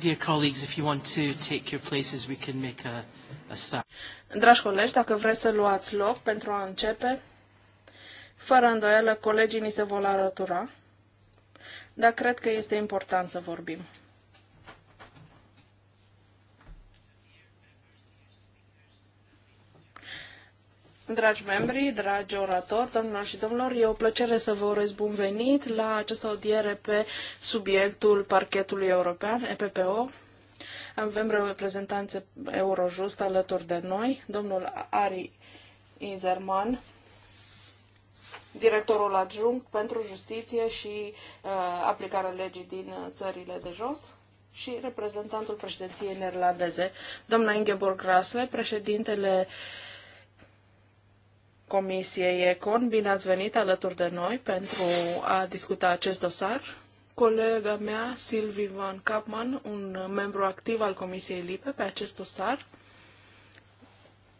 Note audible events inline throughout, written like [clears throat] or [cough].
Dear colleagues, if you want to take your places, we can make a, a start. Dragi colegi, dacă vreți să luați loc pentru a începe, fără îndoială colegii ni se vor alătura, dar cred că este important să vorbim. Dragi membri, dragi oratori, domnilor și domnilor, e o plăcere să vă urez bun venit la această audiere pe subiectul parchetului european, EPPO. Avem reprezentanțe Eurojust alături de noi, domnul Ari Inzerman, directorul adjunct pentru justiție și uh, aplicarea legii din țările de jos și reprezentantul președinției neerlandeze, doamna Ingeborg Grasle, președintele uh, Comisiei Econ. Bine ați venit alături de noi pentru a discuta acest dosar. Colega mea, Silvi Van Kapman, un membru activ al Comisiei LIPE pe acest dosar.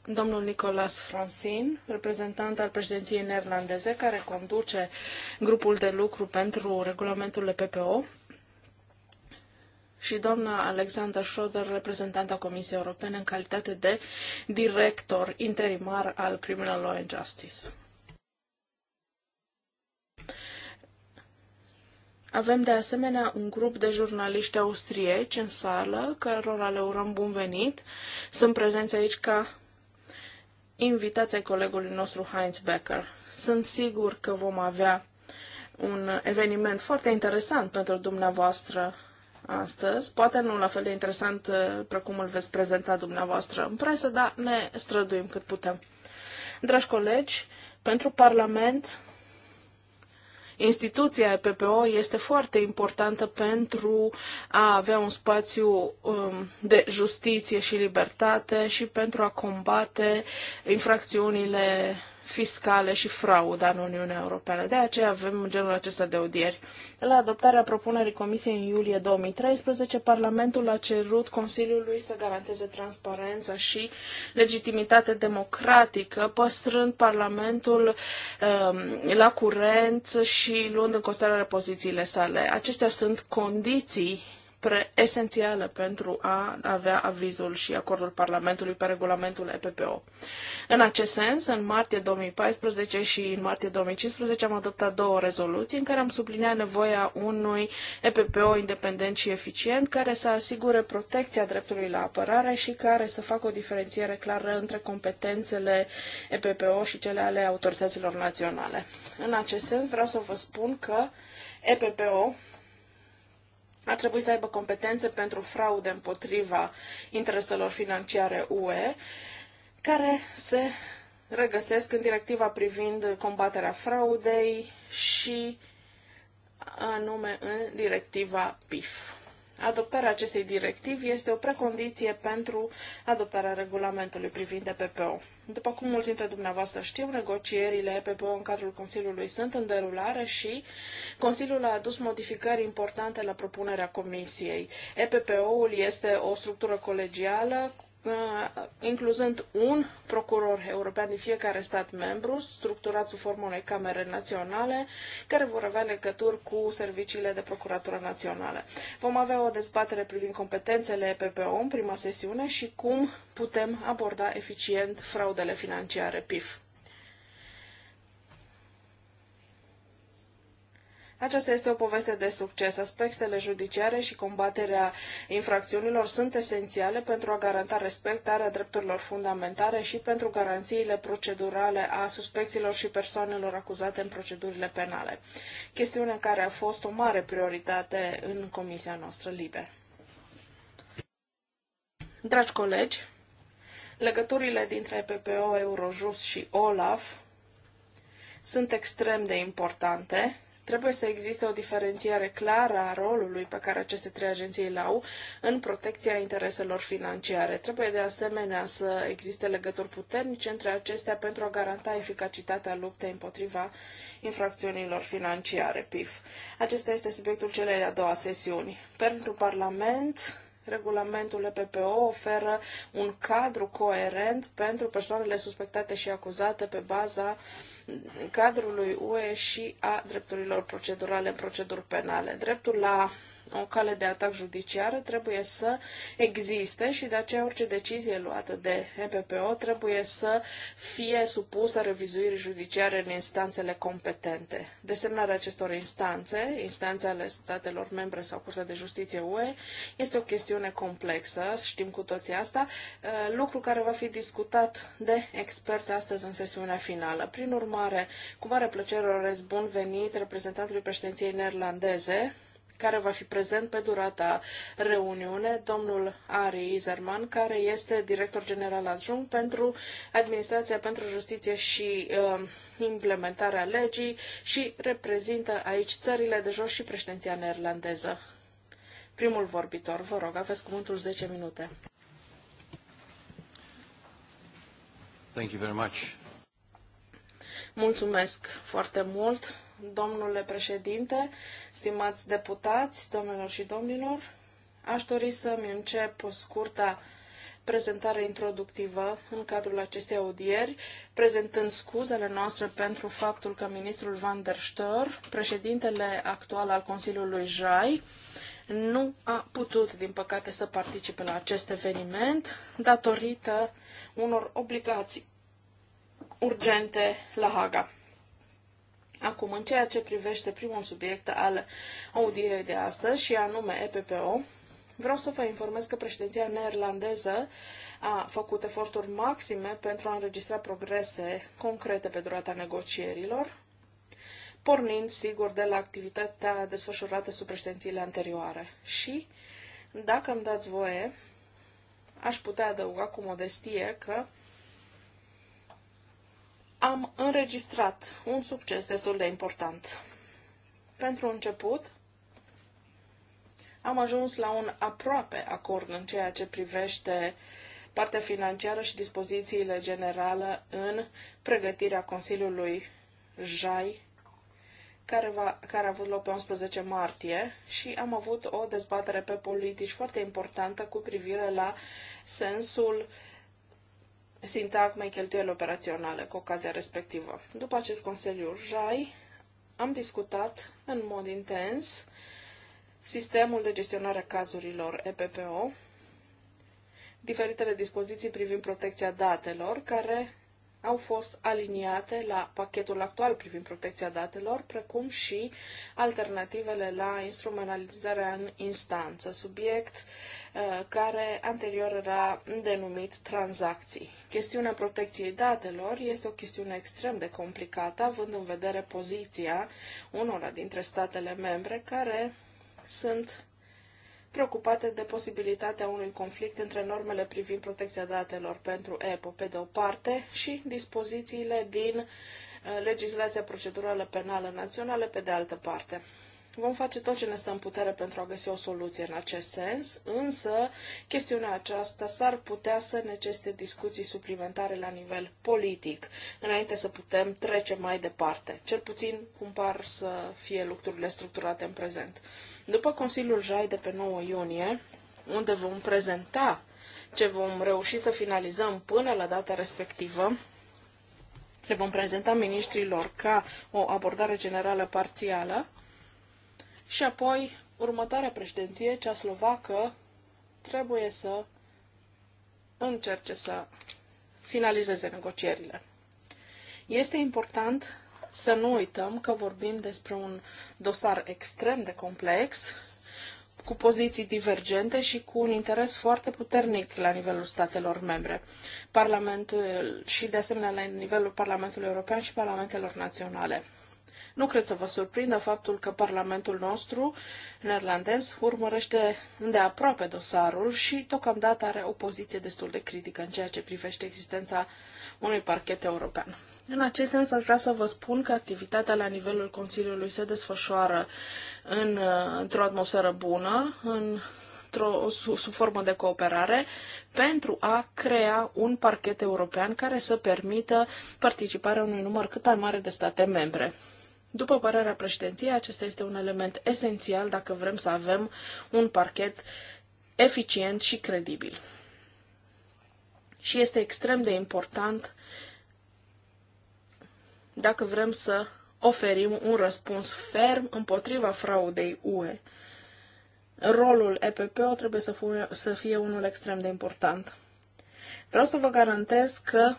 Domnul Nicolas Francin, reprezentant al președinției neerlandeze, care conduce grupul de lucru pentru regulamentul PPO și doamna Alexander Schroeder, reprezentanta Comisiei Europene în calitate de director interimar al Criminal Law and Justice. Avem de asemenea un grup de jurnaliști austrieci în sală, cărora le urăm bun venit. Sunt prezenți aici ca invitați ai colegului nostru Heinz Becker. Sunt sigur că vom avea un eveniment foarte interesant pentru dumneavoastră astăzi. Poate nu la fel de interesant uh, precum îl veți prezenta dumneavoastră în presă, dar ne străduim cât putem. Dragi colegi, pentru Parlament, instituția PPO este foarte importantă pentru a avea un spațiu um, de justiție și libertate și pentru a combate infracțiunile fiscale și frauda în Uniunea Europeană. De aceea avem genul acesta de audieri. La adoptarea propunerii Comisiei în iulie 2013, Parlamentul a cerut Consiliului să garanteze transparența și legitimitate democratică, păstrând Parlamentul um, la curent și luând în considerare pozițiile sale. Acestea sunt condiții esențială pentru a avea avizul și acordul Parlamentului pe regulamentul EPPO. În acest sens, în martie 2014 și în martie 2015 am adoptat două rezoluții în care am subliniat nevoia unui EPPO independent și eficient care să asigure protecția dreptului la apărare și care să facă o diferențiere clară între competențele EPPO și cele ale autorităților naționale. În acest sens, vreau să vă spun că EPPO ar trebui să aibă competențe pentru fraude împotriva intereselor financiare UE, care se regăsesc în directiva privind combaterea fraudei și anume în directiva PIF. Adoptarea acestei directive este o precondiție pentru adoptarea regulamentului privind EPPO. După cum mulți dintre dumneavoastră știu, negocierile EPPO în cadrul Consiliului sunt în derulare și Consiliul a adus modificări importante la propunerea Comisiei. EPPO-ul este o structură colegială Uh, incluzând un procuror european din fiecare stat membru, structurat sub formă unei camere naționale, care vor avea legături cu serviciile de procuratură națională. Vom avea o dezbatere privind competențele PPO în prima sesiune și cum putem aborda eficient fraudele financiare PIF. Aceasta este o poveste de succes. Aspectele judiciare și combaterea infracțiunilor sunt esențiale pentru a garanta respectarea drepturilor fundamentale și pentru garanțiile procedurale a suspecților și persoanelor acuzate în procedurile penale. Chestiune care a fost o mare prioritate în comisia noastră libe. Dragi colegi, legăturile dintre PPO, Eurojust și OLAF sunt extrem de importante Trebuie să existe o diferențiere clară a rolului pe care aceste trei agenții îl au în protecția intereselor financiare. Trebuie de asemenea să existe legături puternice între acestea pentru a garanta eficacitatea luptei împotriva infracțiunilor financiare, PIF. Acesta este subiectul celei de-a doua sesiuni. Pentru Parlament, Regulamentul EPPO oferă un cadru coerent pentru persoanele suspectate și acuzate pe baza uh, cadrului UE și a drepturilor procedurale în proceduri penale. Dreptul la o cale de atac judiciară trebuie să existe și de aceea orice decizie luată de MPPO trebuie să fie supusă revizuirii judiciare în instanțele competente. Desemnarea acestor instanțe, instanțe ale statelor membre sau Curtea de Justiție UE, este o chestiune complexă, știm cu toții asta, uh, lucru care va fi discutat de experți astăzi în sesiunea finală. Prin urmare, cu mare plăcere orez bun venit reprezentantului președinției neerlandeze, care va fi prezent pe durata reuniune, domnul Ari Izerman, care este director general adjunct pentru Administrația pentru Justiție și uh, Implementarea Legii și reprezintă aici țările de jos și președinția neerlandeză. Primul vorbitor, vă rog, aveți cuvântul 10 minute. Thank you very much. Mulțumesc foarte mult domnule președinte, stimați deputați, domnilor și domnilor. Aș dori să-mi încep o scurtă prezentare introductivă în cadrul acestei audieri, prezentând scuzele noastre pentru faptul că ministrul Van der Stör, președintele actual al Consiliului JAI, nu a putut, din păcate, să participe la acest eveniment datorită unor obligații urgente la Haga. Acum, în ceea ce privește primul subiect al audierei de astăzi, și anume EPPO, vreau să vă informez că președinția neerlandeză a făcut eforturi maxime pentru a înregistra progrese concrete pe durata negocierilor, pornind, sigur, de la activitatea desfășurată sub președințiile anterioare. Și, dacă îmi dați voie, aș putea adăuga cu modestie că am înregistrat un succes destul de important. Pentru început, am ajuns la un aproape acord în ceea ce privește partea financiară și dispozițiile generale în pregătirea Consiliului JAI, care, va, care a avut loc pe 11 martie și am avut o dezbatere pe politici foarte importantă cu privire la sensul uh, sintagmei cheltuieli operaționale cu ocazia respectivă. După acest Consiliu JAI, am discutat în mod intens sistemul de gestionare a cazurilor EPPO, diferitele dispoziții privind protecția datelor, care au fost aliniate la pachetul actual privind protecția datelor, precum și alternativele la instrumentalizarea în instanță, subiect uh, care anterior era denumit tranzacții. Chestiunea protecției datelor este o chestiune extrem de complicată, având în vedere poziția unora dintre statele membre care sunt preocupate de posibilitatea unui conflict între normele privind protecția datelor pentru EPO pe de o parte și dispozițiile din uh, legislația procedurală penală națională pe de altă parte. Vom face tot ce ne stă în putere pentru a găsi o soluție în acest sens, însă chestiunea aceasta s-ar putea să necesite discuții suplimentare la nivel politic, înainte să putem trece mai departe. Cel puțin cum par să fie lucrurile structurate în prezent. După Consiliul JAI de pe 9 iunie, unde vom prezenta ce vom reuși să finalizăm până la data respectivă, le vom prezenta ministrilor ca o abordare generală parțială și apoi următoarea președinție, cea slovacă, trebuie să încerce să finalizeze negocierile. Este important să nu uităm că vorbim despre un dosar extrem de complex, cu poziții divergente și cu un interes foarte puternic la nivelul statelor membre. Parlamentul și de asemenea la nivelul Parlamentului European și Parlamentelor Naționale. Nu cred să vă surprindă faptul că Parlamentul nostru neerlandez urmărește îndeaproape dosarul și tocamdată are o poziție destul de critică în ceea ce privește existența unui parchet european. În acest sens, aș vrea să vă spun că activitatea la nivelul Consiliului se desfășoară în, uh, într-o atmosferă bună, în o sub formă de cooperare pentru a crea un parchet european care să permită participarea unui număr cât mai mare de state membre. După părerea președinției, acesta este un element esențial dacă vrem să avem un parchet eficient și credibil. Și este extrem de important dacă vrem să oferim un răspuns ferm împotriva fraudei UE. Rolul EPPO trebuie să fie, să fie unul extrem de important. Vreau să vă garantez că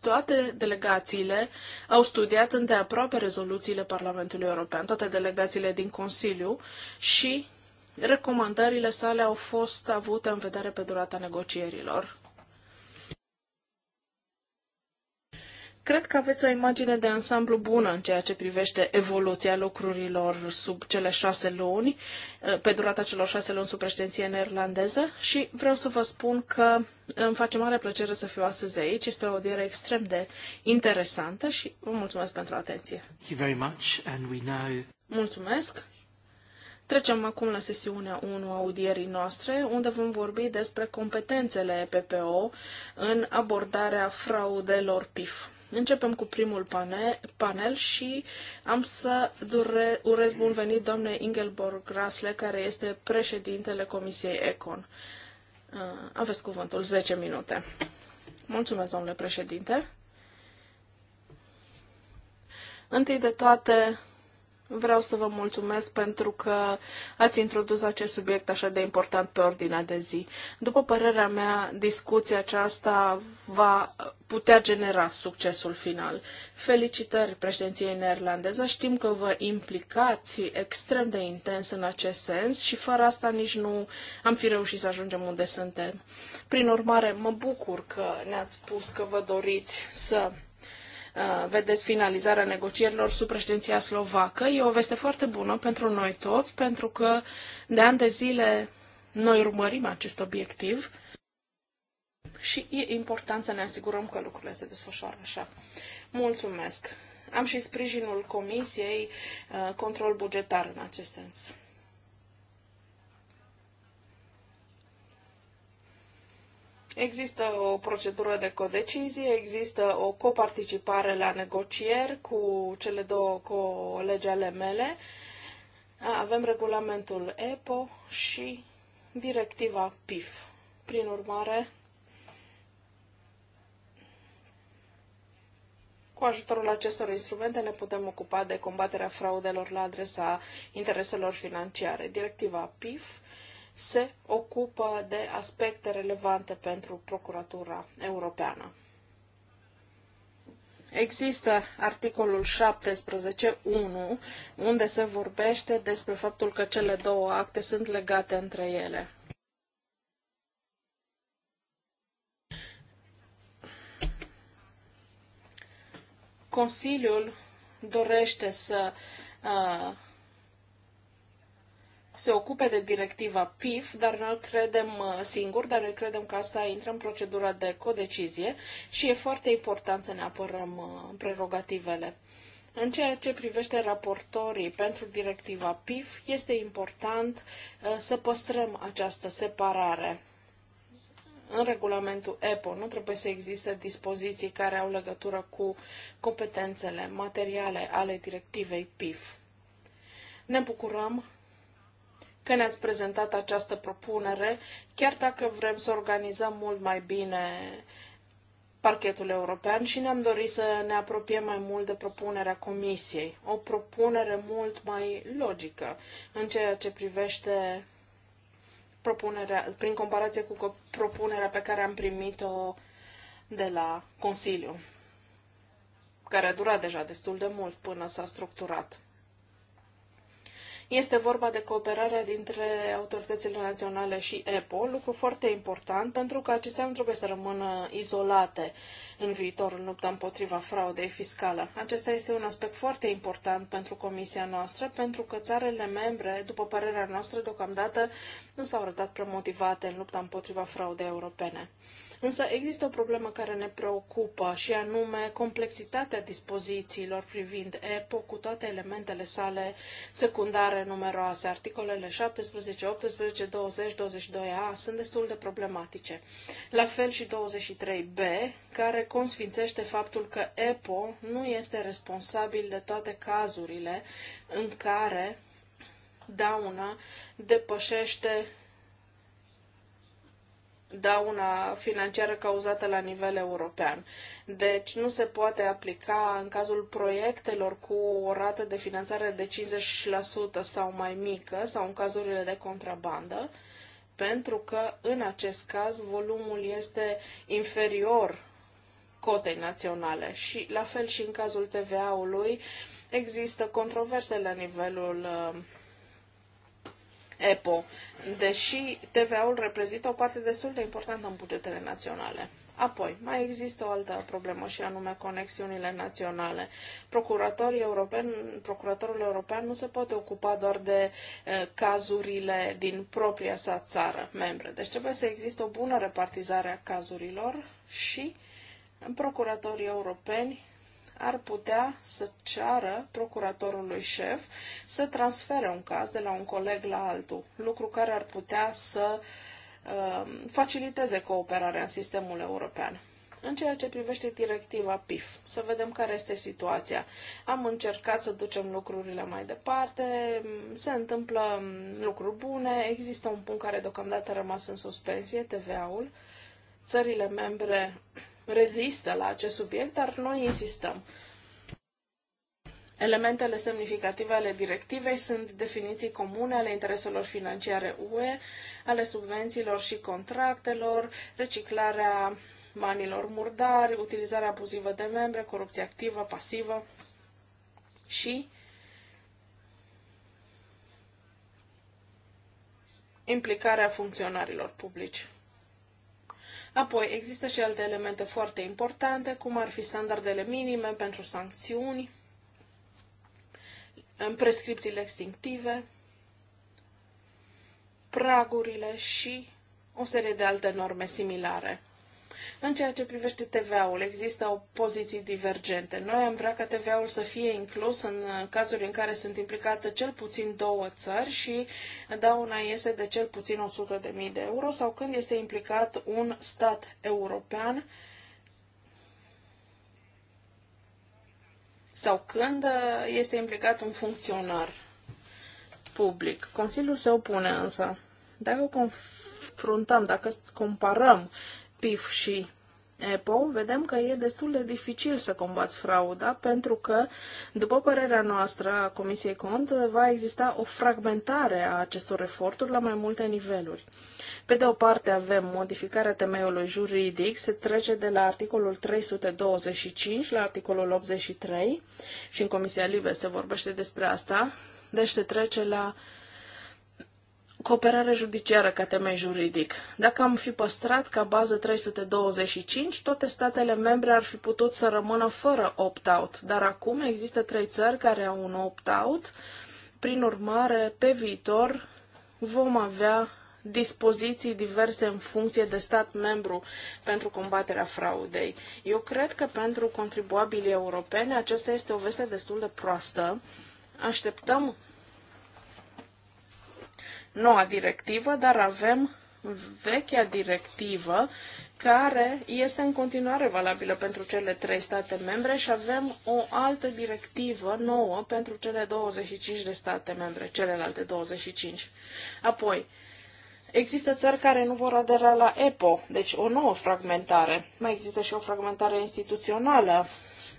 toate delegațiile au studiat îndeaproape rezoluțiile Parlamentului European, toate delegațiile din Consiliu și recomandările sale au fost avute în vedere pe durata negocierilor. Cred că aveți o imagine de ansamblu bună în ceea ce privește evoluția lucrurilor sub cele șase luni, eh, pe durata celor șase luni sub președinție neerlandeză și vreau să vă spun că îmi face mare plăcere să fiu astăzi aici. Este o audiere extrem de interesantă și vă mulțumesc pentru atenție. Mulțumesc! Trecem acum la sesiunea 1 a audierii noastre, unde vom vorbi despre competențele PPO în abordarea fraudelor PIF. Începem cu primul pane, panel și am să dure, urez bun venit doamnei Ingelborg Grasle, care este președintele Comisiei Econ. Uh, aveți cuvântul, 10 minute. Mulțumesc, domnule președinte. Întâi de toate, Vreau să vă mulțumesc pentru că ați introdus acest subiect așa de important pe ordinea de zi. După părerea mea, discuția aceasta va putea genera succesul final. Felicitări președinției neerlandeză. Știm că vă implicați extrem de intens în acest sens și fără asta nici nu am fi reușit să ajungem unde suntem. Prin urmare, mă bucur că ne-ați spus că vă doriți să Uh, vedeți finalizarea negocierilor sub președinția slovacă. E o veste foarte bună pentru noi toți, pentru că de ani de zile noi urmărim acest obiectiv și e important să ne asigurăm că lucrurile se desfășoară așa. Mulțumesc! Am și sprijinul Comisiei uh, Control Bugetar în acest sens. Există o procedură de codecizie, există o coparticipare la negocieri cu cele două colegi ale mele. Avem regulamentul EPO și directiva PIF. Prin urmare, Cu ajutorul acestor instrumente ne putem ocupa de combaterea fraudelor la adresa intereselor financiare. Directiva PIF se ocupă de aspecte relevante pentru Procuratura Europeană. Există articolul 17.1 unde se vorbește despre faptul că cele două acte sunt legate între ele. Consiliul dorește să uh, se ocupe de directiva PIF, dar noi credem uh, singur, dar noi credem că asta intră în procedura de codecizie și e foarte important să ne apărăm uh, prerogativele. În ceea ce privește raportorii pentru directiva PIF, este important uh, să păstrăm această separare în regulamentul EPO nu trebuie să existe dispoziții care au legătură cu competențele materiale ale directivei PIF. Ne bucurăm că ne-ați prezentat această propunere, chiar dacă vrem să organizăm mult mai bine parchetul european și ne-am dorit să ne apropiem mai mult de propunerea Comisiei. O propunere mult mai logică în ceea ce privește propunerea, prin comparație cu propunerea pe care am primit-o de la Consiliu, care a durat deja destul de mult până s-a structurat. Este vorba de cooperarea dintre autoritățile naționale și EPO, lucru foarte important pentru că acestea nu trebuie să rămână izolate în viitor în lupta împotriva fraudei fiscală. Acesta este un aspect foarte important pentru comisia noastră, pentru că țarele membre, după părerea noastră, deocamdată nu s-au arătat prea motivate în lupta împotriva fraudei europene. Însă există o problemă care ne preocupă și anume complexitatea dispozițiilor privind EPO cu toate elementele sale secundare numeroase. Articolele 17, 18, 20, 22a sunt destul de problematice. La fel și 23b, care consfințește faptul că EPO nu este responsabil de toate cazurile în care dauna depășește dauna financiară cauzată la nivel european. Deci nu se poate aplica în cazul proiectelor cu o rată de finanțare de 50% sau mai mică sau în cazurile de contrabandă, pentru că în acest caz volumul este inferior cotei naționale și la fel și în cazul TVA-ului există controverse la nivelul uh, EPO, deși TVA-ul reprezintă o parte destul de importantă în bugetele naționale. Apoi, mai există o altă problemă și anume conexiunile naționale. Procuratorii europeni, procuratorul european nu se poate ocupa doar de e, cazurile din propria sa țară membre. Deci trebuie să existe o bună repartizare a cazurilor și procuratorii europeni ar putea să ceară procuratorului șef să transfere un caz de la un coleg la altul, lucru care ar putea să uh, faciliteze cooperarea în sistemul european. În ceea ce privește directiva PIF, să vedem care este situația. Am încercat să ducem lucrurile mai departe, mm, se întâmplă mm, lucruri bune, există un punct care deocamdată a rămas în suspensie, TVA-ul. Țările membre rezistă la acest subiect, dar noi insistăm. Elementele semnificative ale directivei sunt definiții comune ale intereselor financiare UE, ale subvențiilor și contractelor, reciclarea banilor murdari, utilizarea abuzivă de membre, corupție activă, pasivă și implicarea funcționarilor publici. Apoi, există și alte elemente foarte importante, cum ar fi standardele minime pentru sancțiuni, prescripțiile extinctive, pragurile și o serie de alte norme similare. În ceea ce privește TVA-ul, există o poziții divergente. Noi am vrea ca TVA-ul să fie inclus în uh, cazuri în care sunt implicate cel puțin două țări și dauna este de cel puțin 100.000 de euro sau când este implicat un stat european sau când uh, este implicat un funcționar public. Consiliul se opune însă. Dacă confruntăm, dacă comparăm PIF și EPO, vedem că e destul de dificil să combați frauda, pentru că, după părerea noastră a Comisiei Cont, va exista o fragmentare a acestor eforturi la mai multe niveluri. Pe de o parte avem modificarea temeiului juridic, se trece de la articolul 325 la articolul 83 și în Comisia Libe se vorbește despre asta, deci se trece la uh, cooperare judiciară ca temei juridic. Dacă am fi păstrat ca bază 325, toate statele membre ar fi putut să rămână fără opt-out, dar acum există trei țări care au un opt-out. Prin urmare, pe viitor vom avea dispoziții diverse în funcție de stat membru pentru combaterea fraudei. Eu cred că pentru contribuabilii europene aceasta este o veste destul de proastă. Așteptăm noua directivă, dar avem vechea directivă care este în continuare valabilă pentru cele trei state membre și avem o altă directivă nouă pentru cele 25 de state membre, celelalte 25. Apoi, Există țări care nu vor adera la EPO, deci o nouă fragmentare. Mai există și o fragmentare instituțională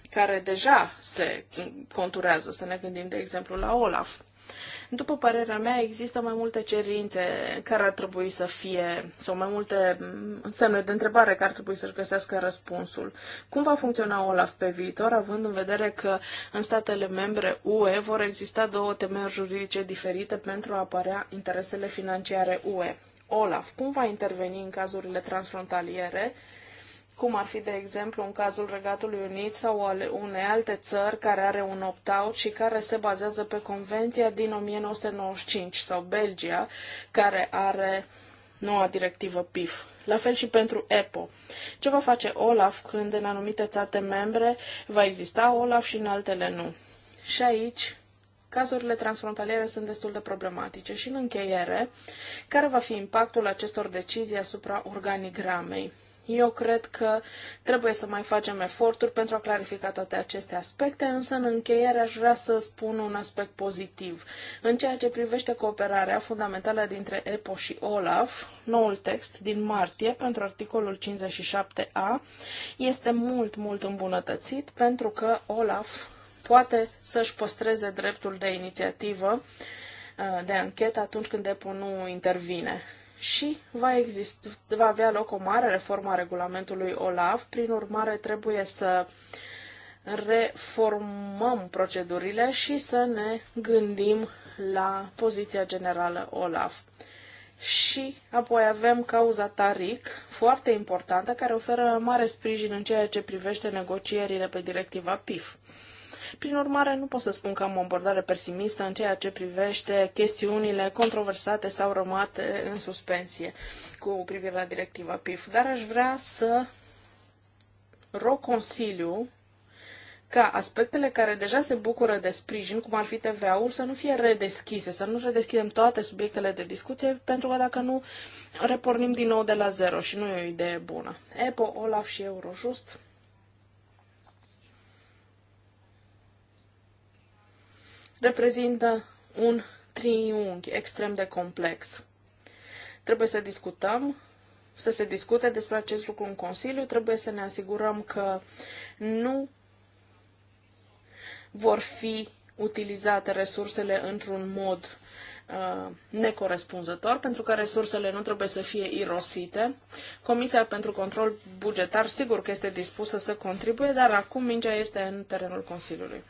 care deja se conturează, să ne gândim de exemplu la OLAF. După părerea mea, există mai multe cerințe care ar trebui să fie, sau mai multe semne de întrebare care ar trebui să-și găsească răspunsul. Cum va funcționa OLAF pe viitor, având în vedere că în statele membre UE vor exista două temeri juridice diferite pentru a apărea interesele financiare UE? OLAF, cum va interveni în cazurile transfrontaliere? cum ar fi, de exemplu, în cazul Regatului Unit sau al unei alte țări care are un opt-out și care se bazează pe Convenția din 1995 sau Belgia, care are noua directivă PIF. La fel și pentru EPO. Ce va face OLAF când în anumite țate membre va exista OLAF și în altele nu? Și aici cazurile transfrontaliere sunt destul de problematice. Și în încheiere, care va fi impactul acestor decizii asupra organigramei? Eu cred că trebuie să mai facem eforturi pentru a clarifica toate aceste aspecte, însă în încheiere aș vrea să spun un aspect pozitiv. În ceea ce privește cooperarea fundamentală dintre EPO și OLAF, noul text din martie pentru articolul 57a este mult, mult îmbunătățit pentru că OLAF poate să-și păstreze dreptul de inițiativă uh, de anchetă atunci când EPO nu intervine și va, exist, va avea loc o mare reformă a regulamentului OLAF. Prin urmare, trebuie să reformăm procedurile și să ne gândim la poziția generală OLAF. Și apoi avem cauza Taric, foarte importantă, care oferă mare sprijin în ceea ce privește negocierile pe directiva PIF. Prin urmare, nu pot să spun că am o abordare pesimistă în ceea ce privește chestiunile controversate sau rămate în suspensie cu privire la directiva PIF, dar aș vrea să rog Consiliu ca aspectele care deja se bucură de sprijin, cum ar fi TVA-ul, să nu fie redeschise, să nu redeschidem toate subiectele de discuție, pentru că dacă nu, repornim din nou de la zero și nu e o idee bună. EPO, OLAF și Eurojust reprezintă un triunghi extrem de complex. Trebuie să discutăm, să se discute despre acest lucru în Consiliu, trebuie să ne asigurăm că nu vor fi utilizate resursele într-un mod uh, necorespunzător, pentru că resursele nu trebuie să fie irosite. Comisia pentru control bugetar sigur că este dispusă să contribuie, dar acum mingea este în terenul Consiliului.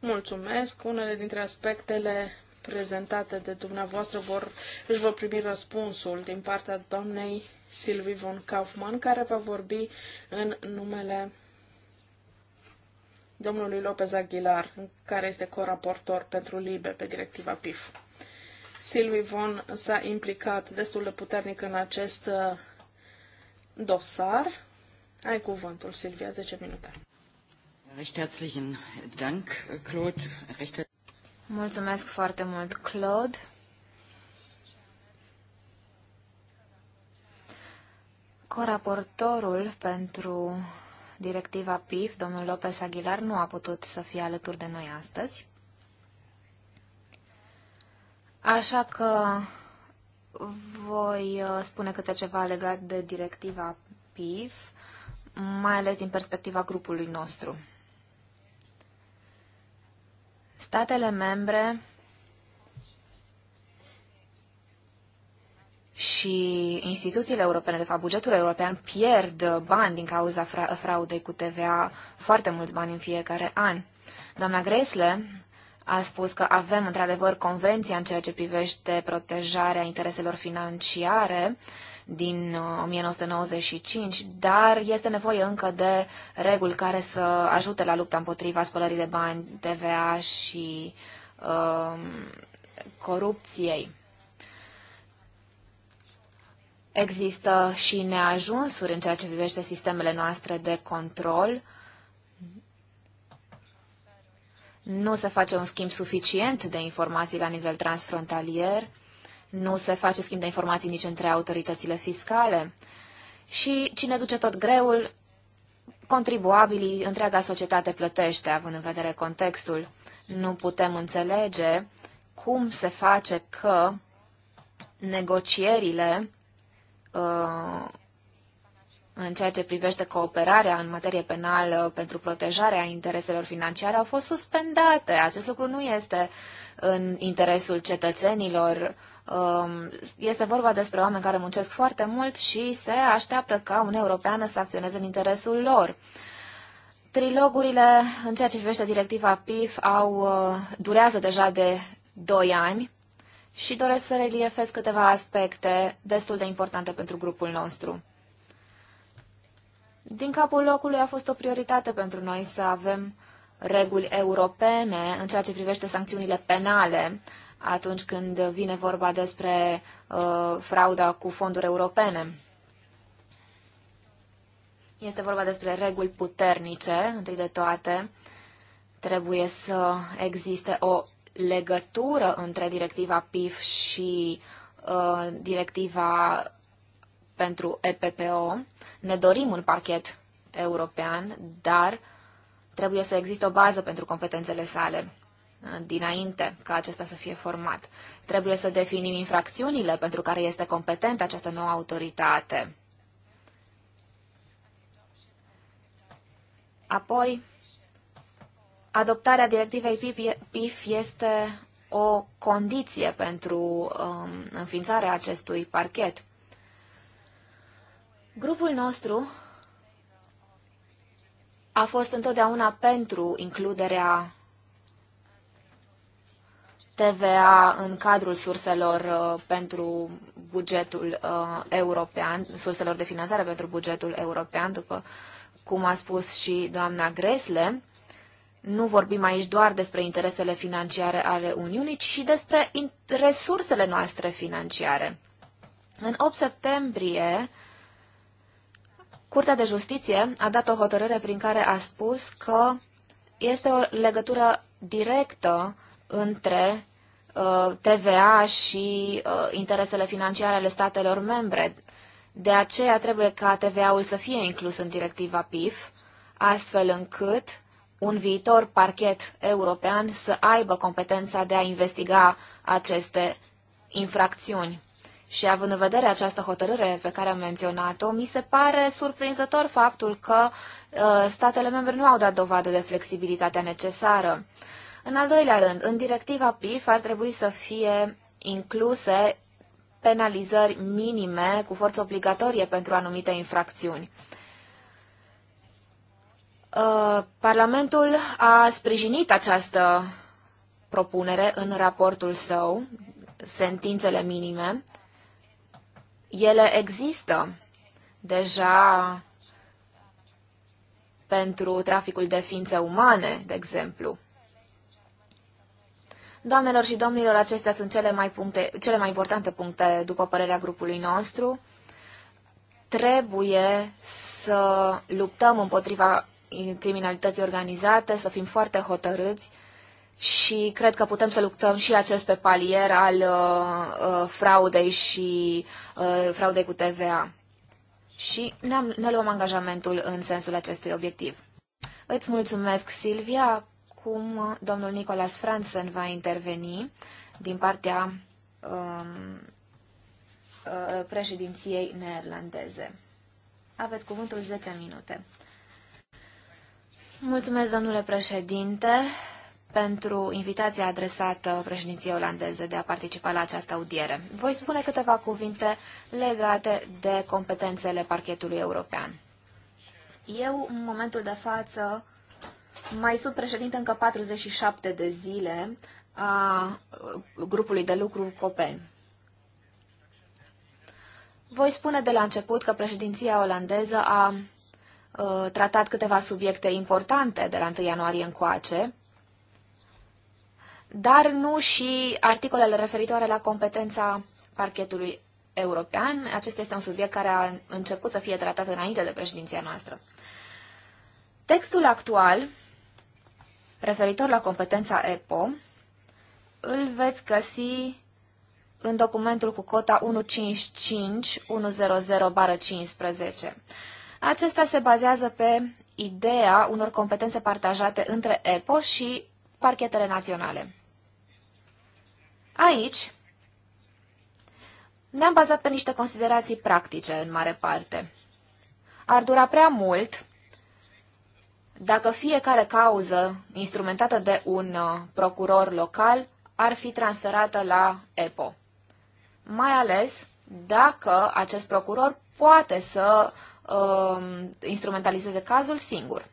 Mulțumesc. Unele dintre aspectele prezentate de dumneavoastră vor, își vor primi răspunsul din partea doamnei Silvi von Kaufmann, care va vorbi în numele domnului Lopez Aguilar, care este coraportor pentru LIBE pe directiva PIF. Silvi von s-a implicat destul de puternic în acest uh, dosar. Ai cuvântul, Silvia, 10 minute. Recht herzlichen Dank, Claude. Recht Mulțumesc foarte mult, Claude. Coraportorul pentru directiva PIF, domnul Lopez Aguilar, nu a putut să fie alături de noi astăzi. Așa că voi uh, spune câte ceva legat de directiva PIF, mai ales din perspectiva grupului nostru statele membre și instituțiile europene, de fapt bugetul european, pierd bani din cauza fra- fraudei cu TVA, foarte mulți bani în fiecare an. Doamna Gresle a spus că avem într-adevăr convenția în ceea ce privește protejarea intereselor financiare din 1995, uh, dar este nevoie încă de reguli care să ajute la lupta împotriva spălării de bani, TVA și um, corupției. Există și neajunsuri în ceea ce privește sistemele noastre de control. Nu se face un schimb suficient de informații la nivel transfrontalier nu se face schimb de informații nici între autoritățile fiscale. Și cine duce tot greul, contribuabilii, întreaga societate plătește, având în vedere contextul. Nu putem înțelege cum se face că negocierile uh, în ceea ce privește cooperarea în materie penală pentru protejarea intereselor financiare au fost suspendate. Acest lucru nu este în interesul cetățenilor Um, este vorba despre oameni care muncesc foarte mult și se așteaptă ca Uniunea Europeană să acționeze în interesul lor. Trilogurile în ceea ce privește directiva PIF au, uh, durează deja de 2 ani și doresc să reliefez câteva aspecte destul de importante pentru grupul nostru. Din capul locului a fost o prioritate pentru noi să avem reguli europene în ceea ce privește sancțiunile penale atunci când vine vorba despre uh, frauda cu fonduri europene. Este vorba despre reguli puternice, întâi de toate. Trebuie să existe o legătură între directiva PIF și uh, directiva pentru EPPO. Ne dorim un parchet european, dar trebuie să existe o bază pentru competențele sale dinainte ca acesta să fie format. Trebuie să definim infracțiunile pentru care este competentă această nouă autoritate. Apoi, adoptarea directivei PIF este o condiție pentru um, înființarea acestui parchet. Grupul nostru a fost întotdeauna pentru includerea TVA în cadrul surselor uh, pentru bugetul uh, european, surselor de finanțare pentru bugetul european, după cum a spus și doamna Gresle. Nu vorbim aici doar despre interesele financiare ale Uniunii, ci și despre resursele noastre financiare. În 8 septembrie, Curtea de Justiție a dat o hotărâre prin care a spus că este o legătură directă între Uh, TVA și uh, interesele financiare ale statelor membre. De aceea trebuie ca TVA-ul să fie inclus în directiva PIF, astfel încât un viitor parchet european să aibă competența de a investiga aceste infracțiuni. Și având în vedere această hotărâre pe care am menționat-o, mi se pare surprinzător faptul că uh, statele membre nu au dat dovadă de flexibilitatea necesară. Uh, în al doilea rând, în directiva PIF ar trebui să fie incluse penalizări minime cu forță obligatorie pentru anumite infracțiuni. Uh, Parlamentul a sprijinit această propunere în raportul său, sentințele minime. Ele există deja pentru traficul de ființe umane, de exemplu. Doamnelor și domnilor, acestea sunt cele mai, puncte, cele mai importante puncte, după părerea grupului nostru. Trebuie să luptăm împotriva criminalității organizate, să fim foarte hotărâți și cred că putem să luptăm și acest pe palier al uh, uh, fraudei și uh, fraudei cu TVA. Și ne, ne luăm angajamentul în sensul acestui obiectiv. Îți mulțumesc, Silvia acum domnul Nicolas Franzen va interveni din partea um, uh, președinției neerlandeze. Aveți cuvântul 10 minute. Mulțumesc, domnule președinte, pentru invitația adresată președinției olandeze de a participa la această audiere. Voi spune câteva cuvinte legate de competențele parchetului european. Eu, în momentul de față, mai sunt președinte încă 47 de zile a grupului de lucru Copen. Voi spune de la început că președinția olandeză a tratat câteva subiecte importante de la 1 ianuarie încoace, dar nu și articolele referitoare la competența parchetului european. Acesta este un subiect care a început să fie tratat înainte de președinția noastră. Textul actual referitor la competența EPO, îl veți găsi în documentul cu cota 155100 15 Acesta se bazează pe ideea unor competențe partajate între EPO și parchetele naționale. Aici ne-am bazat pe niște considerații practice, în mare parte. Ar dura prea mult dacă fiecare cauză instrumentată de un uh, procuror local ar fi transferată la EPO. Mai ales dacă acest procuror poate să uh, instrumentalizeze cazul singur.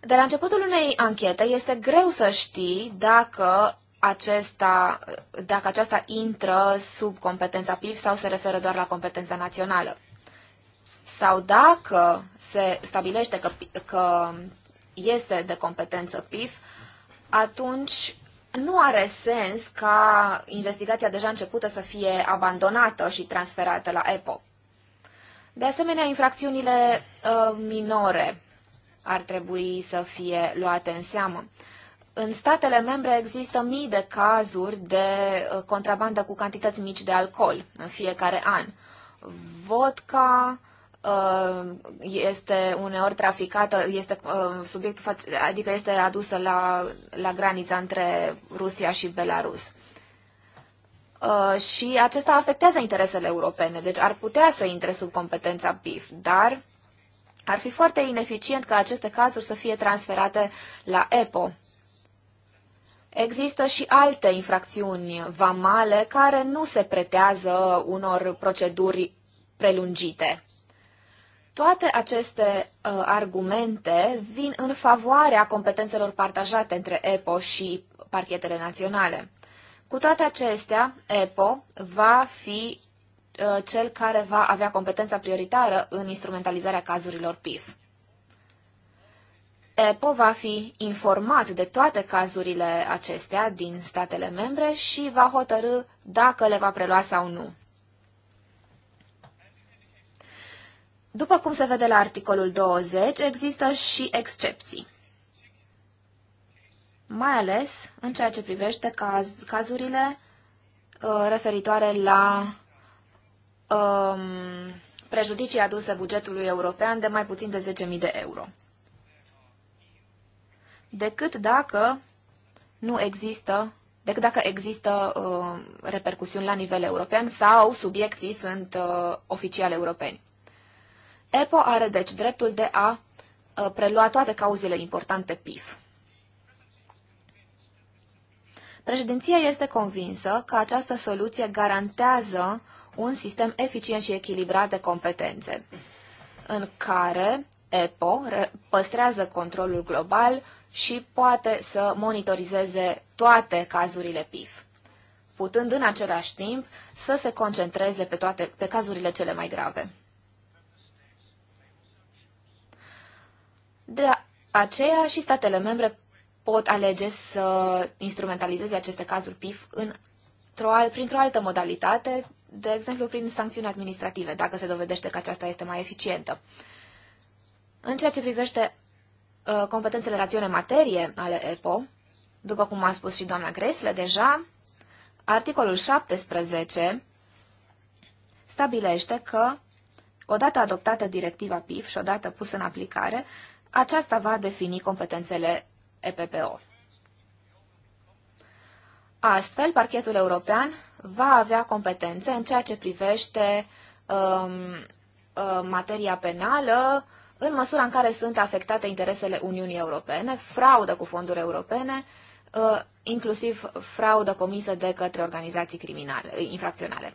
De la începutul unei anchete este greu să știi dacă, acesta, dacă aceasta intră sub competența PIF sau se referă doar la competența națională sau dacă se stabilește că, că este de competență PIF, atunci nu are sens ca investigația deja începută să fie abandonată și transferată la EPO. De asemenea, infracțiunile uh, minore ar trebui să fie luate în seamă. În statele membre există mii de cazuri de uh, contrabandă cu cantități mici de alcool în fiecare an. Vodka, Uh, este uneori traficată, este uh, subiectul, adică este adusă la, la granița între Rusia și Belarus. Uh, și acesta afectează interesele europene, deci ar putea să intre sub competența PIF, dar ar fi foarte ineficient ca aceste cazuri să fie transferate la EPO. Există și alte infracțiuni vamale care nu se pretează unor proceduri prelungite. Toate aceste uh, argumente vin în favoarea competențelor partajate între EPO și parchetele naționale. Cu toate acestea, EPO va fi uh, cel care va avea competența prioritară în instrumentalizarea cazurilor PIF. EPO va fi informat de toate cazurile acestea din statele membre și va hotărâ dacă le va prelua sau nu. După cum se vede la articolul 20, există și excepții. Mai ales în ceea ce privește caz, cazurile uh, referitoare la um, prejudicii aduse bugetului european de mai puțin de 10.000 de euro. Decât dacă nu există, decât dacă există uh, repercusiuni la nivel european sau subiecții sunt uh, oficiali europeni. EPO are deci dreptul de a uh, prelua toate cauzele importante PIF. Președinția este convinsă că această soluție garantează un sistem eficient și echilibrat de competențe, în care EPO păstrează controlul global și poate să monitorizeze toate cazurile PIF, putând în același timp să se concentreze pe, toate, pe cazurile cele mai grave. De aceea și statele membre pot alege să instrumentalizeze aceste cazuri PIF în, printr-o altă modalitate, de exemplu prin sancțiuni administrative, dacă se dovedește că aceasta este mai eficientă. În ceea ce privește uh, competențele rațiune materie ale EPO, după cum a spus și doamna Gresle deja, articolul 17 stabilește că, odată adoptată directiva PIF și odată pusă în aplicare, aceasta va defini competențele EPPO. Astfel, parchetul european va avea competențe în ceea ce privește um, uh, materia penală, în măsura în care sunt afectate interesele Uniunii Europene, fraudă cu fonduri europene, uh, inclusiv fraudă comisă de către organizații criminale, uh, infracționale.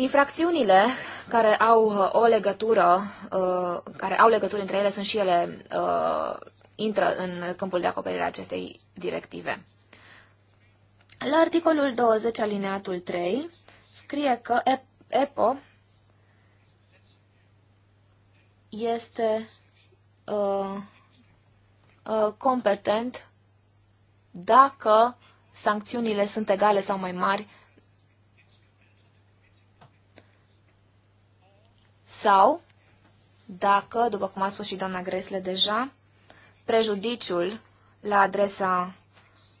Infracțiunile care au uh, o legătură, uh, care au legătură între ele, sunt și ele, uh, intră în câmpul de acoperire a acestei directive. La articolul 20, alineatul 3, scrie că EPO este competent dacă sancțiunile sunt egale sau mai mari sau dacă, după cum a spus și doamna Gresle deja, prejudiciul la adresa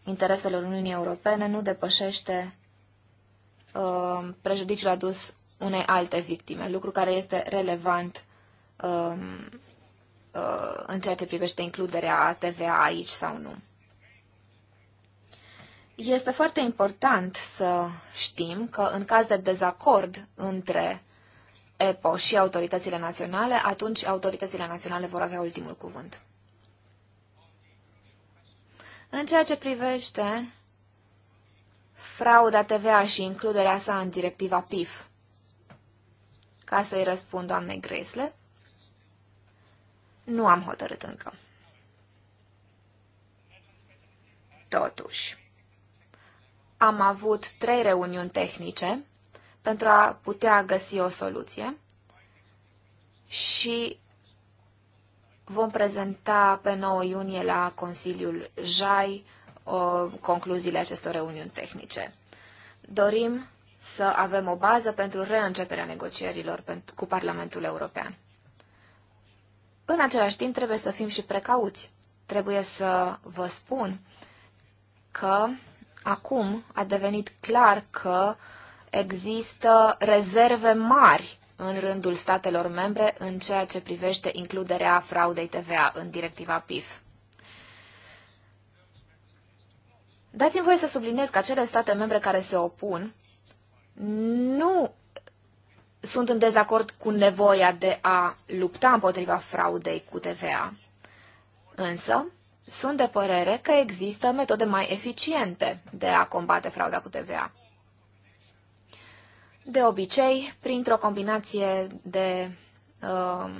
intereselor Uniunii Europene nu depășește uh, prejudiciul adus unei alte victime, lucru care este relevant uh, uh, în ceea ce privește includerea TVA aici sau nu. Este foarte important să știm că în caz de dezacord între EPO și autoritățile naționale, atunci autoritățile naționale vor avea ultimul cuvânt. În ceea ce privește frauda TVA și includerea sa în directiva PIF, ca să-i răspund doamnei Gresle, nu am hotărât încă. Totuși, am avut trei reuniuni tehnice pentru a putea găsi o soluție și vom prezenta pe 9 iunie la Consiliul JAI concluziile acestor reuniuni tehnice. Dorim să avem o bază pentru reînceperea negocierilor cu Parlamentul European. În același timp, trebuie să fim și precauți. Trebuie să vă spun că acum a devenit clar că uh, există rezerve mari în rândul statelor membre în ceea ce privește includerea fraudei TVA în directiva PIF. Dați-mi voie să subliniez că acele state membre care se opun nu sunt în dezacord cu nevoia de a lupta împotriva fraudei cu TVA, însă sunt de părere că există metode mai eficiente de a combate frauda cu TVA de obicei printr-o combinație de uh,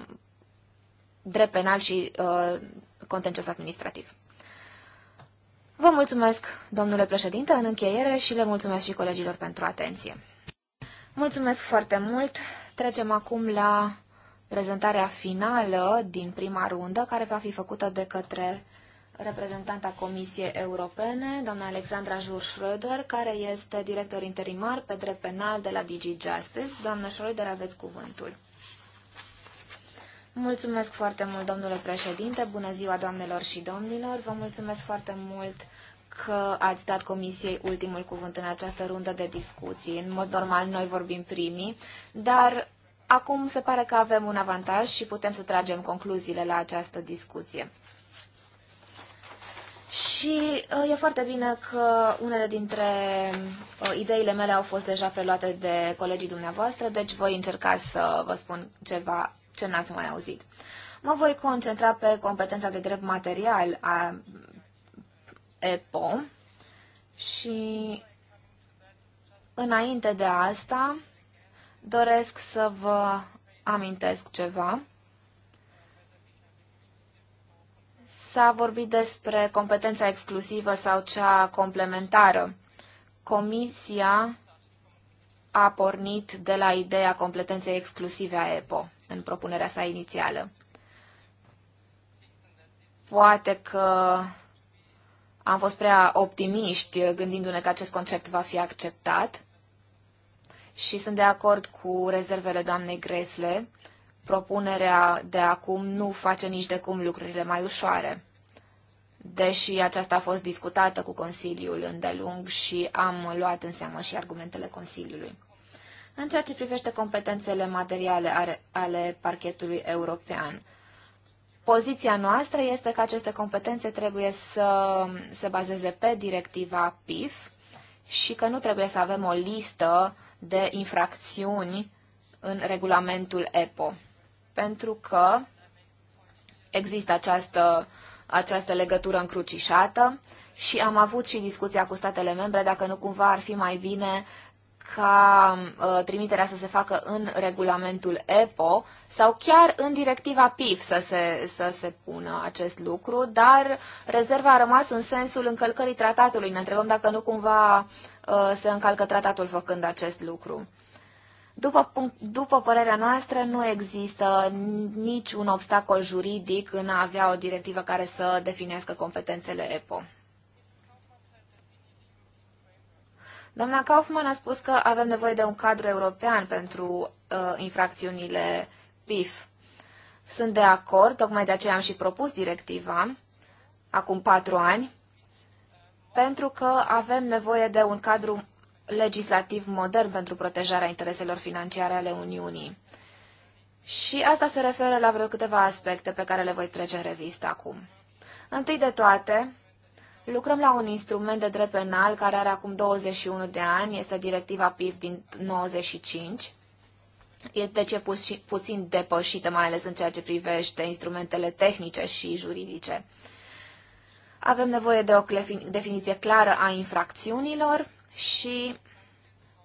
drept penal și uh, contencios administrativ. Vă mulțumesc, domnule președinte, în încheiere și le mulțumesc și colegilor pentru atenție. Mulțumesc foarte mult. Trecem acum la prezentarea finală din prima rundă, care va fi făcută de către reprezentanta Comisiei Europene, doamna Alexandra Jur Schröder, care este director interimar pe drept penal de la DG Justice. Doamna Schröder, aveți cuvântul. Mulțumesc foarte mult, domnule președinte. Bună ziua, doamnelor și domnilor. Vă mulțumesc foarte mult că ați dat Comisiei ultimul cuvânt în această rundă de discuții. În mod normal, noi vorbim primii, dar acum se pare că avem un avantaj și putem să tragem concluziile la această discuție. Și uh, e foarte bine că unele dintre uh, ideile mele au fost deja preluate de colegii dumneavoastră, deci voi încerca să vă spun ceva ce n-ați mai auzit. Mă voi concentra pe competența de drept material a EPO și înainte de asta doresc să vă amintesc ceva. S-a vorbit despre competența exclusivă sau cea complementară. Comisia a pornit de la ideea competenței exclusive a EPO în propunerea sa inițială. Poate că am fost prea optimiști gândindu-ne că acest concept va fi acceptat și sunt de acord cu rezervele doamnei Gresle. Propunerea de acum nu face nici de cum lucrurile mai ușoare deși aceasta a fost discutată cu Consiliul îndelung și am luat în seamă și argumentele Consiliului. În ceea ce privește competențele materiale ale, parchetului european, poziția noastră este că aceste competențe trebuie să se bazeze pe directiva PIF și că nu trebuie să avem o listă de infracțiuni în regulamentul EPO, pentru că există această uh, această legătură încrucișată și am avut și discuția cu statele membre dacă nu cumva ar fi mai bine ca uh, trimiterea să se facă în regulamentul EPO sau chiar în directiva PIF să se, să se pună acest lucru, dar rezerva a rămas în sensul încălcării tratatului. Ne întrebăm dacă nu cumva uh, se încalcă tratatul făcând acest lucru. După, după părerea noastră, nu există niciun obstacol juridic în a avea o directivă care să definească competențele EPO. Doamna Kaufman a spus că avem nevoie de un cadru european pentru uh, infracțiunile PIF. Sunt de acord, tocmai de aceea am și propus directiva acum patru ani, pentru că avem nevoie de un cadru legislativ modern pentru protejarea intereselor financiare ale Uniunii. Și asta se referă la vreo câteva aspecte pe care le voi trece în revistă acum. Întâi de toate, lucrăm la un instrument de drept penal care are acum 21 de ani, este directiva PIF din 95. E ce e puțin depășită, mai ales în ceea ce privește instrumentele tehnice și juridice. Avem nevoie de o definiție clară a infracțiunilor, și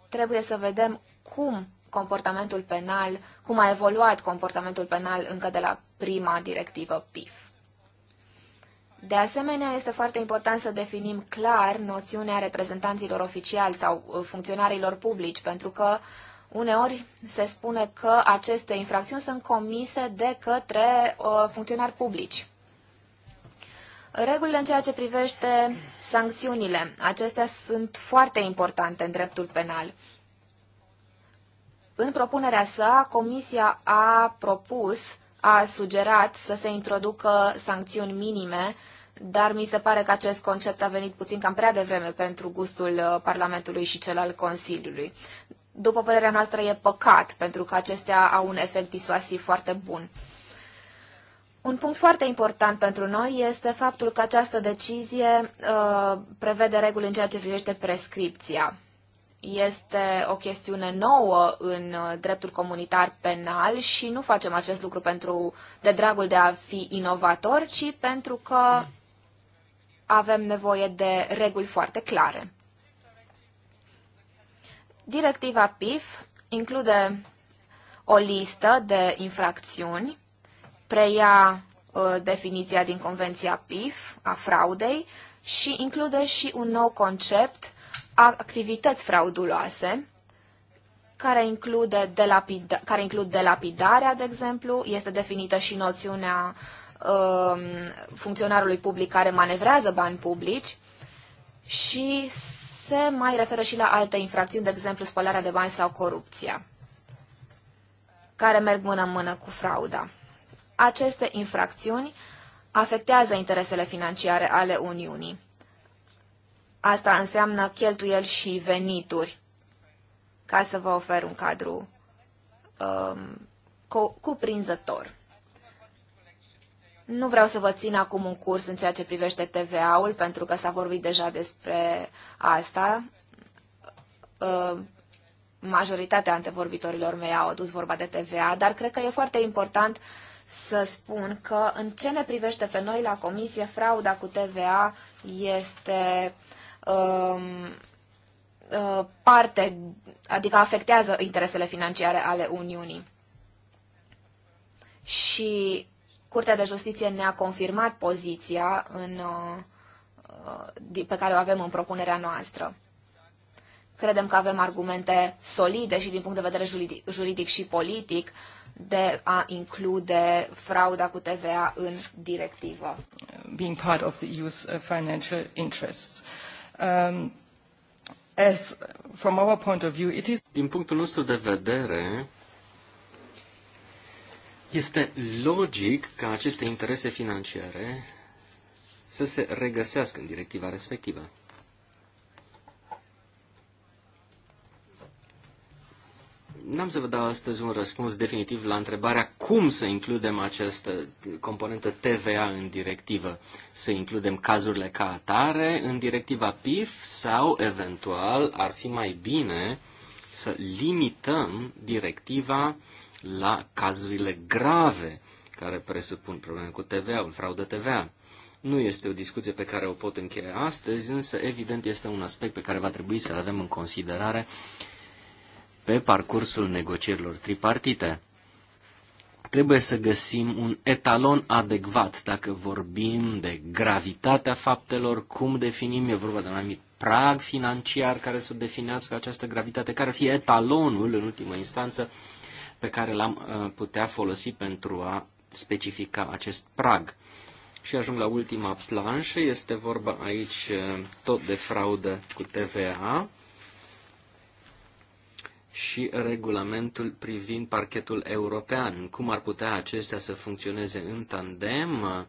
trebuie să vedem cum comportamentul penal, cum a evoluat comportamentul penal încă de la prima directivă PIF. De asemenea, este foarte important să definim clar noțiunea reprezentanților oficiali sau uh, funcționarilor publici, pentru că uneori se spune că aceste infracțiuni sunt comise de către uh, funcționari publici. Regulile în ceea ce privește sancțiunile, acestea sunt foarte importante în dreptul penal. În propunerea sa, Comisia a propus, a sugerat să se introducă sancțiuni minime, dar mi se pare că acest concept a venit puțin cam prea devreme pentru gustul uh, Parlamentului și cel al Consiliului. După părerea noastră, e păcat, pentru că acestea au un efect disuasiv foarte bun. Un punct foarte important pentru noi este faptul că această decizie uh, prevede reguli în ceea ce privește prescripția. Este o chestiune nouă în uh, dreptul comunitar penal și nu facem acest lucru pentru de dragul de a fi inovator, ci pentru că avem nevoie de reguli foarte clare. Directiva PIF include o listă de infracțiuni preia uh, definiția din Convenția PIF a fraudei și include și un nou concept, activități frauduloase, care, include delapida, care includ delapidarea, de exemplu, este definită și noțiunea um, funcționarului public care manevrează bani publici și se mai referă și la alte infracțiuni, de exemplu spălarea de bani sau corupția, care merg mână-mână cu frauda aceste infracțiuni afectează interesele financiare ale Uniunii. Asta înseamnă cheltuieli și venituri, ca să vă ofer un cadru um, cuprinzător. Nu vreau să vă țin acum un curs în ceea ce privește TVA-ul, pentru că s-a vorbit deja despre asta. Uh, majoritatea antevorbitorilor mei au adus vorba de TVA, dar cred că e foarte important uh, să spun că în ce ne privește pe noi la comisie, frauda cu TVA este um, uh, parte, adică afectează interesele financiare ale Uniunii. Și Curtea de Justiție ne-a confirmat poziția în, uh, uh, pe care o avem în propunerea noastră. Credem că avem argumente solide și din punct de vedere juridic, juridic și politic uh, de a include frauda cu TVA în directivă. Being part of the EU's uh, financial interests. Um, as from our point of view, it is... Din punctul nostru de vedere, este logic ca aceste interese financiare să se regăsească în directiva respectivă. N-am să vă dau astăzi un răspuns definitiv la întrebarea cum să includem această componentă TVA în directivă. Să includem cazurile ca atare în directiva PIF sau, eventual, ar fi mai bine să limităm directiva la cazurile grave care presupun probleme cu TVA-ul, fraudă TVA. Nu este o discuție pe care o pot încheia astăzi, însă evident este un aspect pe care va trebui să l avem în considerare pe parcursul negocierilor tripartite. Trebuie să găsim un etalon adecvat dacă vorbim de gravitatea faptelor, cum definim, e vorba de un anumit prag financiar care să definească această gravitate, care ar fi etalonul, în ultimă instanță, pe care l-am uh, putea folosi pentru a specifica acest prag. Și ajung la ultima planșă, este vorba aici uh, tot de fraudă cu TVA și regulamentul privind parchetul european. Cum ar putea acestea să funcționeze în tandem uh,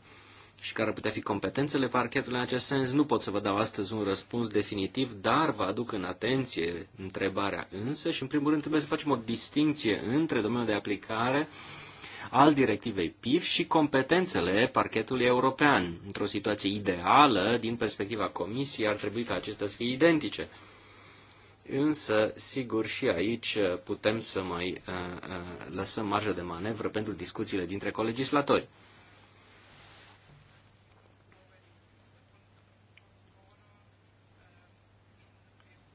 și care ar putea fi competențele parchetului în acest sens? Nu pot să vă dau astăzi un răspuns definitiv, dar vă aduc în atenție întrebarea însă și, în primul rând, trebuie să facem o distinție între domeniul de aplicare al directivei PIF și competențele parchetului european. Într-o situație ideală, din perspectiva Comisiei, ar trebui ca acestea să fie identice. Însă, sigur, și aici putem să mai uh, uh, lăsăm marjă de manevră pentru discuțiile dintre colegislatori.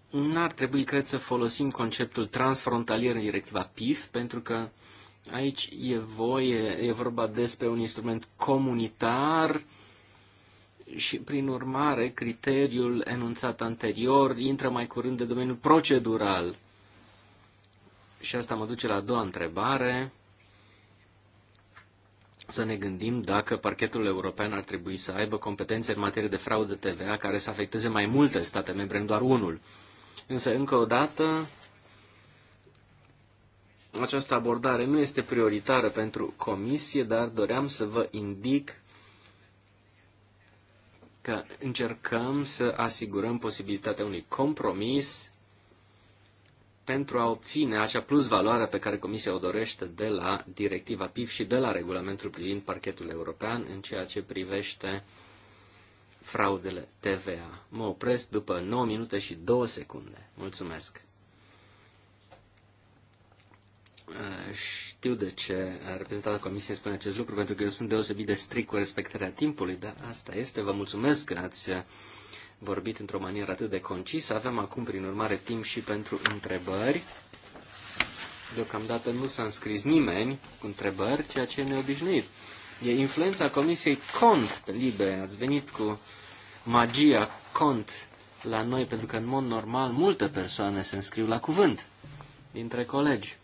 N-ar trebui, cred, să folosim conceptul transfrontalier în directiva PIF, pentru că aici e, voie, e vorba despre un instrument comunitar și, prin urmare, criteriul enunțat anterior intră mai curând de domeniul procedural. Și asta mă duce la a doua întrebare. Să ne gândim dacă parchetul european ar trebui să aibă competențe în materie de fraudă TVA care să afecteze mai multe state membre, nu doar unul. Însă, încă o dată, această abordare nu este prioritară pentru comisie, dar doream să vă indic că încercăm să asigurăm posibilitatea unui compromis pentru a obține acea plus valoare pe care Comisia o dorește de la directiva PIF și de la regulamentul privind parchetul european în ceea ce privește fraudele TVA. Mă opresc după 9 minute și 2 secunde. Mulțumesc! Eh, știu de ce reprezentantul Comisiei spune acest lucru, pentru că eu sunt deosebit de strict cu respectarea timpului, dar asta este. Vă mulțumesc că ați vorbit într-o manieră atât de concisă. Avem acum, prin urmare, timp și pentru întrebări. Deocamdată nu s-a înscris nimeni cu întrebări, ceea ce e neobișnuit. E influența Comisiei Cont pe Libe. Ați venit cu magia Cont la noi, pentru că, în mod normal, multe persoane se înscriu la cuvânt dintre colegi.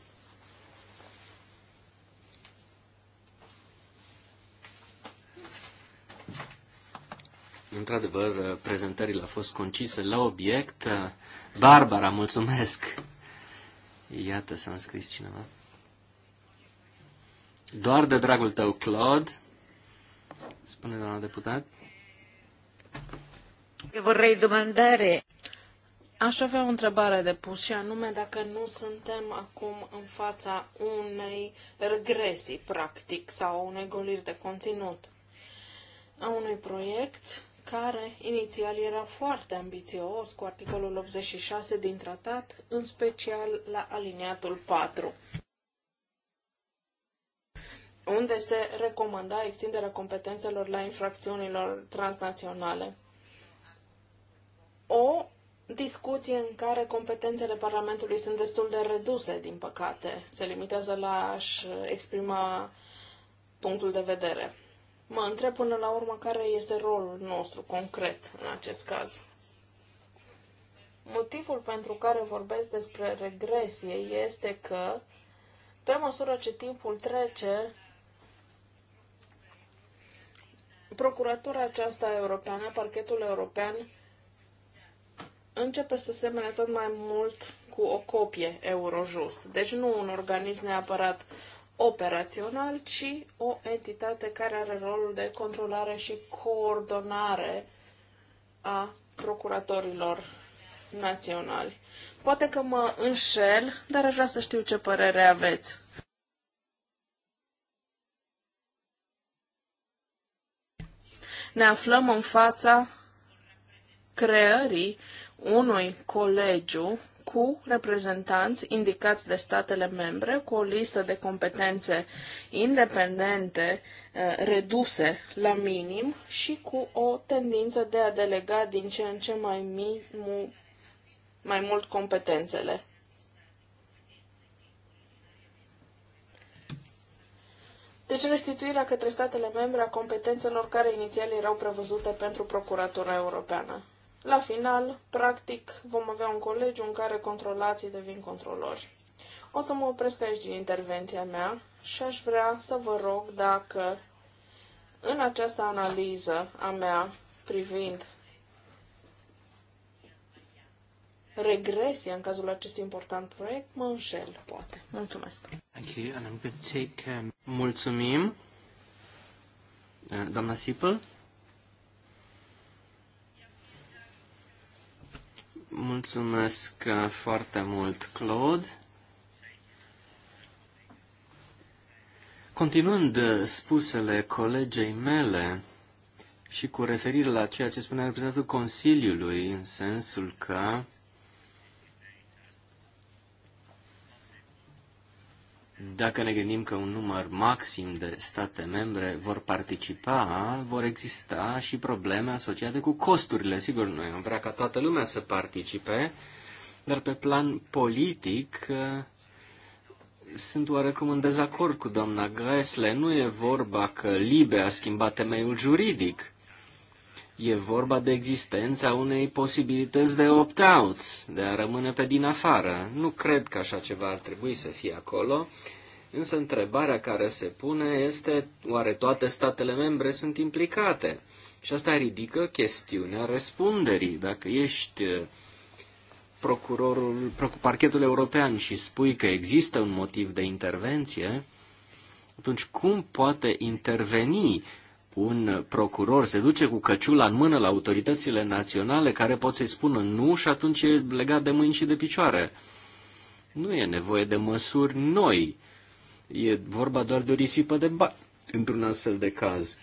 Într-adevăr, prezentările au fost concise la obiect. Barbara, mulțumesc! Iată, s-a înscris cineva. Doar de dragul tău, Claude, spune doamna deputat. Vorrei domandare. Aș avea o întrebare de pus și anume dacă nu suntem acum în fața unei regresii, practic, sau unei goliri de conținut a unui proiect care inițial era foarte ambițios cu articolul 86 din tratat, în special la aliniatul 4 unde se recomanda extinderea competențelor la infracțiunilor transnaționale. O discuție în care competențele Parlamentului sunt destul de reduse, din păcate. Se limitează la a-și exprima punctul de vedere mă întreb până la urmă care este rolul nostru concret în acest caz. Motivul pentru care vorbesc despre regresie este că, pe măsură ce timpul trece, Procuratura aceasta europeană, parchetul european, începe să semene tot mai mult cu o copie Eurojust. Deci nu un organism neapărat operațional, ci o entitate care are rolul de controlare și coordonare a procuratorilor naționali. Poate că mă înșel, dar aș vrea să știu ce părere aveți. Ne aflăm în fața creării unui colegiu cu reprezentanți indicați de statele membre, cu o listă de competențe independente uh, reduse la minim și cu o tendință de a delega din ce în ce mai, minimu, mai mult competențele. Deci restituirea către statele membre a competențelor care inițial erau prevăzute pentru Procuratura Europeană. La final, practic, vom avea un colegiu în care controlații devin controlori. O să mă opresc aici din intervenția mea și aș vrea să vă rog dacă în această analiză a mea privind regresia în cazul acestui important proiect, mă înșel, poate. Mulțumesc. Thank you, and I'm going to take, um, mulțumim. Uh, doamna Sipel? Mulțumesc foarte mult, Claude. Continuând spusele colegei mele și cu referire la ceea ce spunea reprezentantul Consiliului, în sensul că Dacă ne gândim că un număr maxim de state membre vor participa, vor exista și probleme asociate cu costurile. Sigur, noi am vrea ca toată lumea să participe, dar pe plan politic eh, sunt oarecum în dezacord cu doamna Gresle. Nu e vorba că Libe a schimbat temeiul juridic. E vorba de existența unei posibilități de opt-out, de a rămâne pe din afară. Nu cred că așa ceva ar trebui să fie acolo. Însă întrebarea care se pune este oare toate statele membre sunt implicate? Și asta ridică chestiunea răspunderii. Dacă ești uh, procurorul, parchetul european și spui că există un motiv de intervenție, atunci cum poate interveni un procuror? Se duce cu căciula în mână la autoritățile naționale care pot să-i spună nu și atunci e legat de mâini și de picioare. Nu e nevoie de măsuri noi E vorba doar de o risipă de bani într-un astfel de caz.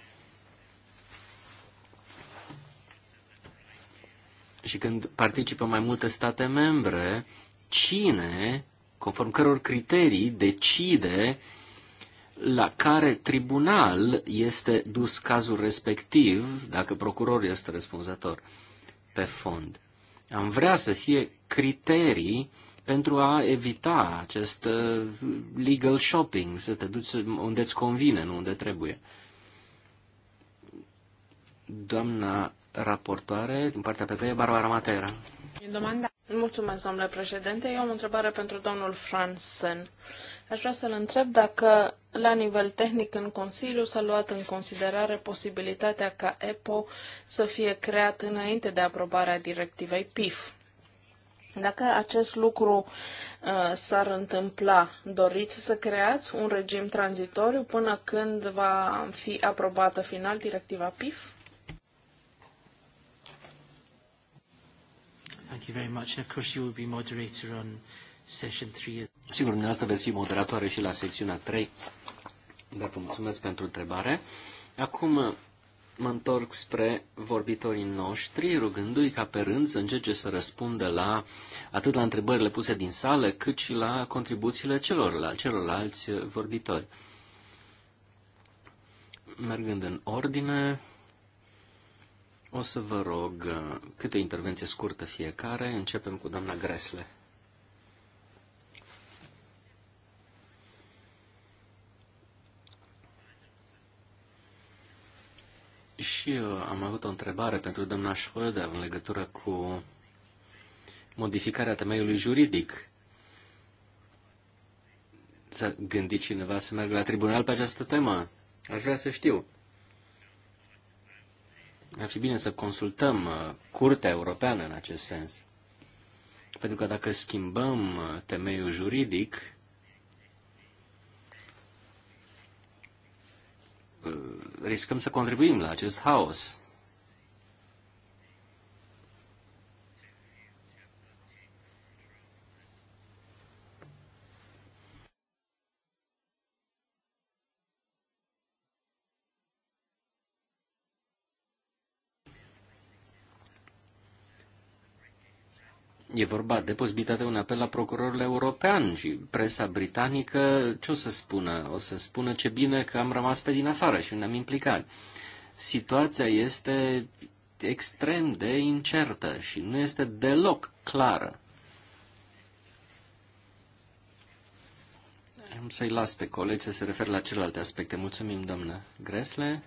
Și când participă mai multe state membre, cine, conform căror criterii, decide la care tribunal este dus cazul respectiv, dacă procurorul este răspunzător pe fond. Am vrea să fie criterii uh, pentru a evita acest uh, legal shopping, să te duci unde îți convine, nu unde trebuie. Doamna raportoare, din partea PP, Barbara Matera. Mulțumesc, domnule președinte. Eu am o întrebare pentru domnul Fransen. Aș vrea să-l întreb dacă, la nivel tehnic, în Consiliu s-a luat în considerare posibilitatea ca EPO să fie creat înainte de aprobarea directivei PIF. Dacă acest lucru uh, s-ar întâmpla, doriți să creați un regim tranzitoriu până când va fi aprobată final directiva PIF? Thank you very much. of course you will be moderator on session three. Sigur, dumneavoastră veți fi moderatoare și la secțiunea 3, dar vă mulțumesc pentru întrebare. Acum mă întorc spre vorbitorii noștri, rugându-i ca pe rând să încerce să răspundă la atât la întrebările puse din sală, cât și la contribuțiile celorlal- celorlalți vorbitori. Mergând în ordine, o să vă rog câte o intervenție scurtă fiecare. Începem cu doamna Gresle. Și eu uh, am avut o întrebare pentru doamna Schroeder în legătură cu modificarea temeiului juridic. S-a gândit cineva să meargă la tribunal pe această temă? Aș vrea să știu. Ar fi bine să consultăm uh, Curtea Europeană în acest sens. Pentru că dacă schimbăm uh, temeiul juridic, riscăm să contribuim la acest haos. E vorba de posibilitatea un apel la procurorul european și presa britanică ce o să spună? O să spună ce bine că am rămas pe din afară și nu ne-am implicat. Situația este extrem de incertă și nu este deloc clară. Am să-i las pe colegi să se refer la celelalte aspecte. Mulțumim, doamnă Gresle.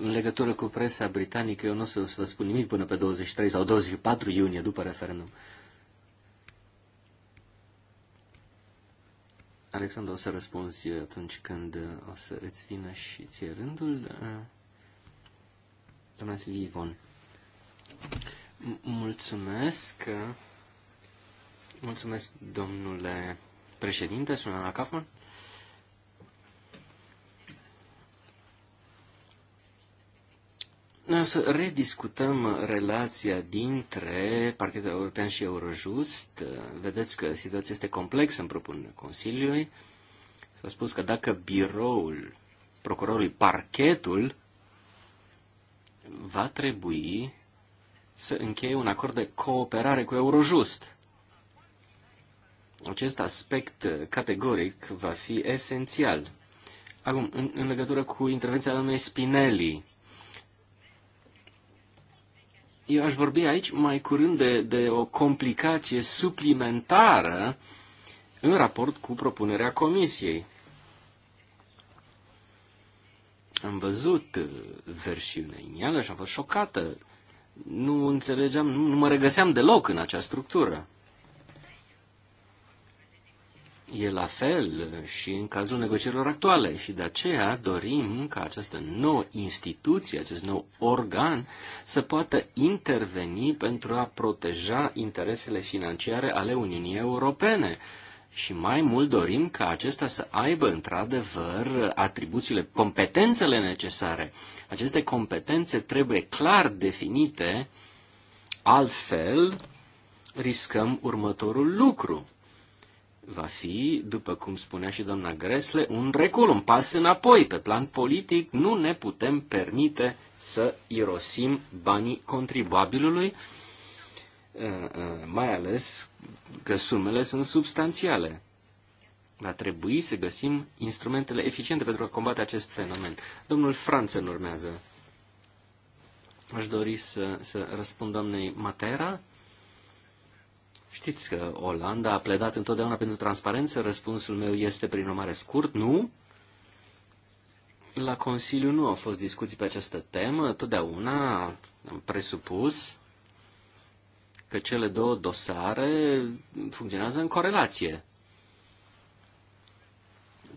În legătură cu presa britanică, eu nu o să vă spun nimic până pe 23 sau 24 iunie după referendum. Alexandru, o să răspunzi atunci când o să îți vină și ție rândul. Doamna Silvie Ivon. Mulțumesc. Mulțumesc, domnule președinte, spune la Kaufman. Noi o să rediscutăm relația dintre Parchetul European și Eurojust. Vedeți că situația este complexă în propunerea Consiliului. S-a spus că dacă biroul procurorului, parchetul, va trebui să încheie un acord de cooperare cu Eurojust. Acest aspect categoric va fi esențial. Acum, în, în legătură cu intervenția doamnei Spinelli, eu aș vorbi aici mai curând de, de o complicație suplimentară în raport cu propunerea comisiei. Am văzut uh, versiunea inițială și am fost șocată. Nu înțelegeam, nu, nu mă regăseam deloc în acea structură. E la fel și în cazul negocierilor actuale și de aceea dorim ca această nouă instituție, acest nou organ să poată interveni pentru a proteja interesele financiare ale Uniunii Europene. Și mai mult dorim ca acesta să aibă într-adevăr atribuțiile, competențele necesare. Aceste competențe trebuie clar definite, altfel riscăm următorul lucru va fi, după cum spunea și doamna Gresle, un recul, un pas înapoi. Pe plan politic nu ne putem permite să irosim banii contribuabilului, uh, uh, mai ales că sumele sunt substanțiale. Va trebui să găsim instrumentele eficiente pentru a combate acest fenomen. Domnul Franțen urmează. Aș dori să, să răspund doamnei Matera Știți că Olanda a pledat întotdeauna pentru transparență. Răspunsul meu este, prin urmare, scurt, nu. La Consiliu nu au fost discuții pe această temă. Totdeauna am presupus că cele două dosare funcționează în corelație.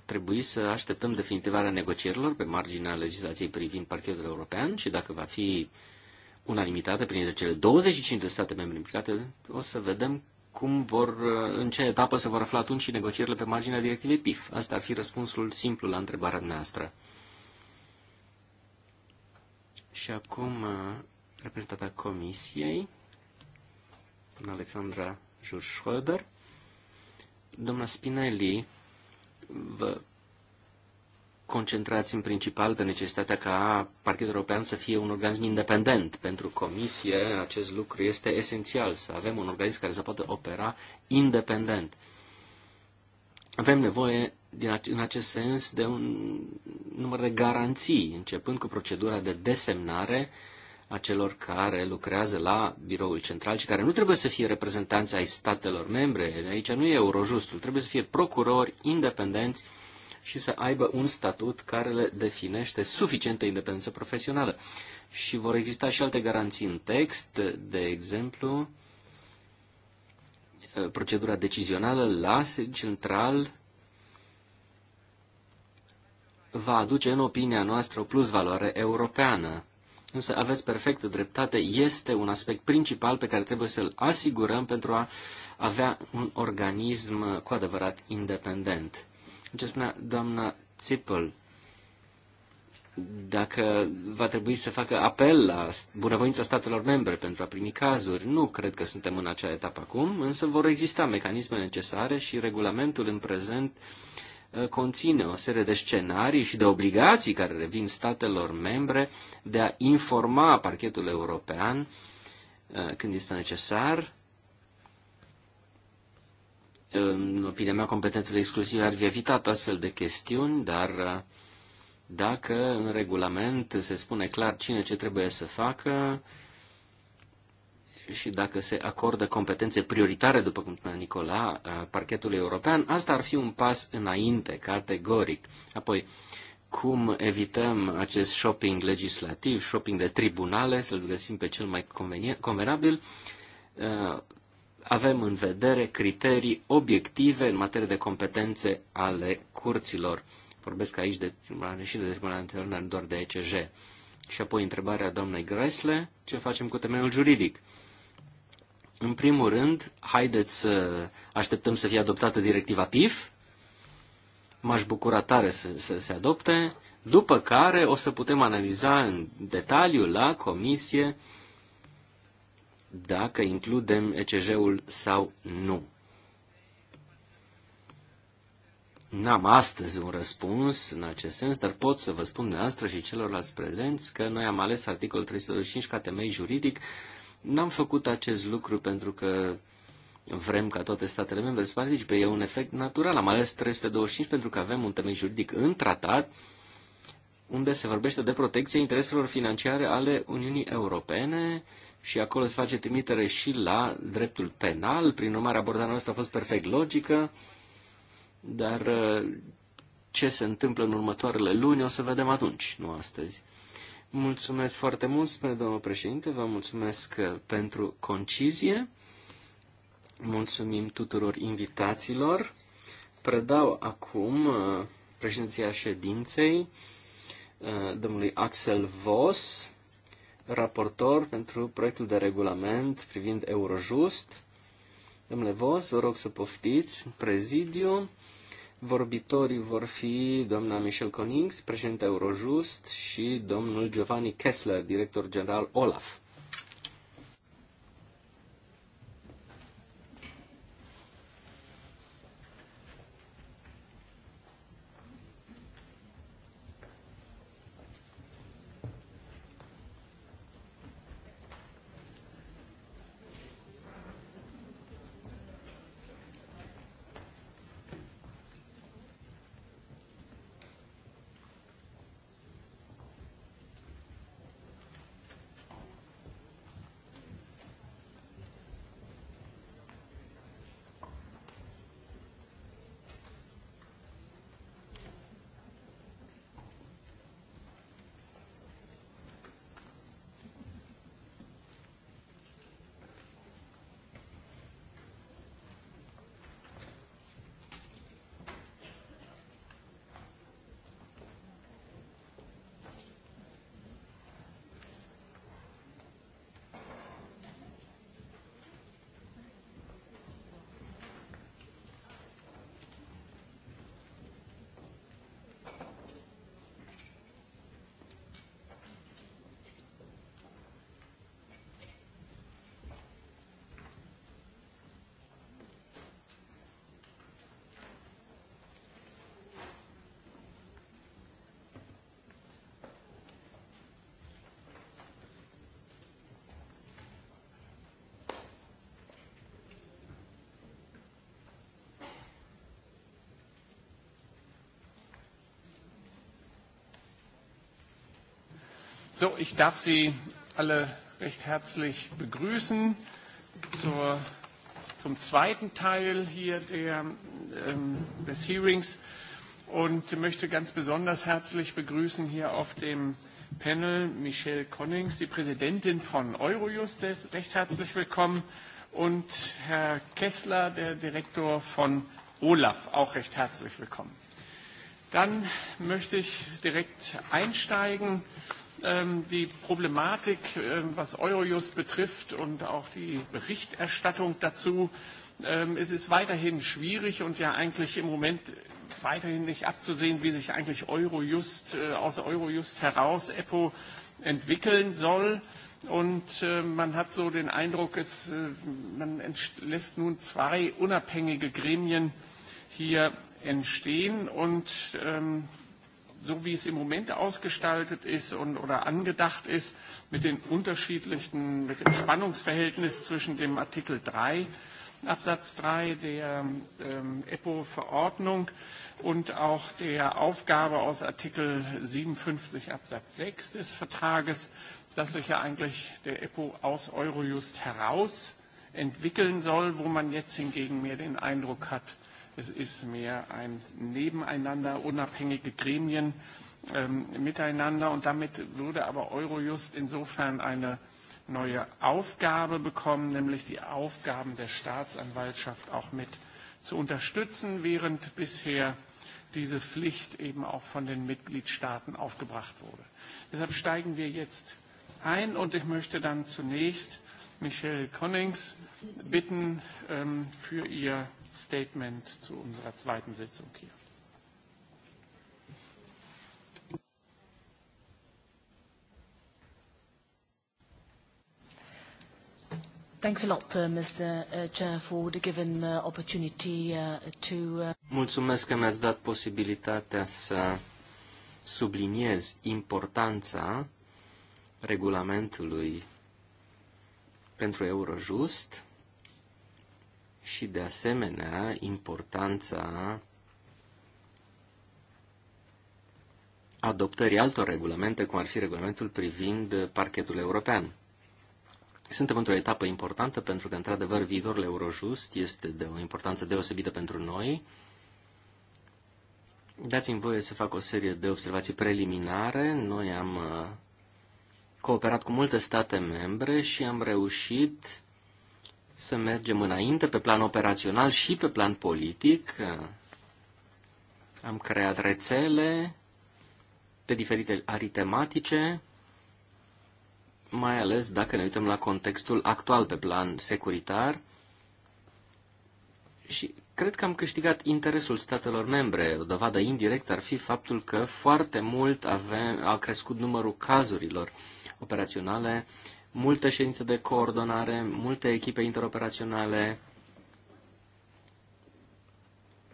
Trebuie să așteptăm definitivarea negocierilor pe marginea legislației privind parchetul european și dacă va fi uh, unanimitate prin cele 25 de state membre implicate, o să vedem cum vor, în ce etapă se vor afla atunci și negocierile pe marginea directivei PIF. Asta ar fi răspunsul simplu la întrebarea noastră. Și acum, uh, reprezentata Comisiei, Alexandra Jurschroeder. Doamna Spinelli, vă concentrați în principal pe necesitatea ca Partidul European să fie un organism independent. Pentru Comisie acest lucru este esențial, să avem un organism care să poată opera independent. Avem nevoie, în acest sens, de un număr de garanții, începând cu procedura de desemnare a celor care lucrează la biroul central și care nu trebuie să fie reprezentanți ai statelor membre. Aici nu e Eurojustul, trebuie să fie procurori independenți și să aibă un statut care le definește suficientă independență profesională. Și vor exista și alte garanții în text, de exemplu, procedura decizională la central va aduce, în opinia noastră, o plusvaloare europeană. Însă aveți perfectă dreptate, este un aspect principal pe care trebuie să-l asigurăm pentru a avea un organism cu adevărat independent ce spunea doamna Țipăl, dacă va trebui să facă apel la bunăvoința statelor membre pentru a primi cazuri, nu cred că suntem în acea etapă acum, însă vor exista mecanisme necesare și regulamentul în prezent uh, conține o serie de scenarii și de obligații care revin statelor membre de a informa parchetul european uh, când este necesar în opinia mea, competențele exclusive ar fi evitat astfel de chestiuni, dar uh, dacă în regulament se spune clar cine ce trebuie să facă și dacă se acordă competențe prioritare, după cum spunea Nicola, uh, parchetului european, asta ar fi un pas înainte, categoric. Apoi, cum evităm acest shopping legislativ, shopping de tribunale, să-l găsim pe cel mai convenabil, uh, avem în vedere criterii obiective în materie de competențe ale curților. Vorbesc aici de tribunale și de tribunale internaționale, doar de ECJ. Și apoi întrebarea doamnei Gresle, ce facem cu temeiul juridic? În primul rând, haideți să așteptăm să fie adoptată directiva PIF. M-aș bucura tare să, să se adopte. După care o să putem analiza în detaliu la comisie uh, dacă includem ECJ-ul sau nu. N-am astăzi un răspuns în acest sens, dar pot să vă spun dumneavoastră și celorlalți prezenți că noi am ales articolul 325 ca temei juridic. N-am făcut acest lucru pentru că vrem ca toate statele membre să participe. E un efect natural. Am ales 325 pentru că avem un temei juridic în tratat unde se vorbește de protecția intereselor financiare ale Uniunii Europene și acolo se face trimitere și la dreptul penal. Prin urmare, abordarea noastră a fost perfect logică, dar uh, ce se întâmplă în următoarele luni o să vedem atunci, nu astăzi. Mulțumesc foarte mult, spune domnul președinte, vă mulțumesc uh, pentru concizie. Mulțumim tuturor invitațiilor. Predau acum uh, președinția ședinței domnului Axel Voss, raportor pentru proiectul de regulament privind Eurojust. Domnule Vos, vă rog să poftiți prezidiu. Vorbitorii vor fi doamna Michel Conings, președinte Eurojust, și domnul Giovanni Kessler, director general Olaf. So, ich darf Sie alle recht herzlich begrüßen zur, zum zweiten Teil hier der, ähm, des Hearings und möchte ganz besonders herzlich begrüßen hier auf dem Panel Michelle Connings, die Präsidentin von Eurojust, recht herzlich willkommen und Herr Kessler, der Direktor von Olaf, auch recht herzlich willkommen. Dann möchte ich direkt einsteigen Ähm, die Problematik, ähm, was Eurojust betrifft und auch die Berichterstattung dazu. Ähm, es ist weiterhin schwierig und ja eigentlich im Moment weiterhin nicht abzusehen, wie sich eigentlich Eurojust äh, aus Eurojust heraus EPO entwickeln soll. Und man hat so den Eindruck, es, äh, man lässt nun zwei unabhängige Gremien hier entstehen. Und ähm, so wie es im Moment ausgestaltet ist und, oder angedacht ist, mit den unterschiedlichen, mit dem Spannungsverhältnis zwischen dem Artikel 3 Absatz 3 der ähm, EPO-Verordnung und auch der Aufgabe aus Artikel 57 Absatz 6 des Vertrages, dass sich ja eigentlich der EPO aus Eurojust heraus entwickeln soll, wo man jetzt hingegen mehr den Eindruck hat, Es ist mehr ein Nebeneinander, unabhängige Gremien ähm, miteinander. Und damit würde aber Eurojust insofern eine neue Aufgabe bekommen, nämlich die Aufgaben der Staatsanwaltschaft auch mit zu unterstützen, während bisher diese Pflicht eben auch von den Mitgliedstaaten aufgebracht wurde. Deshalb steigen wir jetzt ein und ich möchte dann zunächst Michelle Connings bitten, ähm, für ihr Statement zu unserer zweiten Sitzung hier. Thanks a lot, uh, Mr. Uh, Chair, for the given uh, opportunity uh, to. Uh... Mulțumesc că mi-ați dat posibilitatea să subliniez importanța regulamentului pentru Eurojust și, de asemenea, importanța adoptării altor regulamente, cum ar fi regulamentul privind parchetul european. Suntem într-o etapă importantă pentru că, într-adevăr, viitorul Eurojust este de o importanță deosebită pentru noi. Dați-mi voie să fac o serie de observații preliminare. Noi am uh, cooperat cu multe state membre și am reușit să mergem înainte pe plan operațional și pe plan politic. Am creat rețele pe diferite arii tematice, mai ales dacă ne uităm la contextul actual pe plan securitar. Și cred că am câștigat interesul statelor membre. O dovadă indirectă ar fi faptul că foarte mult avem, a crescut numărul cazurilor operaționale uh, multe ședințe de coordonare, multe echipe interoperaționale.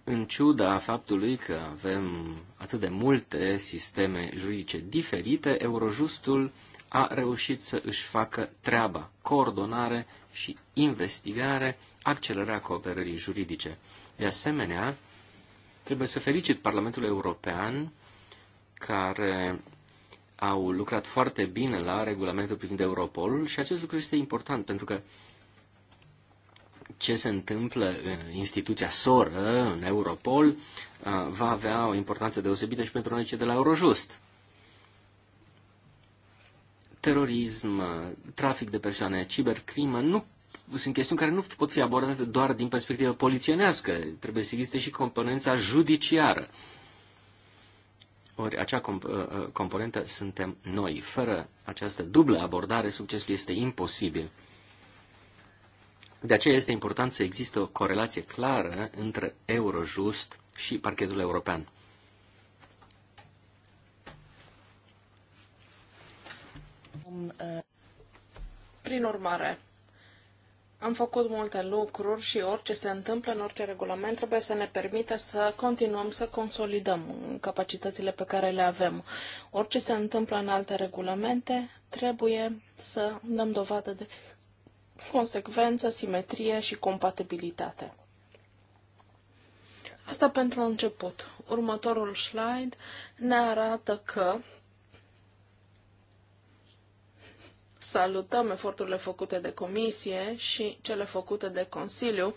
În ciuda faptului că avem atât de multe sisteme juridice diferite, Eurojustul a reușit să își facă treaba, coordonare și investigare, accelerarea cooperării juridice. De asemenea, trebuie să felicit Parlamentul European, care au lucrat foarte bine la regulamentul privind Europolul și acest lucru este important pentru că ce se întâmplă în instituția soră, în Europol, va avea o importanță deosebită și pentru noi cei de la Eurojust. Terorism, trafic de persoane, cibercrimă, nu sunt chestiuni care nu pot fi abordate doar din perspectivă poliționească. Trebuie să existe și componența judiciară. Uh, ori acea comp- uh, uh, componentă suntem noi. Fără această dublă abordare, succesul este imposibil. De aceea este important să existe o corelație clară între Eurojust și parchetul european. Prin urmare, am făcut multe lucruri și orice se întâmplă în orice regulament trebuie să ne permită să continuăm să consolidăm capacitățile pe care le avem. Orice se întâmplă în alte regulamente trebuie să dăm dovadă de consecvență, simetrie și compatibilitate. Asta pentru început. Următorul slide ne arată că Salutăm eforturile făcute de Comisie și cele făcute de Consiliu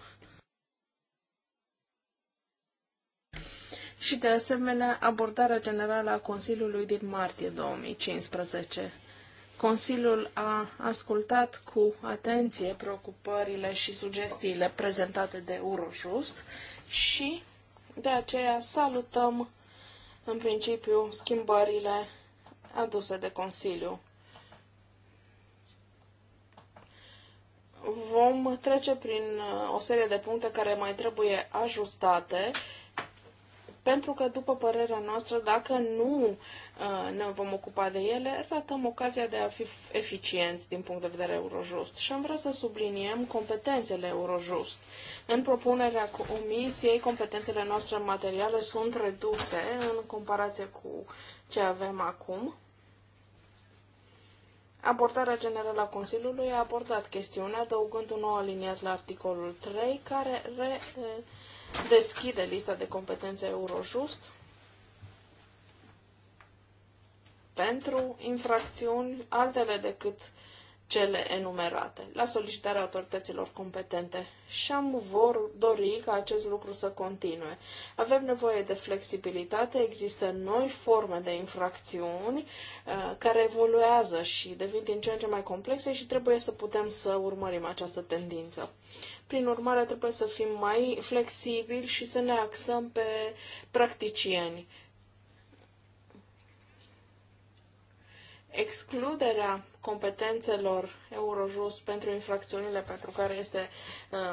și, de asemenea, abordarea generală a Consiliului din martie 2015. Consiliul a ascultat cu atenție preocupările și sugestiile prezentate de Eurojust și de aceea salutăm în principiu schimbările aduse de Consiliu. vom trece prin uh, o serie de puncte care mai trebuie ajustate, pentru că, după părerea noastră, dacă nu uh, ne vom ocupa de ele, ratăm ocazia de a fi eficienți din punct de vedere Eurojust. Și am vrea să subliniem competențele Eurojust. În propunerea comisiei, competențele noastre materiale sunt reduse în comparație cu ce avem acum Abordarea generală a Consiliului a abordat chestiunea, adăugând un nou aliniat la articolul 3, care redeschide deschide lista de competențe Eurojust pentru infracțiuni altele decât cele enumerate, la solicitarea autorităților competente și am vor dori ca acest lucru să continue. Avem nevoie de flexibilitate, există noi forme de infracțiuni uh, care evoluează și devin din ce în ce mai complexe și trebuie să putem să urmărim această tendință. Prin urmare, trebuie să fim mai flexibili și să ne axăm pe practicieni. Excluderea competențelor Eurojust pentru infracțiunile pentru care este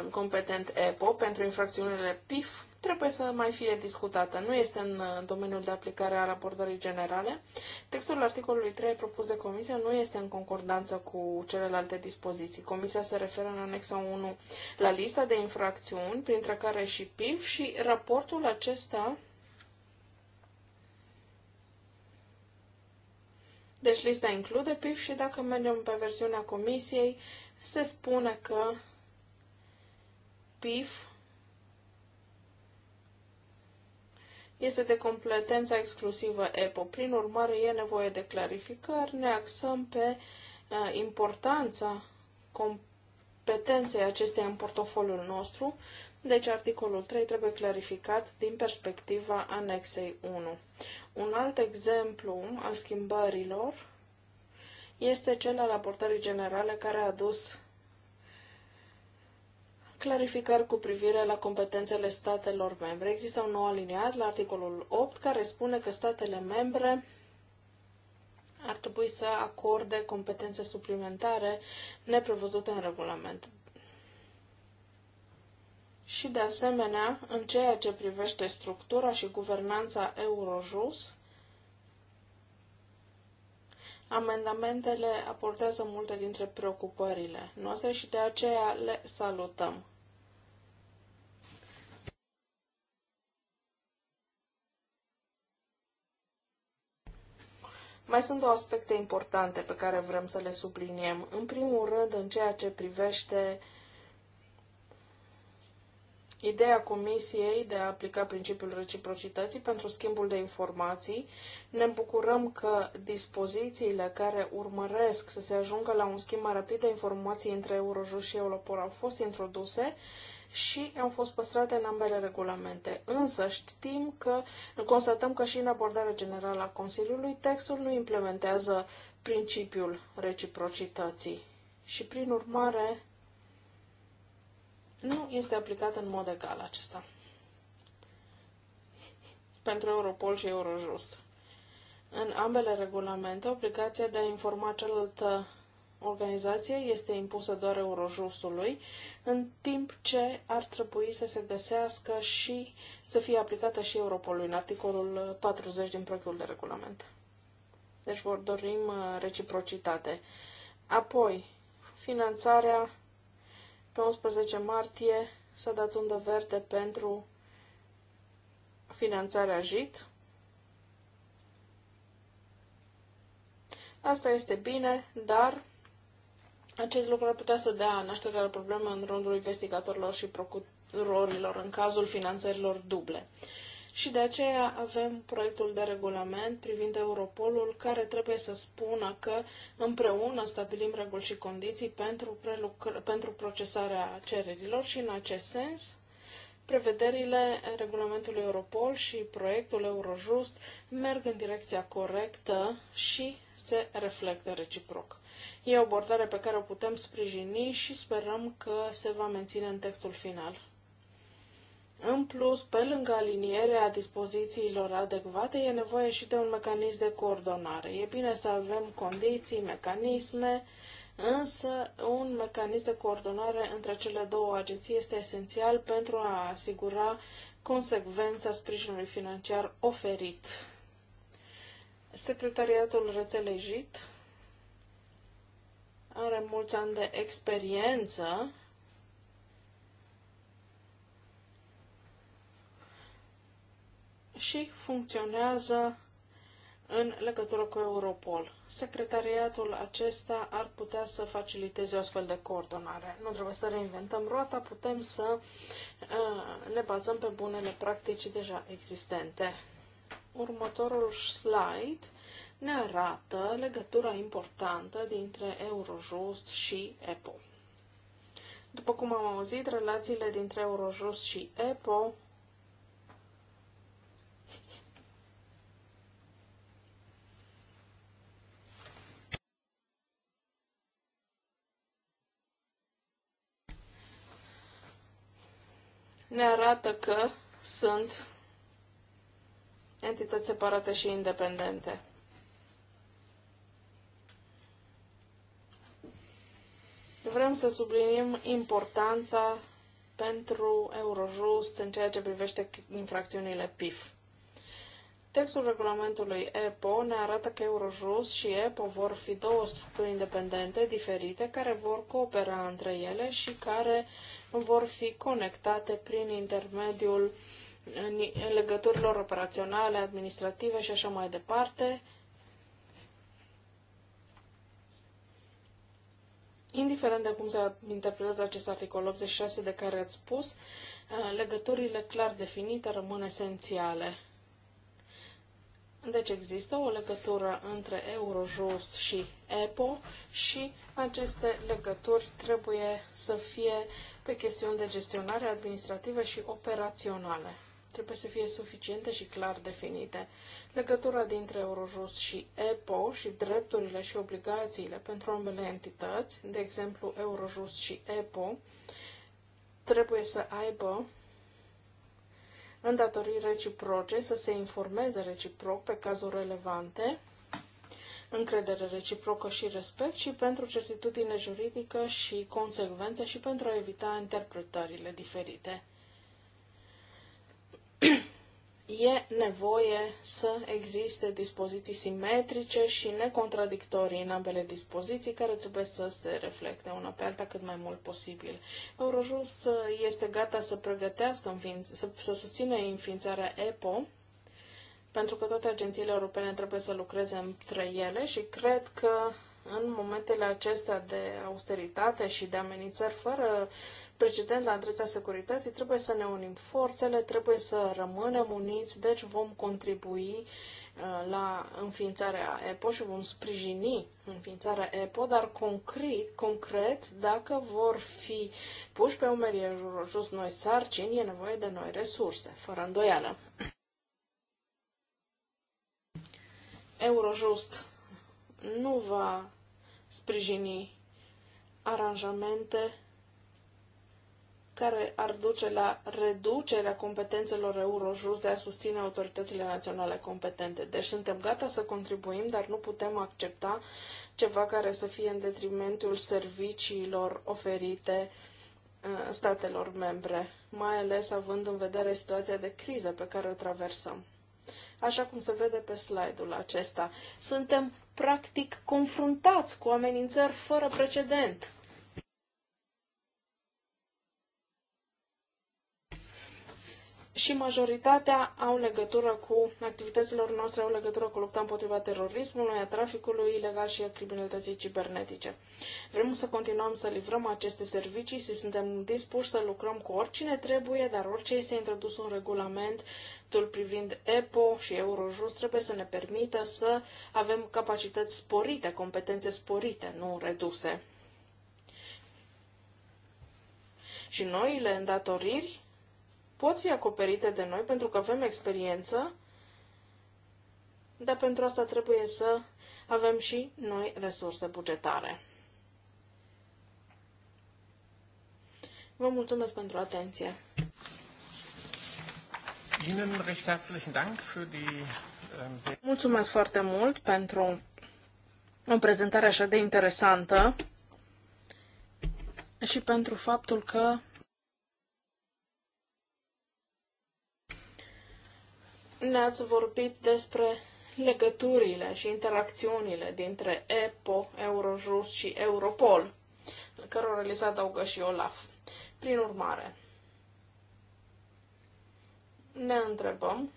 um, competent EPO, pentru infracțiunile PIF, trebuie să mai fie discutată. Nu este în uh, domeniul de aplicare al abordării generale. Textul articolului 3 propus de Comisia nu este în concordanță cu celelalte dispoziții. Comisia se referă în anexa 1 la lista de infracțiuni, printre care și PIF și raportul acesta Deci lista include PIF și dacă mergem pe versiunea comisiei, se spune că PIF este de completența exclusivă EPO. Prin urmare, e nevoie de clarificări. Ne axăm pe uh, importanța competenței acesteia în portofoliul nostru. Deci, articolul 3 trebuie clarificat din perspectiva anexei 1. Un alt exemplu al schimbărilor este cel al raportării generale care a adus clarificări cu privire la competențele statelor membre. Există un nou aliniat la articolul 8 care spune că statele membre ar trebui să acorde competențe suplimentare neprevăzute în regulament. Și, de asemenea, în ceea ce privește structura și guvernanța Eurojust, amendamentele aportează multe dintre preocupările noastre și de aceea le salutăm. Mai sunt două aspecte importante pe care vrem să le subliniem. În primul rând, în ceea ce privește uh, Ideea Comisiei de a aplica principiul reciprocității pentru schimbul de informații, ne bucurăm că dispozițiile care urmăresc să se ajungă la un schimb mai rapid de informații între Eurojust și Europol au fost introduse și au fost păstrate în ambele regulamente. Însă știm că, constatăm că și în abordarea generală a Consiliului, textul nu implementează principiul reciprocității. Și prin urmare, nu este aplicat în mod egal acesta. Pentru Europol și Eurojust. În ambele regulamente, obligația de a informa cealaltă organizație este impusă doar Eurojustului, în timp ce ar trebui să se găsească și să fie aplicată și Europolului în articolul 40 din proiectul de regulament. Deci vor dorim reciprocitate. Apoi, finanțarea pe 11 martie s-a dat undă verde pentru finanțarea JIT. Asta este bine, dar acest lucru ar putea să dea nașterea la probleme în rândul investigatorilor și procurorilor în cazul finanțărilor duble și de aceea avem proiectul de regulament privind Europolul care trebuie să spună că împreună stabilim reguli și condiții pentru, pentru procesarea cererilor și în acest sens prevederile regulamentului Europol și proiectul Eurojust merg în direcția corectă și se reflectă reciproc. E o abordare pe care o putem sprijini și sperăm că se va menține în textul final. În plus, pe lângă alinierea dispozițiilor adecvate, e nevoie și de un mecanism de coordonare. E bine să avem condiții, mecanisme, însă un mecanism de coordonare între cele două agenții este esențial pentru a asigura consecvența sprijinului financiar oferit. Secretariatul Rețelei JIT are mulți ani de experiență și funcționează în legătură cu Europol. Secretariatul acesta ar putea să faciliteze o astfel de coordonare. Nu trebuie să reinventăm roata, putem să uh, ne bazăm pe bunele practici deja existente. Următorul slide ne arată legătura importantă dintre Eurojust și EPO. După cum am auzit, relațiile dintre Eurojust și EPO ne arată că sunt entități separate și independente. Vrem să subliniem importanța pentru Eurojust în ceea ce privește infracțiunile PIF. Textul regulamentului EPO ne arată că Eurojust și EPO vor fi două structuri independente, diferite, care vor coopera între ele și care uh, vor fi conectate prin intermediul legăturilor operaționale, administrative și așa mai departe, indiferent de cum se interpretează acest articol 86 de care ați spus, eh, legăturile clar definite rămân esențiale. Deci există o legătură între Eurojust și EPO și aceste legături trebuie să fie pe chestiuni de gestionare administrativă și operaționale. Trebuie să fie suficiente și clar definite. Legătura dintre Eurojust și EPO și drepturile și obligațiile pentru ambele entități, de exemplu Eurojust și EPO, trebuie să aibă îndatoriri reciproce, să se informeze reciproc pe cazuri relevante, încredere reciprocă și respect și pentru certitudine juridică și consecvență, și pentru a evita interpretările diferite. [clears throat] e nevoie să existe dispoziții simetrice și necontradictorii în ambele dispoziții, care trebuie să se reflecte una pe alta cât mai mult posibil. Eurojust este gata să pregătească, să, să susțină înființarea EPO, pentru că toate agențiile europene trebuie să lucreze între ele și cred că în momentele acestea de austeritate și de amenințări fără uh, precedent la întreția securității, trebuie să ne unim forțele, trebuie să rămânem uniți, deci vom contribui uh, la înființarea EPO și vom sprijini înființarea EPO, dar concret, concret dacă vor fi puși pe umerii Eurojust noi sarcini, e nevoie de noi resurse, fără îndoială. Eurojust nu va sprijini aranjamente care ar duce la reducerea competențelor Eurojust de a susține autoritățile naționale competente. Deci suntem gata să contribuim, dar nu putem accepta ceva care să fie în detrimentul serviciilor oferite uh, statelor membre, mai ales având în vedere situația de criză pe care o traversăm. Așa cum se vede pe slide-ul acesta, suntem practic confruntați cu amenințări fără precedent și majoritatea au legătură cu activităților noastre, au legătură cu lupta împotriva terorismului, a traficului ilegal și a criminalității cibernetice. Vrem să continuăm să livrăm aceste servicii și suntem dispuși să lucrăm cu oricine trebuie, dar orice este introdus un regulament privind EPO și Eurojust trebuie să ne permită să avem capacități sporite, competențe sporite, nu reduse. Și noile îndatoriri pot fi acoperite de noi pentru că avem experiență, dar pentru asta trebuie să avem și noi resurse bugetare. Vă mulțumesc pentru atenție. Ihnen recht herzlichen Dank für die ähm, Mulțumesc foarte mult pentru o prezentare așa de interesantă și pentru faptul că ne-ați vorbit despre legăturile și interacțiunile dintre EPO, Eurojust și Europol, cărora li realizat adaugă și OLAF. Prin urmare, ne întrebăm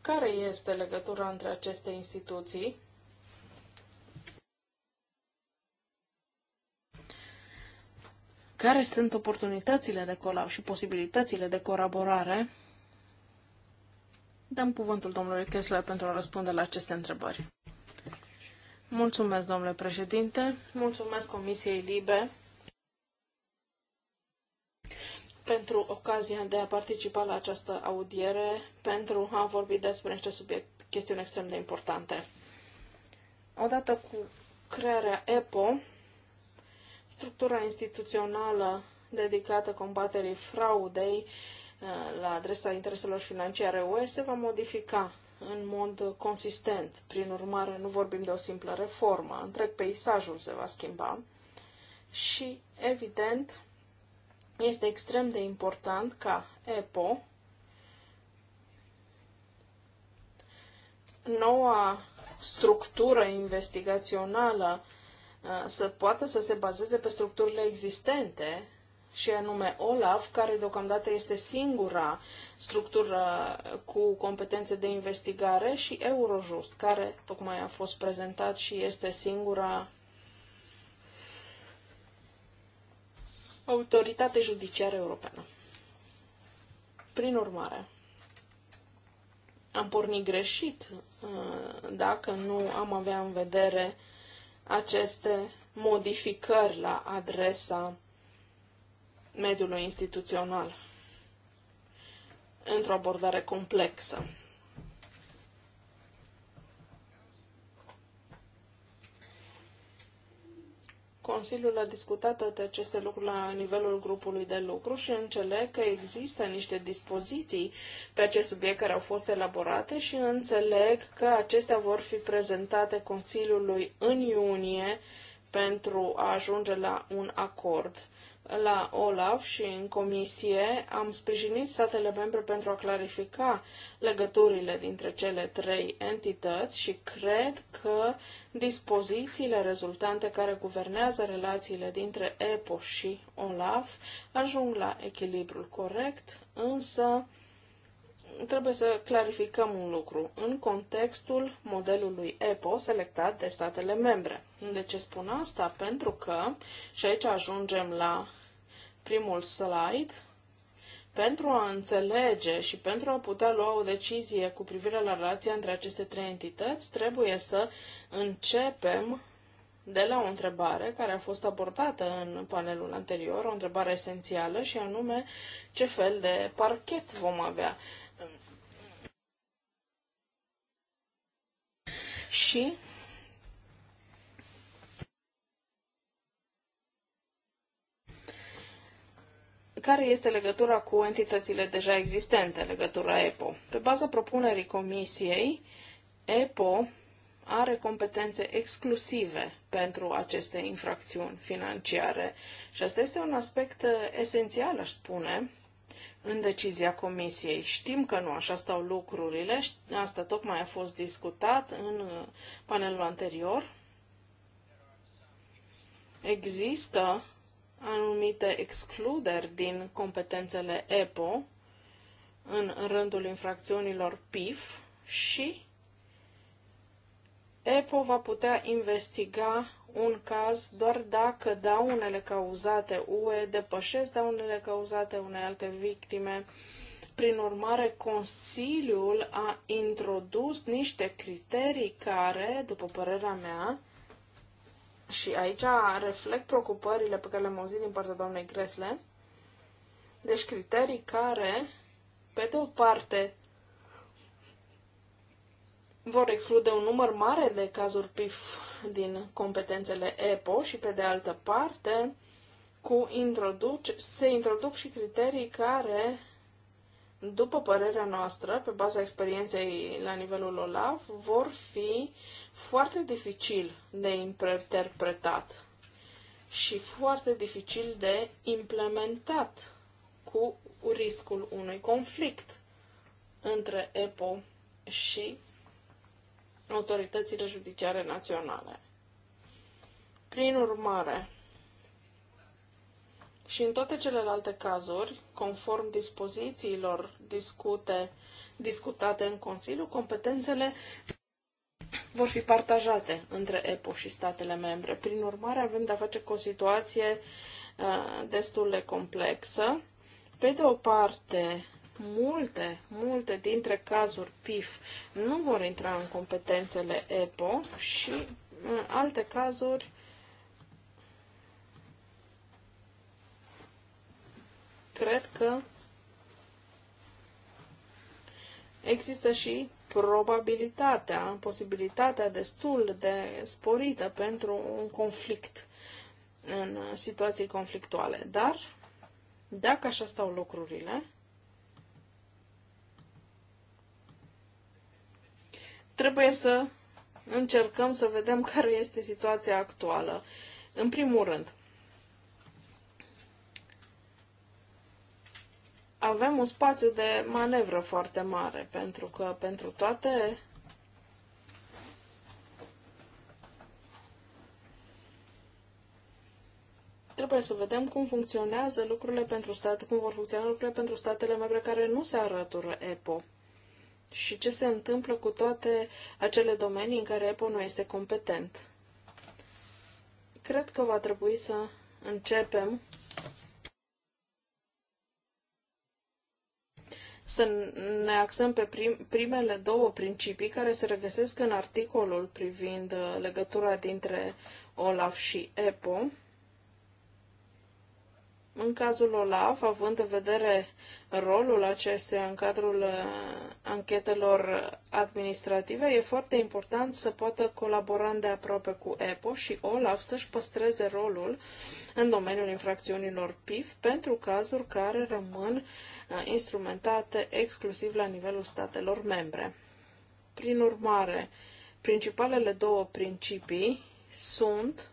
care este legătura între aceste instituții care sunt oportunitățile de colab și posibilitățile de colaborare Dăm cuvântul domnului Kessler pentru a răspunde la aceste întrebări. Mulțumesc, domnule președinte. Mulțumesc Comisiei Libe pentru ocazia de a participa la această audiere, pentru a vorbi despre niște subiect, chestiuni extrem de importante. Odată cu crearea EPO, structura instituțională dedicată combaterii fraudei Uh, la adresa intereselor financiare UE se va modifica în mod consistent. Prin urmare, nu vorbim de o simplă reformă, întreg peisajul se va schimba și, evident, este extrem de important ca EPO, noua structură investigațională uh, să poată să se bazeze pe structurile existente și anume OLAF, care deocamdată este singura structură cu competențe de investigare, și Eurojust, care tocmai a fost prezentat și este singura autoritate judiciară europeană. Prin urmare, am pornit greșit uh, dacă nu am avea în vedere aceste modificări la adresa mediului instituțional într-o abordare complexă. Consiliul a discutat toate aceste lucruri la nivelul grupului de lucru și înțeleg că există niște dispoziții pe acest subiect care au fost elaborate și înțeleg că acestea vor fi prezentate Consiliului în iunie pentru a ajunge la un acord la OLAF și în comisie am sprijinit statele membre pentru a clarifica legăturile dintre cele trei entități și cred că dispozițiile rezultante care guvernează relațiile dintre EPO și OLAF ajung la echilibrul corect, însă trebuie să clarificăm un lucru în contextul modelului EPO selectat de statele membre. De ce spun asta? Pentru că, și aici ajungem la primul slide, pentru a înțelege și pentru a putea lua o decizie cu privire la relația între aceste trei entități, trebuie să începem de la o întrebare care a fost abordată în panelul anterior, o întrebare esențială și anume ce fel de parchet vom avea. Și care este legătura cu entitățile deja existente, legătura EPO. Pe baza propunerii Comisiei, EPO are competențe exclusive pentru aceste infracțiuni financiare și asta este un aspect uh, esențial, aș spune, în decizia Comisiei. Știm că nu așa stau lucrurile, asta tocmai a fost discutat în uh, panelul anterior. Există anumite excluderi din competențele EPO în rândul infracțiunilor PIF și EPO va putea investiga un caz doar dacă daunele cauzate UE depășesc daunele cauzate unei alte victime. Prin urmare, Consiliul a introdus niște criterii care, după părerea mea, și aici reflect preocupările pe care le-am auzit din partea doamnei Gresle. Deci criterii care, pe de o parte, vor exclude un număr mare de cazuri PIF din competențele EPO și, pe de altă parte, cu introduce, se introduc și criterii care după părerea noastră, pe baza experienței la nivelul OLAF, vor fi foarte dificil de interpretat și foarte dificil de implementat cu riscul unui conflict între EPO și autoritățile judiciare naționale. Prin urmare, și în toate celelalte cazuri, conform dispozițiilor discute, discutate în Consiliu, competențele vor fi partajate între EPO și statele membre. Prin urmare, avem de-a face cu o situație uh, destul de complexă. Pe de o parte, multe, multe dintre cazuri PIF nu vor intra în competențele EPO și în uh, alte cazuri cred că există și probabilitatea, posibilitatea destul de sporită pentru un conflict în situații conflictuale. Dar, dacă așa stau lucrurile, trebuie să încercăm să vedem care este situația actuală. În primul rând, avem un spațiu de manevră foarte mare, pentru că pentru toate trebuie să vedem cum funcționează lucrurile pentru state, cum vor funcționa lucrurile pentru statele membre care nu se arătură EPO și ce se întâmplă cu toate acele domenii în care EPO nu este competent. Cred că va trebui să începem să ne axăm pe prim, primele două principii care se regăsesc în articolul privind uh, legătura dintre OLAF și EPO. În cazul OLAF, având în vedere rolul acestuia în cadrul uh, anchetelor administrative, e foarte important să poată colabora aproape cu EPO și OLAF să-și păstreze rolul în domeniul infracțiunilor PIF pentru cazuri care rămân uh, Uh, instrumentate exclusiv la nivelul statelor membre. Prin urmare, principalele două principii sunt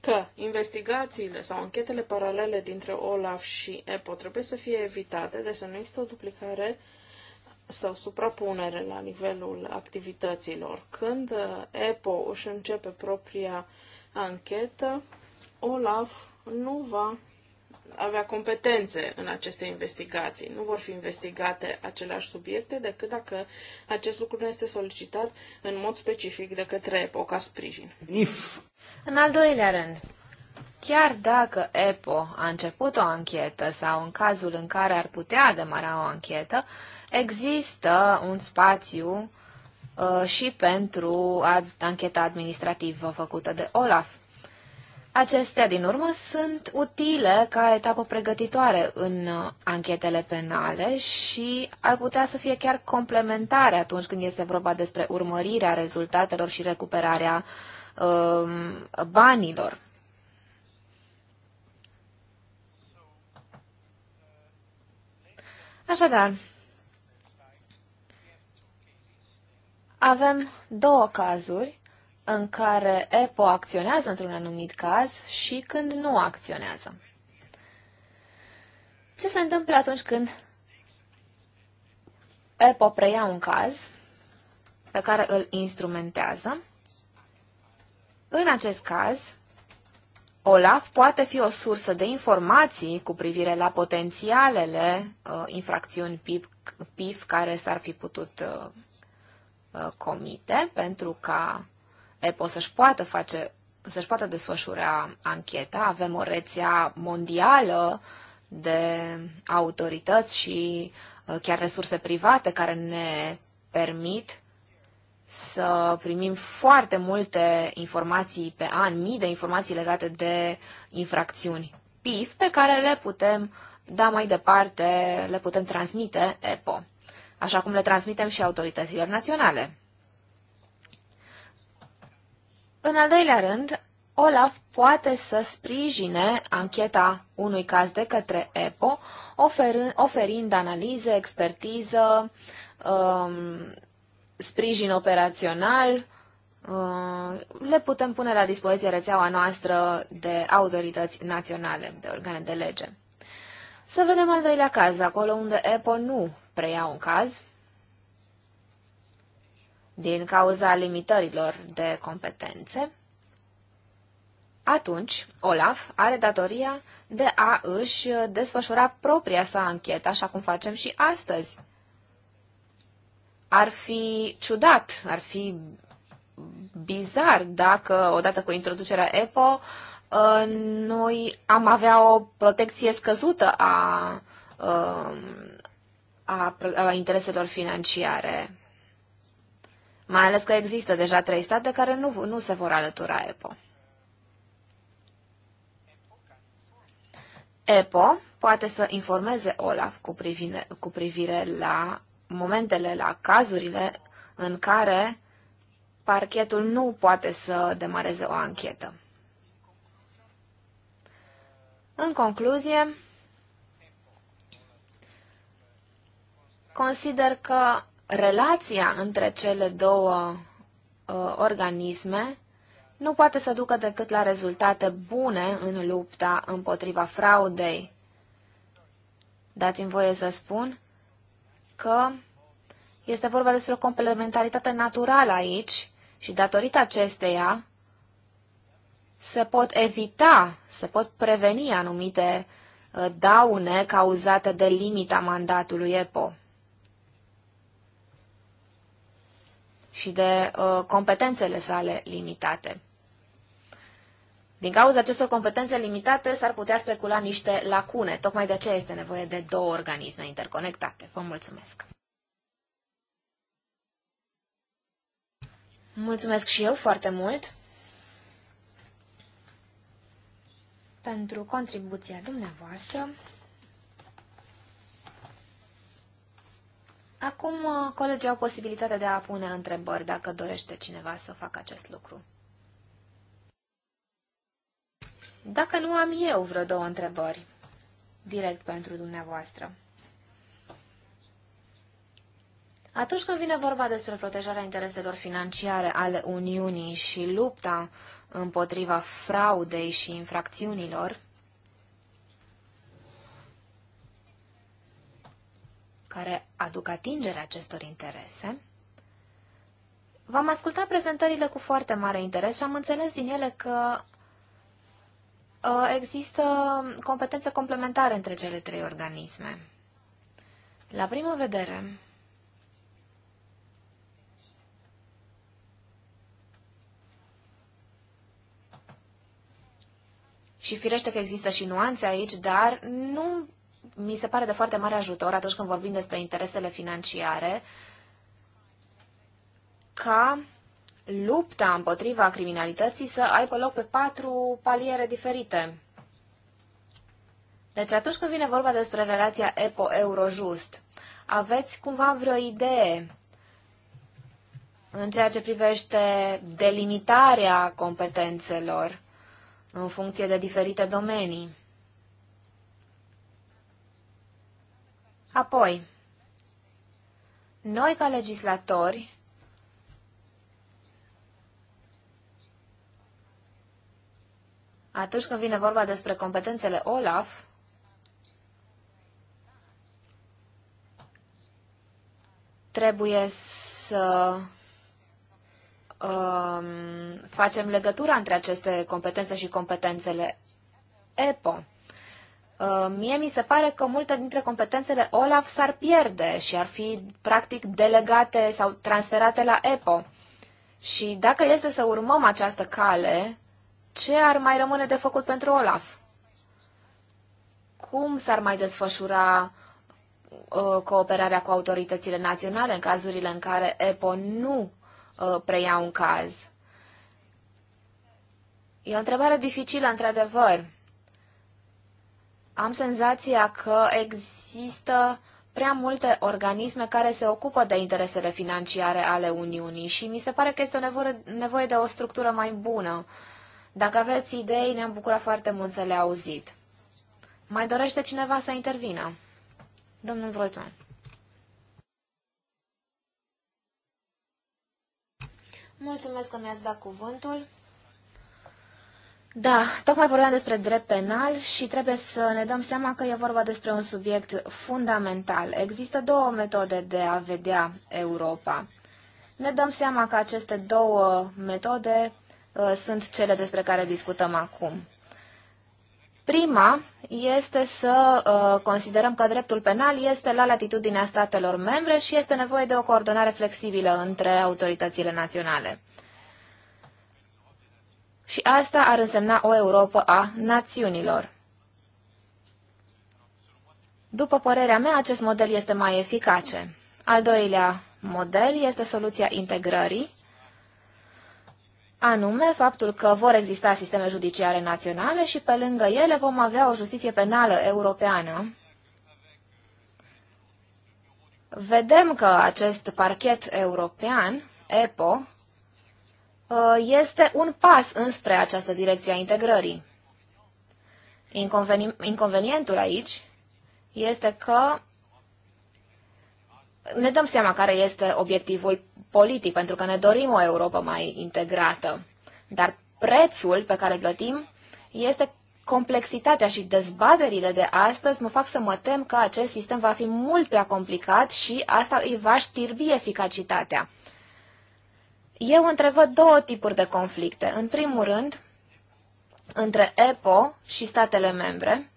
că investigațiile sau anchetele paralele dintre OLAF și EPO trebuie să fie evitate, deci să nu există o duplicare sau suprapunere la nivelul activităților. Când uh, EPO își începe propria anchetă, OLAF nu va avea competențe în aceste investigații. Nu vor fi investigate aceleași subiecte decât dacă acest lucru nu este solicitat în mod specific de către EPO ca sprijin. If. În al doilea rând, chiar dacă EPO a început o anchetă sau în cazul în care ar putea demara o anchetă, există un spațiu uh, și pentru ancheta administrativă făcută de OLAF. Acestea, din urmă, sunt utile ca etapă pregătitoare în uh, anchetele penale și ar putea să fie chiar complementare atunci când este vorba despre urmărirea rezultatelor și recuperarea um, banilor. Așadar, avem două cazuri în care EPO acționează într-un anumit caz și când nu acționează. Ce se întâmplă atunci când EPO preia un caz pe care îl instrumentează? În acest caz, OLAF poate fi o sursă de informații cu privire la potențialele uh, infracțiuni PIF, PIF care s-ar fi putut uh, uh comite pentru ca EPO să-și poată face să-și poată desfășura ancheta. Avem o rețea mondială de autorități și uh, chiar resurse private care ne permit să primim foarte multe informații pe an, mii de informații legate de infracțiuni PIF pe care le putem da mai departe, le putem transmite EPO, așa cum le transmitem și autorităților naționale. În al doilea rând, Olaf poate să sprijine ancheta unui caz de către EPO, oferind, oferind analize, expertiză, um, sprijin operațional. Um, le putem pune la dispoziție rețeaua noastră de autorități naționale, de organe de lege. Să vedem al doilea caz, acolo unde EPO nu preia un caz, din cauza limitărilor de competențe, atunci Olaf are datoria de a își desfășura propria sa anchetă, așa cum facem și astăzi. Ar fi ciudat, ar fi bizar dacă, odată cu introducerea EPO, uh, noi am avea o protecție scăzută a, uh, a, a intereselor financiare mai ales că există deja trei state care nu, nu se vor alătura EPO. EPO poate să informeze OLAF cu privire, cu privire la momentele, la cazurile în care parchetul nu poate să demareze o anchetă. În concluzie, consider că relația între cele două uh, organisme nu poate să ducă decât la rezultate bune în lupta împotriva fraudei. Dați-mi voie să spun că este vorba despre o complementaritate naturală aici și datorită acesteia se pot evita, se pot preveni anumite uh, daune cauzate de limita mandatului EPO. și de uh, competențele sale limitate. Din cauza acestor competențe limitate s-ar putea specula niște lacune. Tocmai de aceea este nevoie de două organisme interconectate. Vă mulțumesc! Mulțumesc și eu foarte mult pentru contribuția dumneavoastră. Acum uh, colegii au posibilitatea de a pune întrebări dacă dorește cineva să facă acest lucru. Dacă nu am eu vreo două întrebări direct pentru dumneavoastră. Atunci când vine vorba despre protejarea intereselor financiare ale Uniunii și lupta împotriva fraudei și infracțiunilor, care aduc atingere acestor interese. V-am ascultat prezentările cu foarte mare interes și am înțeles din ele că uh, există competențe complementare între cele trei organisme. La primă vedere, și firește că există și nuanțe aici, dar nu mi se pare de foarte mare ajutor atunci când vorbim despre interesele financiare ca lupta împotriva criminalității să aibă loc pe patru paliere diferite. Deci atunci când vine vorba despre relația EPO-Eurojust, aveți cumva vreo idee în ceea ce privește delimitarea competențelor în funcție de diferite domenii? Apoi, noi ca legislatori atunci când vine vorba despre competențele OLAF, trebuie să um, facem legătura între aceste competențe și competențele EPO. Uh, mie mi se pare că multe dintre competențele OLAF s-ar pierde și ar fi practic delegate sau transferate la EPO. Și dacă este să urmăm această cale, ce ar mai rămâne de făcut pentru OLAF? Cum s-ar mai desfășura uh, cooperarea cu autoritățile naționale în cazurile în care EPO nu uh, preia un caz? E o întrebare dificilă, într-adevăr am senzația că există prea multe organisme care se ocupă de interesele financiare ale Uniunii și mi se pare că este nevoie, nevoie de o structură mai bună. Dacă aveți idei, ne-am bucurat foarte mult să le auzit. Mai dorește cineva să intervină? Domnul Vroțon. Mulțumesc că mi-ați dat cuvântul. Da, tocmai vorbeam despre drept penal și trebuie să ne dăm seama că e vorba despre un subiect fundamental. Există două metode de a vedea Europa. Ne dăm seama că aceste două metode uh, sunt cele despre care discutăm acum. Prima este să uh, considerăm că dreptul penal este la latitudinea statelor membre și este nevoie de o coordonare flexibilă între autoritățile naționale. Și asta ar însemna o Europa a națiunilor. După părerea mea, acest model este mai eficace. Al doilea model este soluția integrării, anume faptul că vor exista sisteme judiciare naționale și pe lângă ele vom avea o justiție penală europeană. Vedem că acest parchet european, EPO, Uh, este un pas înspre această direcție a integrării. Inconvenientul aici este că ne dăm seama care este obiectivul politic, pentru că ne dorim o Europa mai integrată. Dar prețul pe care îl plătim este complexitatea și dezbaterile de astăzi mă fac să mă tem că acest sistem va fi mult prea complicat și asta îi va știrbi eficacitatea. Eu întrevăd două tipuri de conflicte. În primul rând, între EPO și statele membre,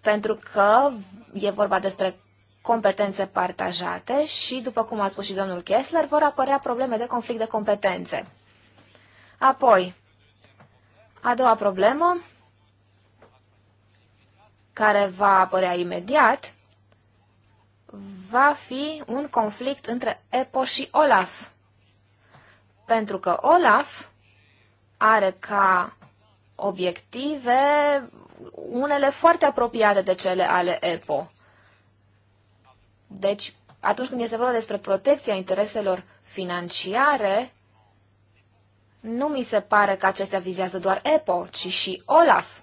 pentru că e vorba despre competențe partajate și, după cum a spus și domnul Kessler, vor apărea probleme de conflict de competențe. Apoi, a doua problemă, care va apărea imediat, va fi un conflict între EPO și OLAF. Pentru că Olaf are ca obiective unele foarte apropiate de cele ale EPO. Deci, atunci când este vorba despre protecția intereselor financiare, nu mi se pare că acestea vizează doar EPO, ci și OLAF.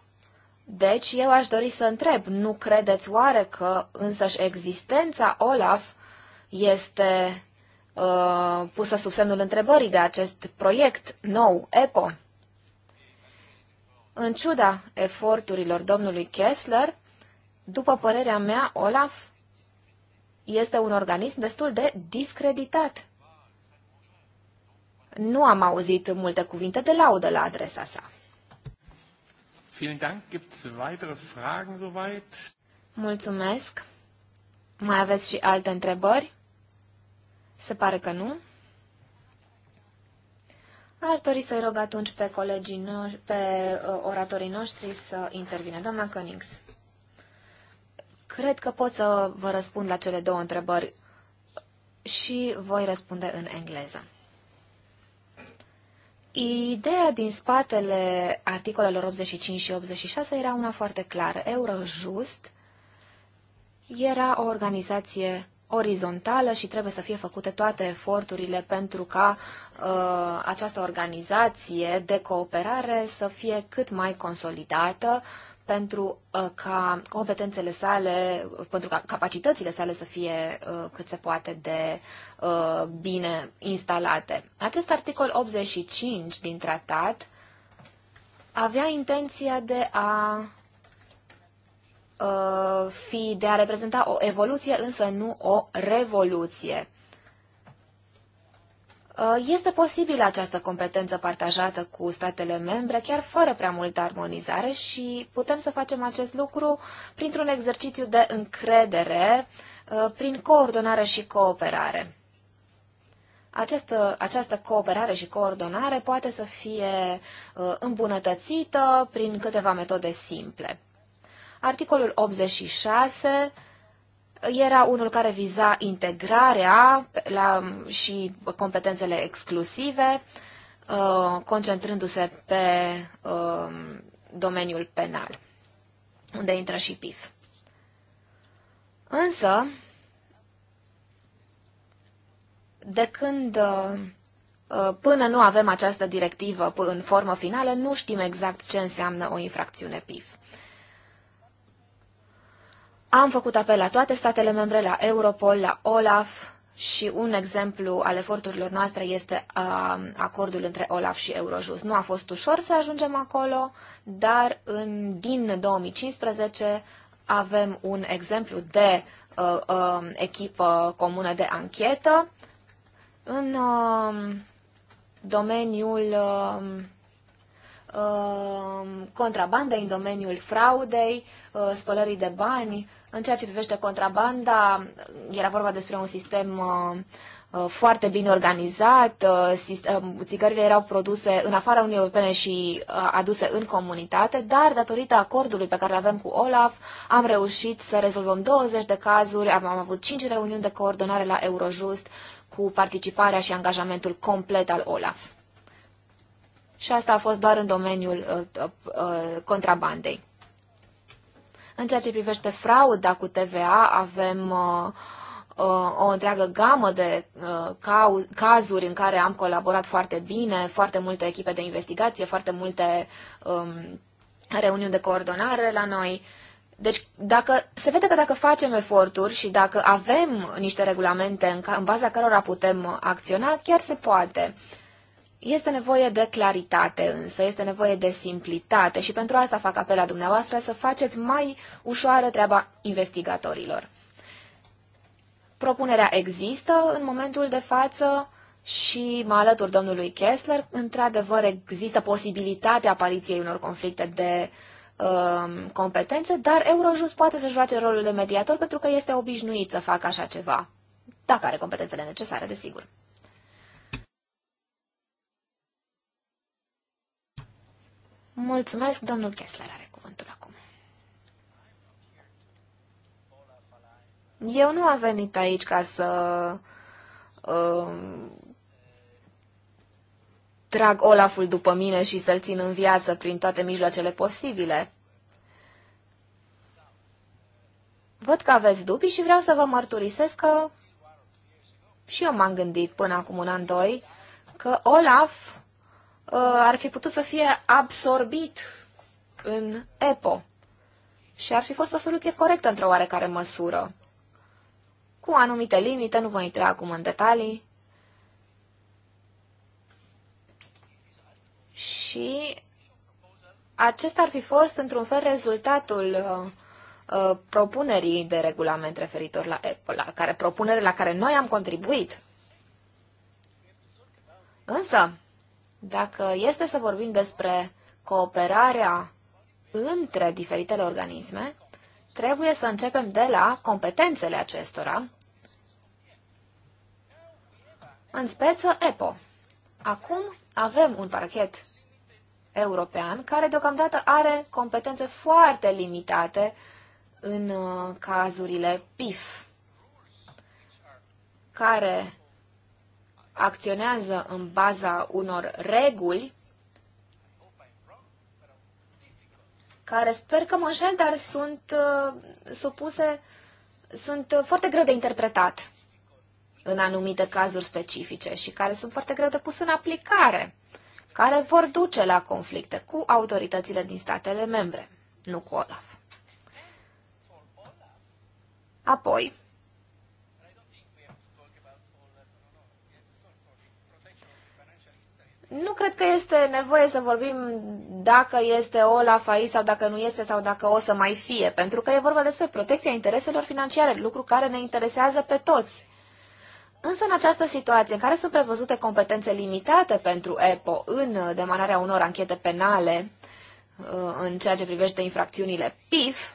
Deci, eu aș dori să întreb, nu credeți oare că însăși existența OLAF este Uh, pusă sub semnul întrebării de acest proiect nou, EPO. În ciuda eforturilor domnului Kessler, după părerea mea, Olaf este un organism destul de discreditat. Nu am auzit multe cuvinte de laudă la adresa sa. Mulțumesc. Mai aveți și alte întrebări? Se pare că nu. Aș dori să-i rog atunci pe colegii no pe uh, oratorii noștri să intervine. Doamna Cănix, cred că pot să vă răspund la cele două întrebări și voi răspunde în engleză. Ideea din spatele articolelor 85 și 86 era una foarte clară. Eurojust era o organizație orizontală și trebuie să fie făcute toate eforturile pentru ca uh, această organizație de cooperare să fie cât mai consolidată pentru uh, ca competențele sale, pentru ca capacitățile sale să fie uh, cât se poate de uh, bine instalate. Acest articol 85 din tratat avea intenția de a Uh, fi de a reprezenta o evoluție, însă nu o revoluție. Uh, este posibilă această competență partajată cu statele membre, chiar fără prea multă armonizare și putem să facem acest lucru printr-un exercițiu de încredere, uh, prin coordonare și cooperare. Această, această cooperare și coordonare poate să fie îmbunătățită prin câteva metode simple. Articolul 86 era unul care viza integrarea la, și competențele exclusive, uh, concentrându-se pe um, domeniul penal, unde intră și PIF. Însă, de când uh, uh, până nu avem această directivă în formă finală, nu știm exact ce înseamnă o infracțiune PIF. Am făcut apel la toate statele membre, la Europol, la OLAF și un exemplu al eforturilor noastre este uh, acordul între OLAF și Eurojust. Nu a fost ușor să ajungem acolo, dar în, din 2015 avem un exemplu de uh, uh, echipă comună de anchetă în uh, domeniul uh, uh, contrabandei, în domeniul fraudei. Uh, Uh, spălării de bani. În ceea ce privește contrabanda, era vorba despre un sistem uh, uh, foarte bine organizat, țigările erau produse în afara Uniunii Europene și aduse în comunitate, dar datorită acordului pe care îl avem cu OLAF, am reușit să rezolvăm 20 de cazuri, am, avut 5 reuniuni de coordonare la Eurojust cu participarea și angajamentul complet al OLAF. Și asta a fost doar în domeniul contrabandei. În ceea ce privește frauda cu TVA, avem uh, uh, o întreagă gamă de uh, cazuri în care am colaborat foarte bine, foarte multe echipe de investigație, foarte multe um, reuniuni de coordonare la noi. Deci, dacă, se vede că dacă facem eforturi și dacă avem niște regulamente în, ca, în baza cărora putem acționa, chiar se poate. Uh, este nevoie de claritate însă, este nevoie de simplitate și pentru asta fac apel la dumneavoastră să faceți mai ușoară treaba investigatorilor. Propunerea există în momentul de față și mă alătur domnului Kessler. Într-adevăr, există posibilitatea apariției unor conflicte de uh, competențe, dar Eurojust poate să joace rolul de mediator pentru că este obișnuit să facă așa ceva, dacă are competențele necesare, desigur. Mulțumesc, domnul Kessler are cuvântul acum. Eu nu am venit aici ca să uh, trag Olaful după mine și să-l țin în viață prin toate mijloacele posibile. Văd că aveți dubii și vreau să vă mărturisesc că și eu m-am gândit până acum un an, doi, că Olaf Uh, ar fi putut să fie absorbit în EPO. Și ar fi fost o soluție corectă într-o oarecare măsură. Cu anumite limite, nu voi intra acum în detalii. Și acesta ar fi fost, într-un fel, rezultatul uh, uh propunerii de regulament referitor la EPO, la care propunere la care noi am contribuit. Însă, dacă este să vorbim despre cooperarea între diferitele organisme, trebuie să începem de la competențele acestora, în speță EPO. Acum avem un parchet european care deocamdată are competențe foarte limitate în uh, cazurile PIF, care acționează în baza unor reguli care sper că mă înșel, dar sunt uh, supuse, sunt foarte greu de interpretat în anumite cazuri specifice și care sunt foarte greu de pus în aplicare, care vor duce la conflicte cu autoritățile din statele membre, nu cu OLAF. Apoi, Nu cred că este nevoie să vorbim dacă este Olaf aici sau dacă nu este sau dacă o să mai fie, pentru că e vorba despre protecția intereselor financiare, lucru care ne interesează pe toți. Însă în această situație, în care sunt prevăzute competențe limitate pentru EPO în demararea unor anchete penale uh, în ceea ce privește infracțiunile PIF,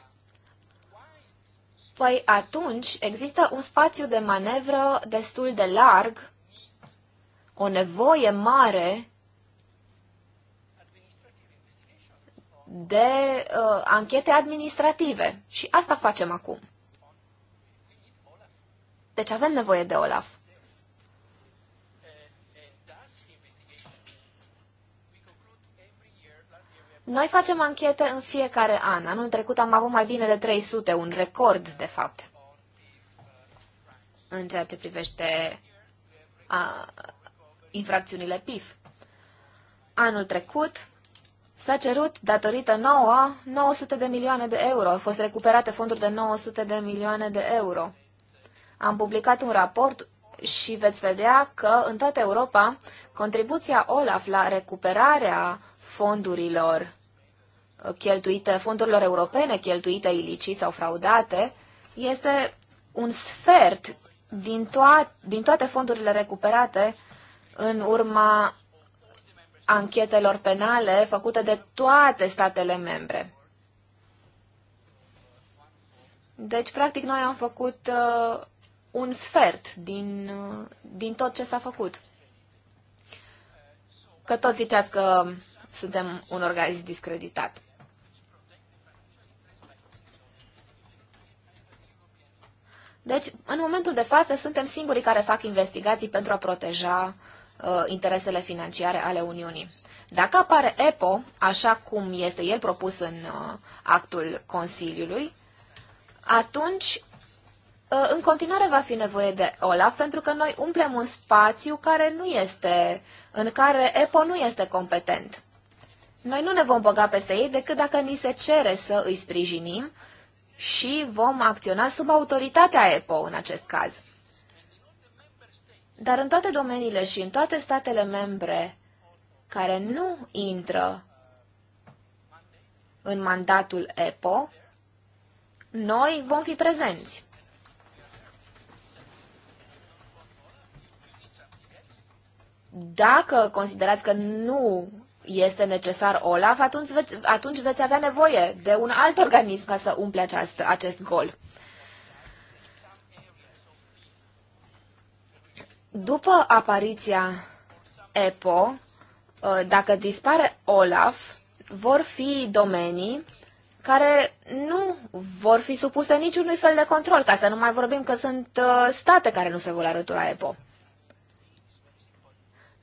păi atunci există un spațiu de manevră destul de larg o nevoie mare de uh, anchete administrative. Și asta facem acum. Deci avem nevoie de Olaf. Noi facem anchete în fiecare an. Anul trecut am avut mai bine de 300, un record, de fapt, în ceea ce privește uh, infracțiunile PIF. Anul trecut s-a cerut, datorită nouă, 900 de milioane de euro. Au fost recuperate fonduri de 900 de milioane de euro. Am publicat un raport și veți vedea că în toată Europa contribuția OLAF la recuperarea fondurilor uh, cheltuite, fondurilor europene cheltuite ilicit sau fraudate, este un sfert din, toat, din toate fondurile recuperate în urma anchetelor penale făcute de toate statele membre. Deci, practic, noi am făcut uh, un sfert din, uh, din tot ce s-a făcut. Că tot ziceați că suntem un organism discreditat. Deci, în momentul de față, suntem singurii care fac investigații pentru a proteja uh, Uh, interesele financiare ale Uniunii. Dacă apare EPO, așa cum este el propus în uh, actul Consiliului, atunci uh, în continuare va fi nevoie de OLAF pentru că noi umplem un spațiu care nu este, în care EPO nu este competent. Noi nu ne vom băga peste ei decât dacă ni se cere să îi sprijinim și vom acționa sub autoritatea EPO în acest caz. Dar în toate domeniile și în toate statele membre care nu intră în mandatul EPO, noi vom fi prezenți. Dacă considerați că nu este necesar OLAF, atunci veți, atunci veți avea nevoie de un alt organism ca să umple această, acest gol. După apariția EPO, uh, dacă dispare OLAF, vor fi domenii care nu vor fi supuse niciunui fel de control, ca să nu mai vorbim că sunt uh, state care nu se vor arătura EPO.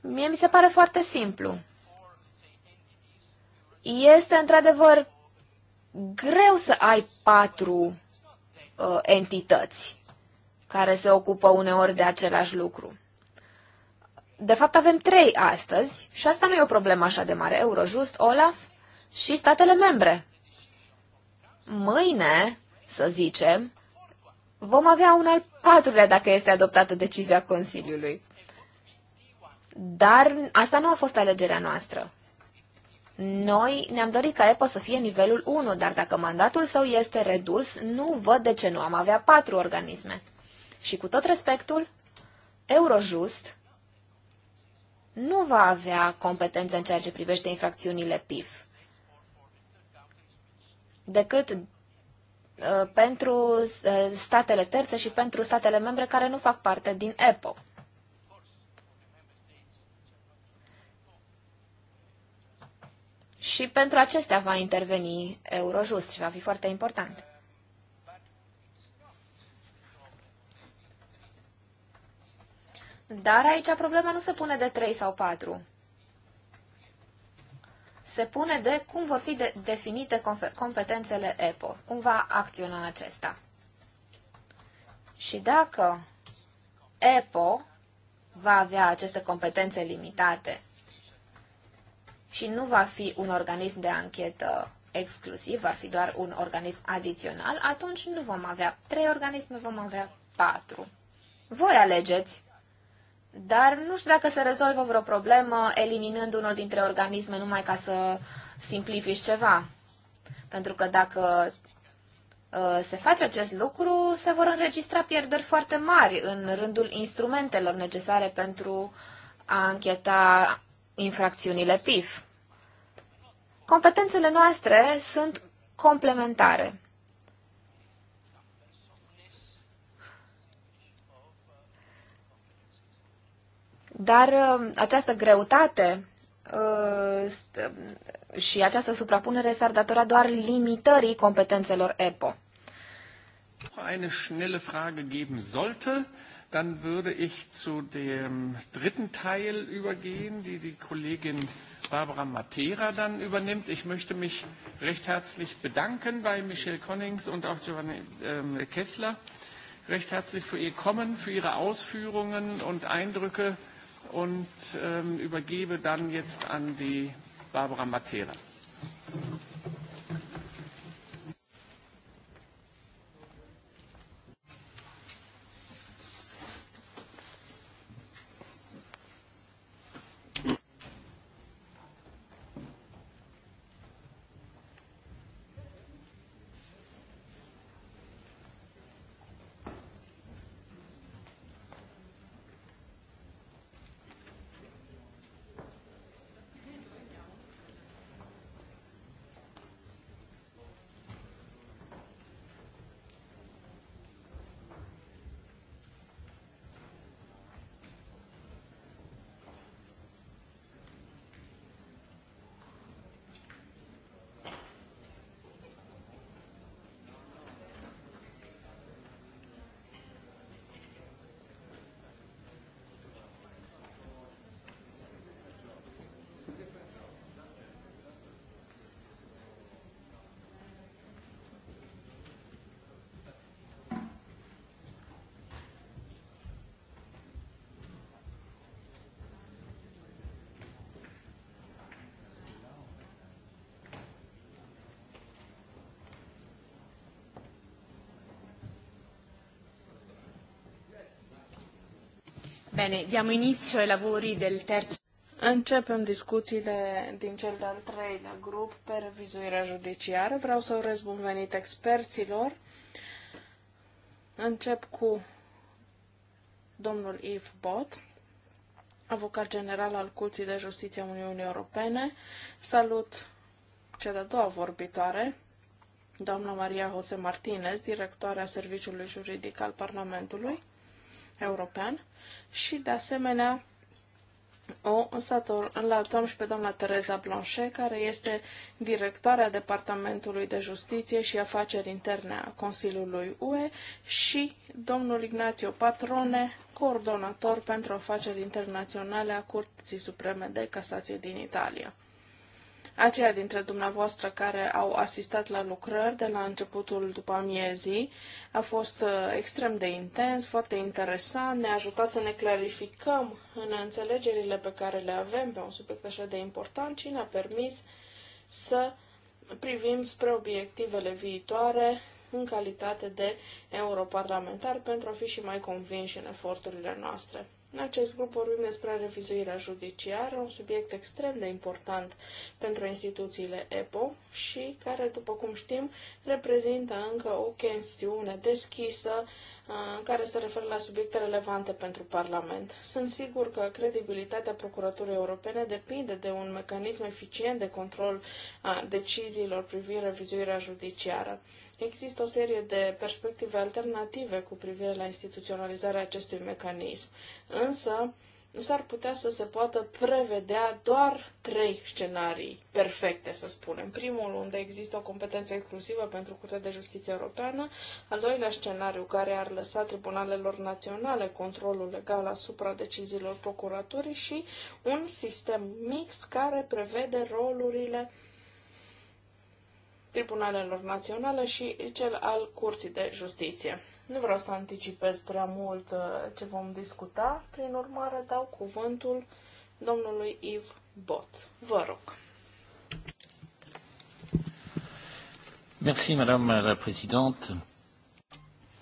Mie mi se pare foarte simplu. Este într-adevăr greu să ai patru uh, entități care se ocupă uneori de același lucru. De fapt, avem trei astăzi și asta nu e o problemă așa de mare. Eurojust, Olaf și statele membre. Mâine, să zicem, vom avea un al patrulea dacă este adoptată decizia Consiliului. Dar asta nu a fost alegerea noastră. Noi ne-am dorit ca EPO să fie nivelul 1, dar dacă mandatul său este redus, nu văd de ce nu am avea patru organisme. Și cu tot respectul, Eurojust nu va avea competențe în ceea ce privește infracțiunile PIF, decât uh, pentru uh, statele terțe și pentru statele membre care nu fac parte din EPO. Și pentru acestea va interveni Eurojust și va fi foarte important. Dar aici problema nu se pune de 3 sau 4. Se pune de cum vor fi de definite competențele EPO, cum va acționa acesta. Și dacă EPO va avea aceste competențe limitate și nu va fi un organism de anchetă exclusiv, va fi doar un organism adițional, atunci nu vom avea trei organisme, vom avea patru. Voi alegeți dar nu știu dacă se rezolvă vreo problemă eliminând unul dintre organisme numai ca să simplifici ceva. Pentru că dacă uh, se face acest lucru, se vor înregistra pierderi foarte mari în rândul instrumentelor necesare pentru a încheta infracțiunile PIF. Competențele noastre sunt complementare. Dar uh, această greutate uh, și această suprapunere s-ar datora doar limitării competențelor EPO. Eine schnelle Frage geben sollte, dann würde ich zu dem dritten Teil übergehen, die die Kollegin Barbara Matera dann übernimmt. Ich möchte mich recht herzlich bedanken bei Michelle Connings und auch Giovanni ähm, Kessler recht herzlich für Ihr Kommen, für Ihre Ausführungen und Eindrücke und ähm, übergebe dann jetzt an die Barbara Matera. Bine, diamo inizio ai lavori del terzo. Începem discuțiile din cel de-al treilea grup pe revizuirea judiciară. Vreau să urez bun venit experților. Încep cu domnul Yves Bot, avocat general al Curții de Justiție a Uniunii Europene. Salut cea de-a doua vorbitoare, doamna Maria Jose Martinez, directoarea Serviciului Juridic al Parlamentului european și, de asemenea, o înlatăm și pe doamna Tereza Blanchet, care este directoarea Departamentului de Justiție și Afaceri Interne a Consiliului UE și domnul Ignațio Patrone, coordonator pentru afaceri internaționale a Curții Supreme de Casație din Italia aceia dintre dumneavoastră care au asistat la lucrări de la începutul după amiezii. A fost uh, extrem de intens, foarte interesant, ne-a ajutat să ne clarificăm în înțelegerile pe care le avem pe un subiect așa de important și ne-a permis să privim spre obiectivele viitoare în calitate de europarlamentar pentru a fi și mai convinși în eforturile noastre. În acest grup vorbim despre revizuirea judiciară, un subiect extrem de important pentru instituțiile EPO și care, după cum știm, reprezintă încă o chestiune deschisă care se referă la subiecte relevante pentru Parlament. Sunt sigur că credibilitatea Procuraturii Europene depinde de un mecanism eficient de control a deciziilor privind revizuirea judiciară. Există o serie de perspective alternative cu privire la instituționalizarea acestui mecanism, însă deci s-ar putea să se poată prevedea doar trei scenarii perfecte, să spunem. Primul, unde există o competență exclusivă pentru Curtea de Justiție Europeană, al doilea scenariu care ar lăsa tribunalelor naționale controlul legal asupra deciziilor procuraturii și un sistem mix care prevede rolurile tribunalelor naționale și cel al Curții de Justiție. Nu vreau să anticipez prea mult uh, ce vom discuta, prin urmare dau cuvântul domnului Iv Bot. Vă rog. Merci, madame la présidente.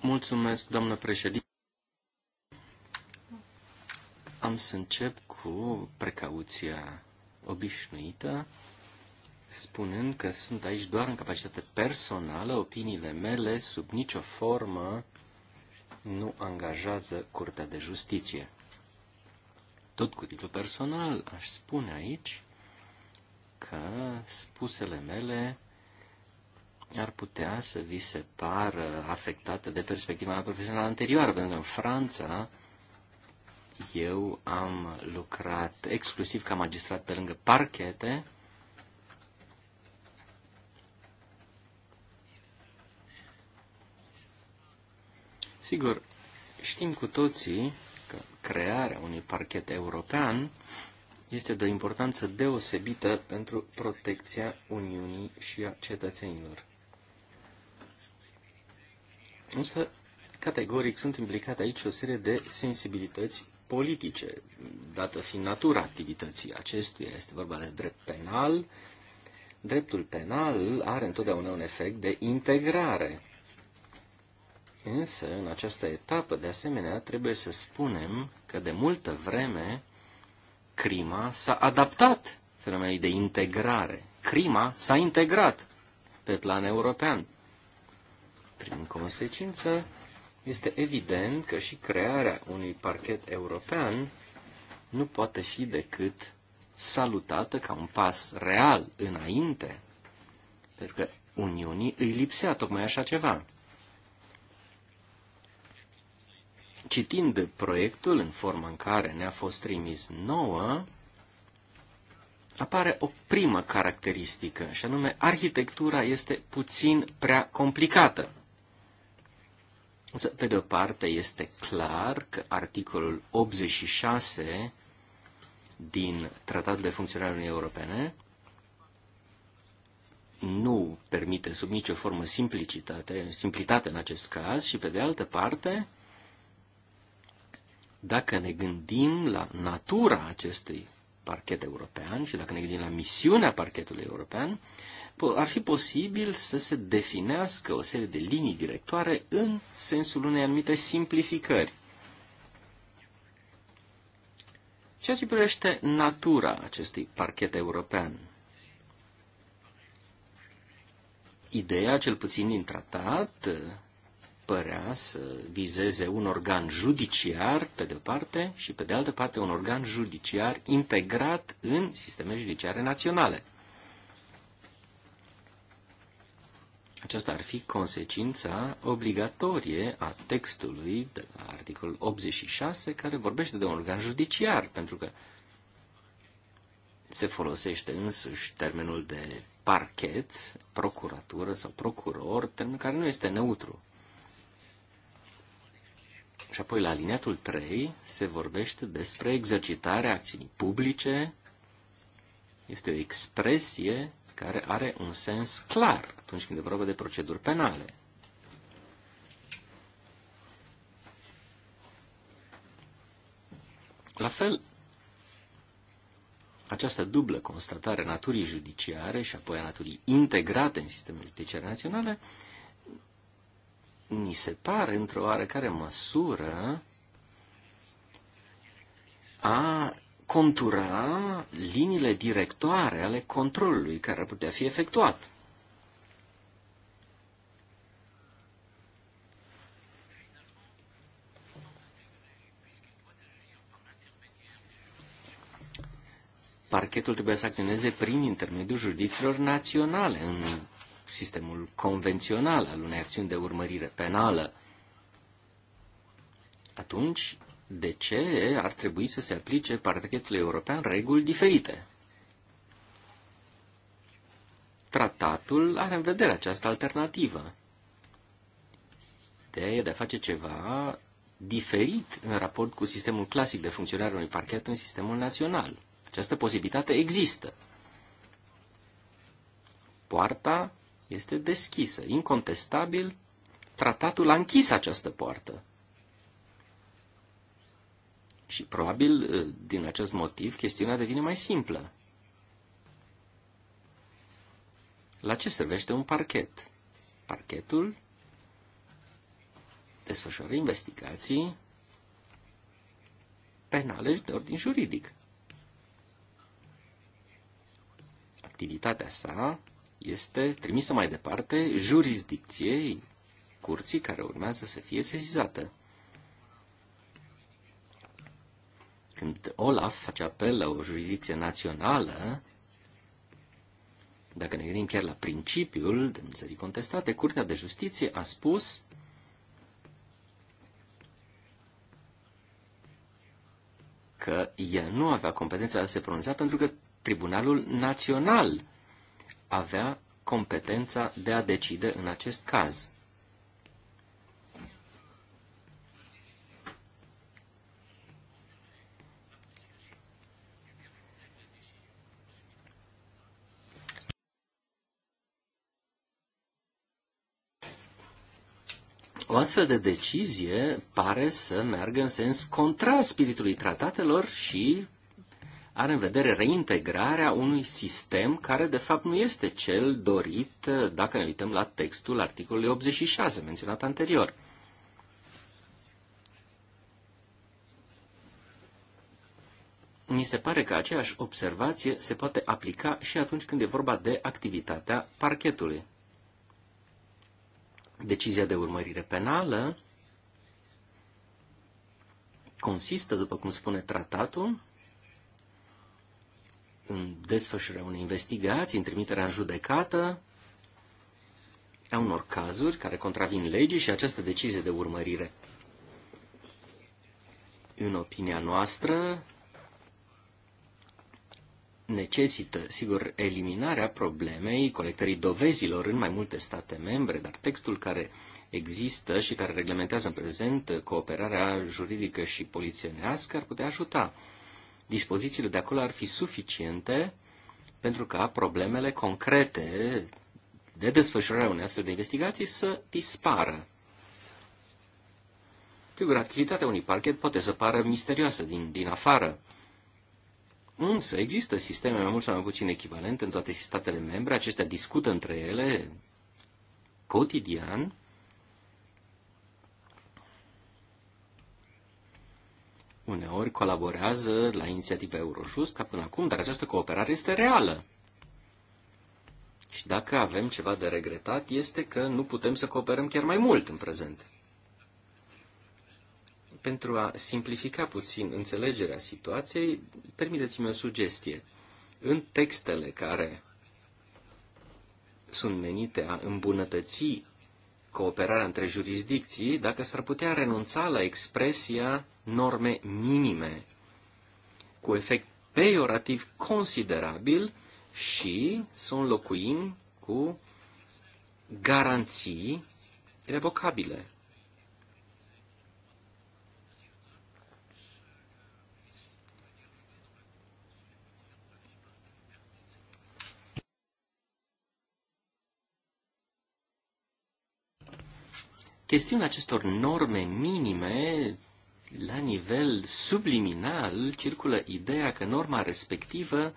Mulțumesc, doamnă președinte. Am să încep cu precauția obișnuită spunând că sunt aici doar în capacitate personală, opiniile mele sub nicio formă nu angajează Curtea de Justiție. Tot cu titlu personal aș spune aici că spusele mele ar putea să vi se pară afectate de perspectiva mea profesională anterioară, pentru că în Franța eu am lucrat exclusiv ca magistrat pe lângă parchete, Sigur, știm cu toții că crearea unui parchet european este de importanță deosebită pentru protecția Uniunii și a cetățenilor. Însă, categoric, sunt implicate aici o serie de sensibilități politice, dată fiind natura activității acestuia. Este vorba de drept penal. Dreptul penal are întotdeauna un efect de integrare. Însă, în această etapă, de asemenea, trebuie să spunem că de multă vreme crima s-a adaptat fenomenului de integrare. Crima s-a integrat pe plan european. Prin consecință, este evident că și crearea unui parchet european nu poate fi decât salutată ca un pas real înainte, pentru că Uniunii îi lipsea tocmai așa ceva. Citind proiectul în forma în care ne-a fost trimis nouă, apare o primă caracteristică, și anume arhitectura este puțin prea complicată. Însă, pe de o parte, este clar că articolul 86 din Tratatul de Funcționare Uniunii Europene nu permite sub nicio formă simplicitate, simplitate în acest caz și, pe de altă parte, dacă ne gândim la natura acestui parchet european și dacă ne gândim la misiunea parchetului european, ar fi posibil să se definească o serie de linii directoare în sensul unei anumite simplificări. Ceea ce privește natura acestui parchet european. Ideea, cel puțin din tratat, părea să vizeze un organ judiciar, pe de-o parte, și pe de altă parte un organ judiciar integrat în sisteme judiciare naționale. Aceasta ar fi consecința obligatorie a textului de la articolul 86 care vorbește de un organ judiciar, pentru că se folosește însuși termenul de parchet, procuratură sau procuror, termen care nu este neutru. Și apoi la alineatul 3 se vorbește despre exercitarea acțiunii publice. Este o expresie care are un sens clar atunci când e vorba de proceduri penale. La fel, această dublă constatare a naturii judiciare și apoi a naturii integrate în sistemul judiciar naționale ni se pare, într-o oarecare măsură, a contura liniile directoare ale controlului care ar putea fi efectuat. Parchetul trebuie să acționeze prin intermediul judiților naționale, în sistemul convențional al unei acțiuni de urmărire penală, atunci de ce ar trebui să se aplice parchetului european reguli diferite? Tratatul are în vedere această alternativă. Ideea de a face ceva diferit în raport cu sistemul clasic de funcționare unui parchet în sistemul național. Această posibilitate există. Poarta este deschisă. Incontestabil, tratatul a închis această poartă. Și probabil ă, din acest motiv chestiunea devine mai simplă. La ce servește un parchet? Parchetul desfășoară investigații penale de ordin juridic. Activitatea sa este trimisă mai departe jurisdicției curții care urmează să fie sesizată. Când Olaf face apel la o jurisdicție națională, dacă ne gândim chiar la principiul de demnizării contestate, Curtea de Justiție a spus că ea nu avea competența de a se pronunța pentru că Tribunalul Național avea competența de a decide în acest caz. O astfel de decizie pare să meargă în sens contrar spiritului tratatelor și are în vedere reintegrarea unui sistem care, de fapt, nu este cel dorit uh, dacă ne uităm la textul articolului 86 menționat anterior. Mi se pare că aceeași observație se poate aplica și atunci când e vorba de activitatea parchetului. Decizia de urmărire penală consistă, după cum spune tratatul, în desfășurarea unei investigații, în trimiterea în judecată a unor cazuri care contravin legii și această decizie de urmărire. În opinia noastră, necesită, sigur, eliminarea problemei colectării dovezilor în mai multe state membre, dar textul care există și care reglementează în prezent cooperarea juridică și polițienească ar putea ajuta dispozițiile de acolo ar fi suficiente pentru ca problemele concrete de desfășurare unei astfel de investigații să dispară. Sigur, activitatea unui parchet poate să pară misterioasă din, din afară. Însă există sisteme mai mult sau mai puțin echivalente în toate statele membre, acestea discută între ele cotidian uneori colaborează la inițiativa Eurojust ca până acum, dar această cooperare este reală. Și dacă avem ceva de regretat, este că nu putem să cooperăm chiar mai mult în prezent. Pentru a simplifica puțin înțelegerea situației, permiteți-mi o sugestie. În textele care sunt menite a îmbunătăți cooperarea între jurisdicții, dacă s-ar putea renunța la expresia norme minime, cu efect peiorativ considerabil și să înlocuim cu garanții revocabile. chestiunea acestor norme minime, la nivel subliminal, circulă ideea că norma respectivă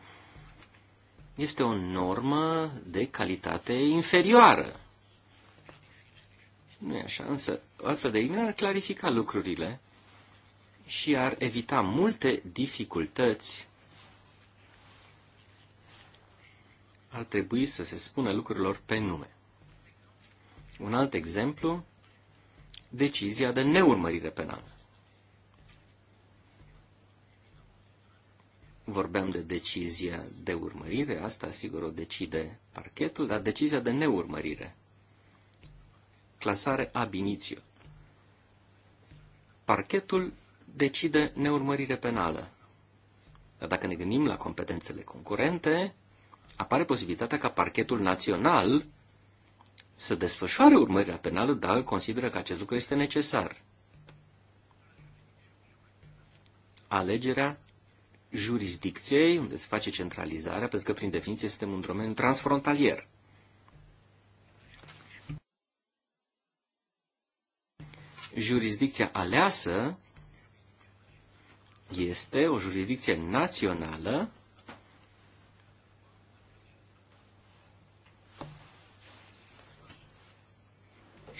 este o normă de calitate inferioară. Nu e așa, însă o astfel de eliminare ar clarifica lucrurile și ar evita multe dificultăți. Ar trebui să se spună lucrurilor pe nume. Un alt exemplu decizia de neurmărire penală. Vorbeam de decizia de urmărire, asta sigur o decide parchetul, dar decizia de neurmărire. Clasare ab initio. Parchetul decide neurmărire penală. Dar dacă ne gândim la competențele concurente, apare posibilitatea ca parchetul național să desfășoare urmărirea penală dacă consideră că acest lucru este necesar. Alegerea jurisdicției, unde se face centralizarea, pentru că, prin definiție, suntem un domeniu transfrontalier. Jurisdicția aleasă este o jurisdicție națională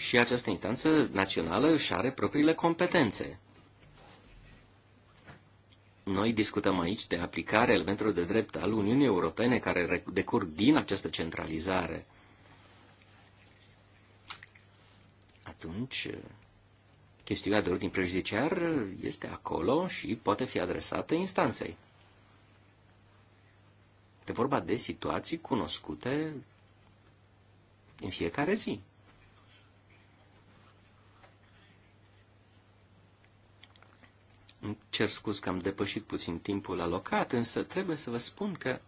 și această instanță națională își are propriile competențe. Noi discutăm aici de aplicarea elementelor de drept al Uniunii Europene care decurg din această centralizare. Atunci, chestiunea de ordin prejudiciar este acolo și poate fi adresată instanței. E vorba de situații cunoscute în fiecare zi. cer scuz că am depășit puțin timpul alocat, însă trebuie să vă spun că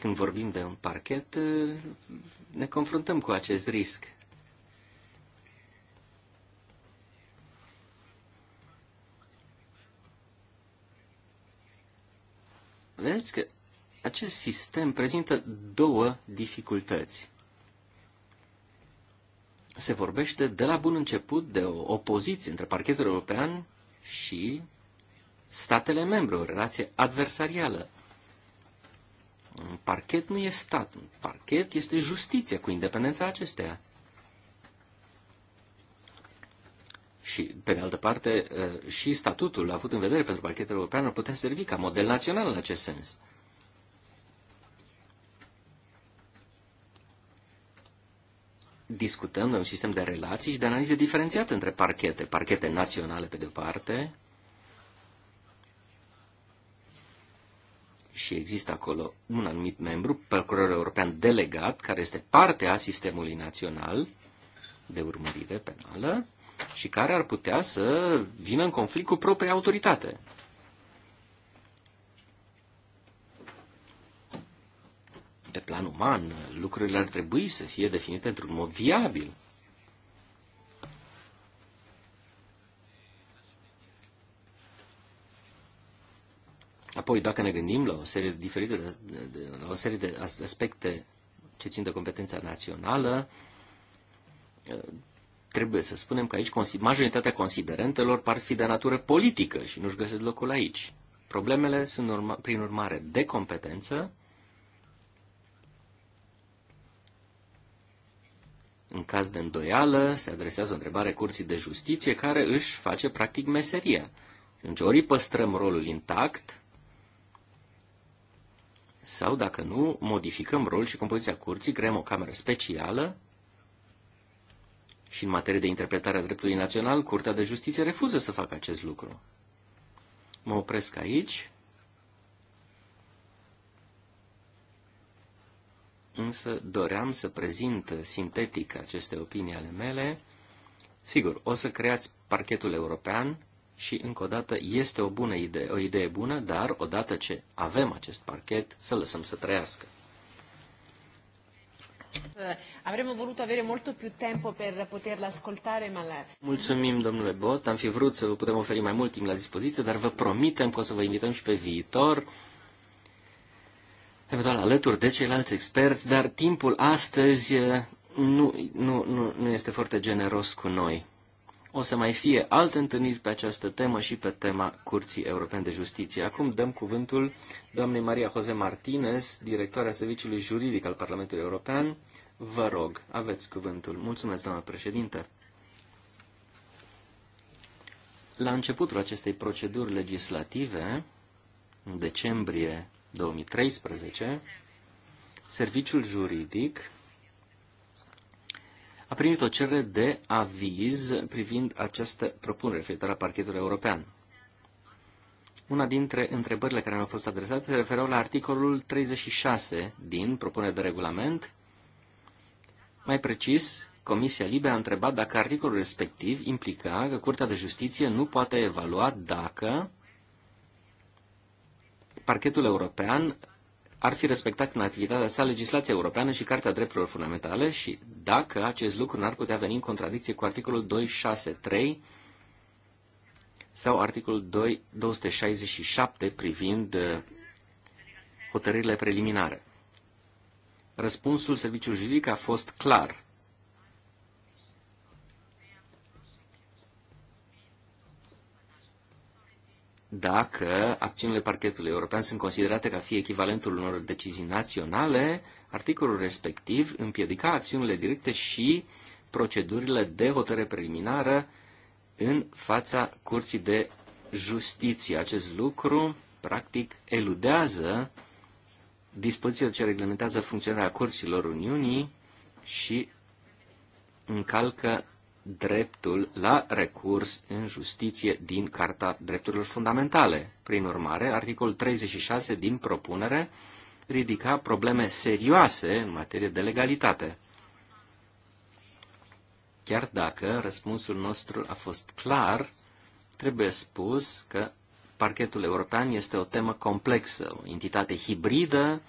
când vorbim de un parchet, ne confruntăm cu acest risc. Vedeți că acest sistem prezintă două dificultăți se vorbește de la bun început de o opoziție între parchetul european și statele membre, o relație adversarială. Un parchet nu e stat, un parchet este justiția cu independența acesteia. Și, pe de altă parte, eh, și statutul avut în vedere pentru parchetul european ar putea servi ca model național în acest sens. discutăm de un sistem de relații și de analize diferențiate între parchete, parchete naționale pe de o parte, și există acolo un anumit membru, procurorul european delegat, care este parte a sistemului național de urmărire penală și care ar putea să vină în conflict cu propria autoritate. pe plan uman, lucrurile ar trebui să fie definite într-un mod viabil. Apoi, dacă ne gândim la o serie de, diferite, la o serie de aspecte ce țin de competența națională, trebuie să spunem că aici majoritatea considerentelor par fi de natură politică și nu-și găsesc locul aici. Problemele sunt, urma, prin urmare, de competență În caz de îndoială, se adresează o întrebare Curții de Justiție, care își face practic meseria. atunci, deci, ori păstrăm rolul intact, sau dacă nu, modificăm rolul și compoziția curții, creăm o cameră specială și în materie de interpretare a dreptului național, Curtea de Justiție refuză să facă acest lucru. Mă opresc aici însă doream să prezint sintetic aceste opinii ale mele. Sigur, o să creați parchetul european și, încă o dată, este o bună idee, o idee bună, dar, odată ce avem acest parchet, să lăsăm să trăiască. Uh, avremmo voluto avere molto più tempo per poterla ascoltare, ma Mulțumim, domnule Bot, am fi vrut să vă putem oferi mai mult timp la dispoziție, dar vă promitem că o să vă invităm și pe viitor eventual alături de ceilalți experți, dar timpul astăzi eh, nu, nu, nu, nu este foarte generos cu noi. O să mai fie alte întâlniri pe această temă și pe tema Curții Europene de Justiție. Acum dăm cuvântul doamnei Maria Jose Martinez, directoarea Serviciului Juridic al Parlamentului European. Vă rog, aveți cuvântul. Mulțumesc, doamnă președinte. La începutul acestei proceduri legislative, în decembrie 2013, serviciul juridic a primit o cerere de aviz privind această propunere referitoare la parchetul european. Una dintre întrebările care mi-au fost adresate se referă la articolul 36 din propunerea de regulament. Mai precis, Comisia Libe a întrebat dacă articolul respectiv implica că Curtea de Justiție nu poate evalua dacă parchetul european ar fi respectat în activitatea sa legislația europeană și Carta Drepturilor Fundamentale și dacă acest lucru n-ar putea veni în contradicție cu articolul 263 sau articolul 267 privind uh, hotărârile preliminare. Răspunsul serviciului juridic a fost clar. dacă acțiunile parchetului european sunt considerate ca fi echivalentul unor decizii naționale, articolul respectiv împiedica acțiunile directe și procedurile de hotărâre preliminară în fața Curții de Justiție. Acest lucru, practic, eludează dispozițiile ce reglementează funcționarea curților Uniunii și încalcă dreptul la recurs în justiție din Carta Drepturilor Fundamentale. Prin urmare, articolul 36 din propunere ridica probleme serioase în materie de legalitate. Chiar dacă răspunsul nostru a fost clar, trebuie spus că parchetul european este o temă complexă, o entitate hibridă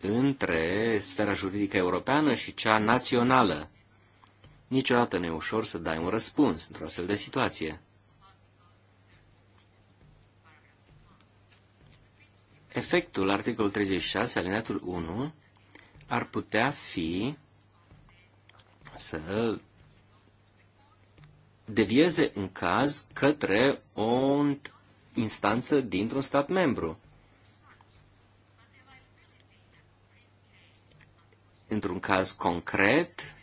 între sfera juridică europeană și cea națională. Niciodată nu e ușor să dai un răspuns într-o astfel de situație. Efectul articolul 36, alineatul 1, ar putea fi să devieze un caz către o instanță dintr-un stat membru. Într-un caz concret,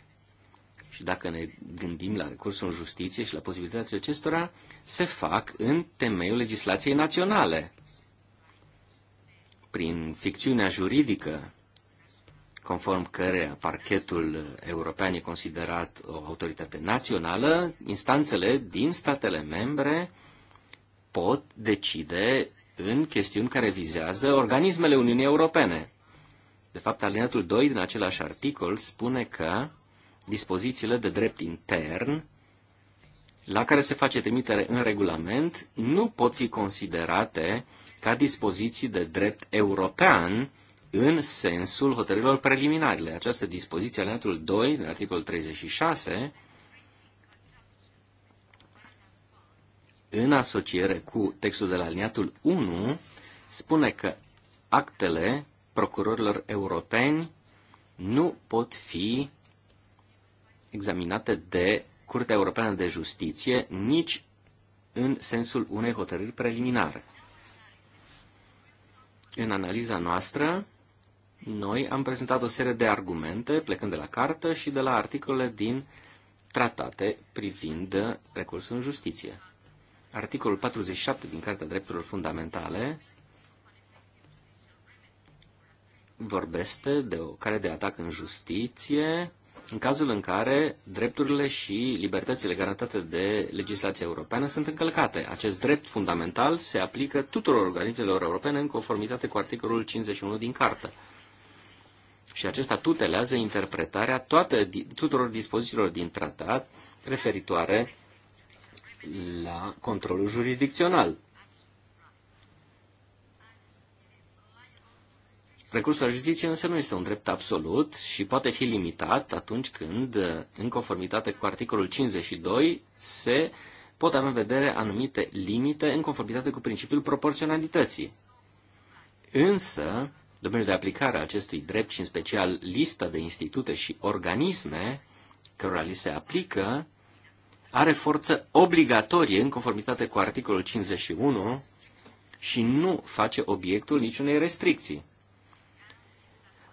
și dacă ne gândim la recursul în justiție și la posibilitățile acestora, se fac în temeiul legislației naționale, prin ficțiunea juridică, conform căreia parchetul european e considerat o autoritate națională, instanțele din statele membre pot decide în chestiuni care vizează organismele Uniunii Europene. De fapt, alineatul 2 din același articol spune că dispozițiile de drept intern la care se face trimitere în regulament nu pot fi considerate ca dispoziții de drept european în sensul hotărârilor preliminare. Această dispoziție, alineatul 2, din articolul 36, în asociere cu textul de la alineatul 1, spune că actele procurorilor europeni nu pot fi examinate de Curtea Europeană de Justiție, nici în sensul unei hotărâri preliminare. În analiza noastră, noi am prezentat o serie de argumente plecând de la cartă și de la articole din tratate privind recursul în justiție. Articolul 47 din Carta Drepturilor Fundamentale vorbește de o cale de atac în justiție în cazul în care drepturile și libertățile garantate de legislația europeană sunt încălcate. Acest drept fundamental se aplică tuturor organismelor europene în conformitate cu articolul 51 din Cartă. Și acesta tutelează interpretarea toate, tuturor dispozițiilor din tratat referitoare la controlul jurisdicțional. Recursul la justiție însă nu este un drept absolut și poate fi limitat atunci când, în conformitate cu articolul 52, se pot avea în vedere anumite limite în conformitate cu principiul proporționalității. Însă, domeniul de aplicare a acestui drept și în special lista de institute și organisme cărora li se aplică, are forță obligatorie în conformitate cu articolul 51 și nu face obiectul niciunei restricții.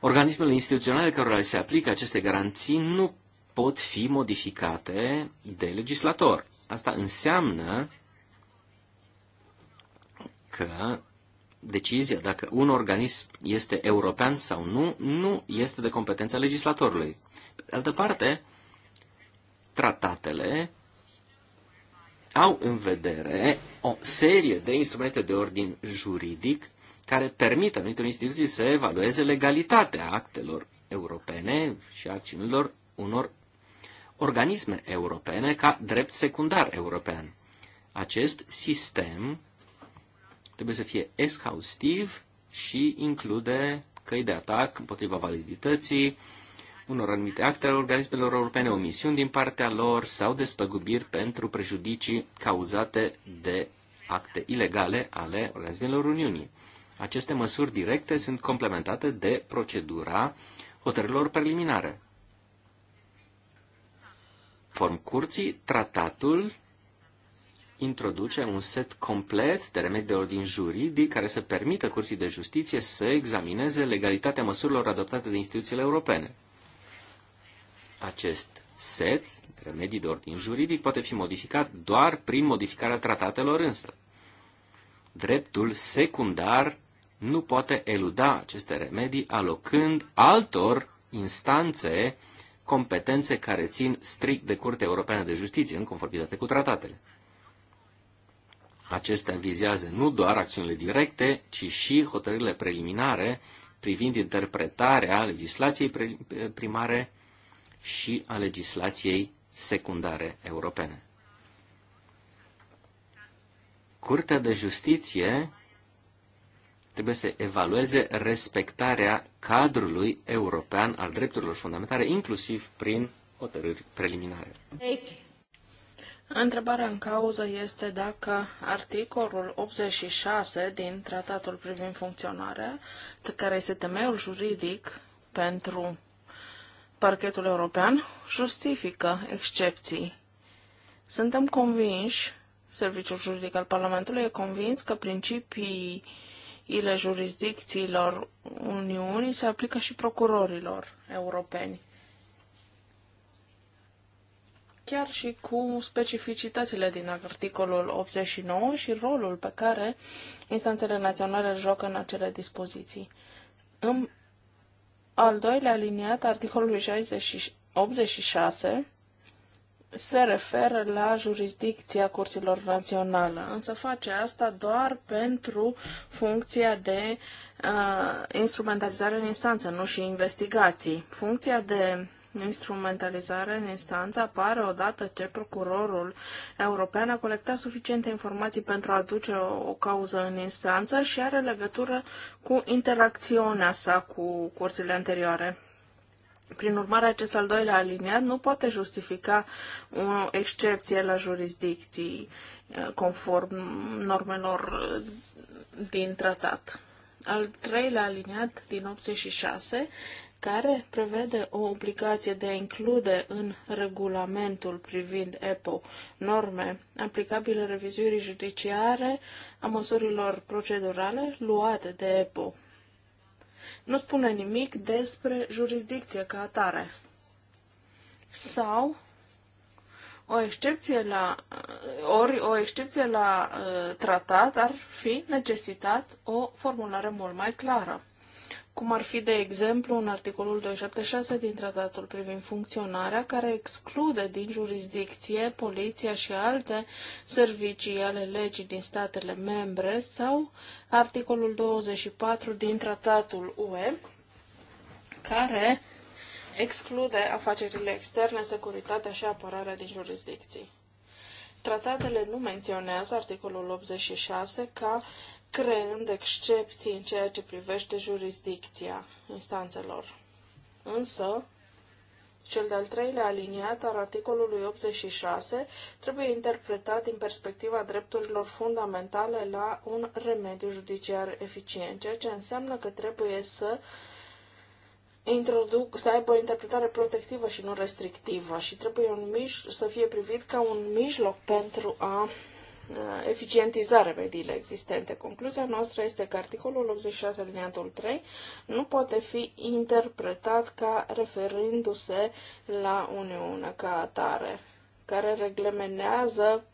Organismele instituționale care se aplică aceste garanții nu pot fi modificate de legislator. Asta înseamnă că decizia dacă un organism este european sau nu, nu este de competența legislatorului. Pe de altă parte, tratatele au în vedere o serie de instrumente de ordin juridic care permit anumitor instituții să evalueze legalitatea actelor europene și acțiunilor unor organisme europene ca drept secundar european. Acest sistem trebuie să fie exhaustiv și include căi de atac împotriva validității unor anumite acte ale organismelor europene, omisiuni din partea lor sau despăgubiri pentru prejudicii cauzate de acte ilegale ale organismelor Uniunii. Aceste măsuri directe sunt complementate de procedura hotărârilor preliminare. Form curții, tratatul introduce un set complet de remedii de ordin juridic care să permită curții de justiție să examineze legalitatea măsurilor adoptate de instituțiile europene. Acest set, de remedii de ordin juridic, poate fi modificat doar prin modificarea tratatelor însă. Dreptul secundar nu poate eluda aceste remedii alocând altor instanțe competențe care țin strict de Curtea Europeană de Justiție, în conformitate cu tratatele. Acestea vizează nu doar acțiunile directe, ci și hotărârile preliminare privind interpretarea legislației primare și a legislației secundare europene. Curtea de Justiție trebuie să evalueze respectarea cadrului european al drepturilor fundamentale, inclusiv prin hotărâri preliminare. Întrebarea în cauză este dacă articolul 86 din Tratatul privind funcționarea, care este temeiul juridic pentru parchetul european, justifică excepții. Suntem convinși, Serviciul Juridic al Parlamentului e convins că principii ile jurisdicțiilor Uniunii se aplică și procurorilor europeni. Chiar și cu specificitățile din articolul 89 și rolul pe care instanțele naționale joacă în acele dispoziții. În al doilea aliniat articolului 86, se referă la jurisdicția curților naționale, însă face asta doar pentru funcția de uh, instrumentalizare în instanță, nu și investigații. Funcția de instrumentalizare în instanță apare odată ce procurorul european a colectat suficiente informații pentru a aduce o, o cauză în instanță și are legătură cu interacțiunea sa cu cursurile anterioare. Prin urmare, acest al doilea aliniat nu poate justifica o excepție la jurisdicții uh, conform normelor uh, din tratat. Al treilea aliniat din 86 care prevede o obligație de a include în regulamentul privind EPO norme aplicabile revizuirii judiciare a măsurilor procedurale luate de EPO nu spune nimic despre jurisdicție ca atare. Sau o excepție la, ori o excepție la uh, tratat ar fi necesitat o formulare mult mai clară cum ar fi, de exemplu, în articolul 276 din tratatul privind funcționarea, care exclude din jurisdicție poliția și alte servicii ale legii din statele membre, sau articolul 24 din tratatul UE, care exclude afacerile externe, securitatea și apărarea din jurisdicții. Tratatele nu menționează articolul 86 ca creând excepții în ceea ce privește jurisdicția instanțelor. Însă, cel de-al treilea aliniat al articolului 86 trebuie interpretat din perspectiva drepturilor fundamentale la un remediu judiciar eficient, ceea ce înseamnă că trebuie să introduc, să aibă o interpretare protectivă și nu restrictivă și trebuie un mij- să fie privit ca un mijloc pentru a Uh, eficientizare mediile existente. Concluzia noastră este că articolul 86 alineatul 3 nu poate fi interpretat ca referindu-se la Uniune ca atare, care reglementează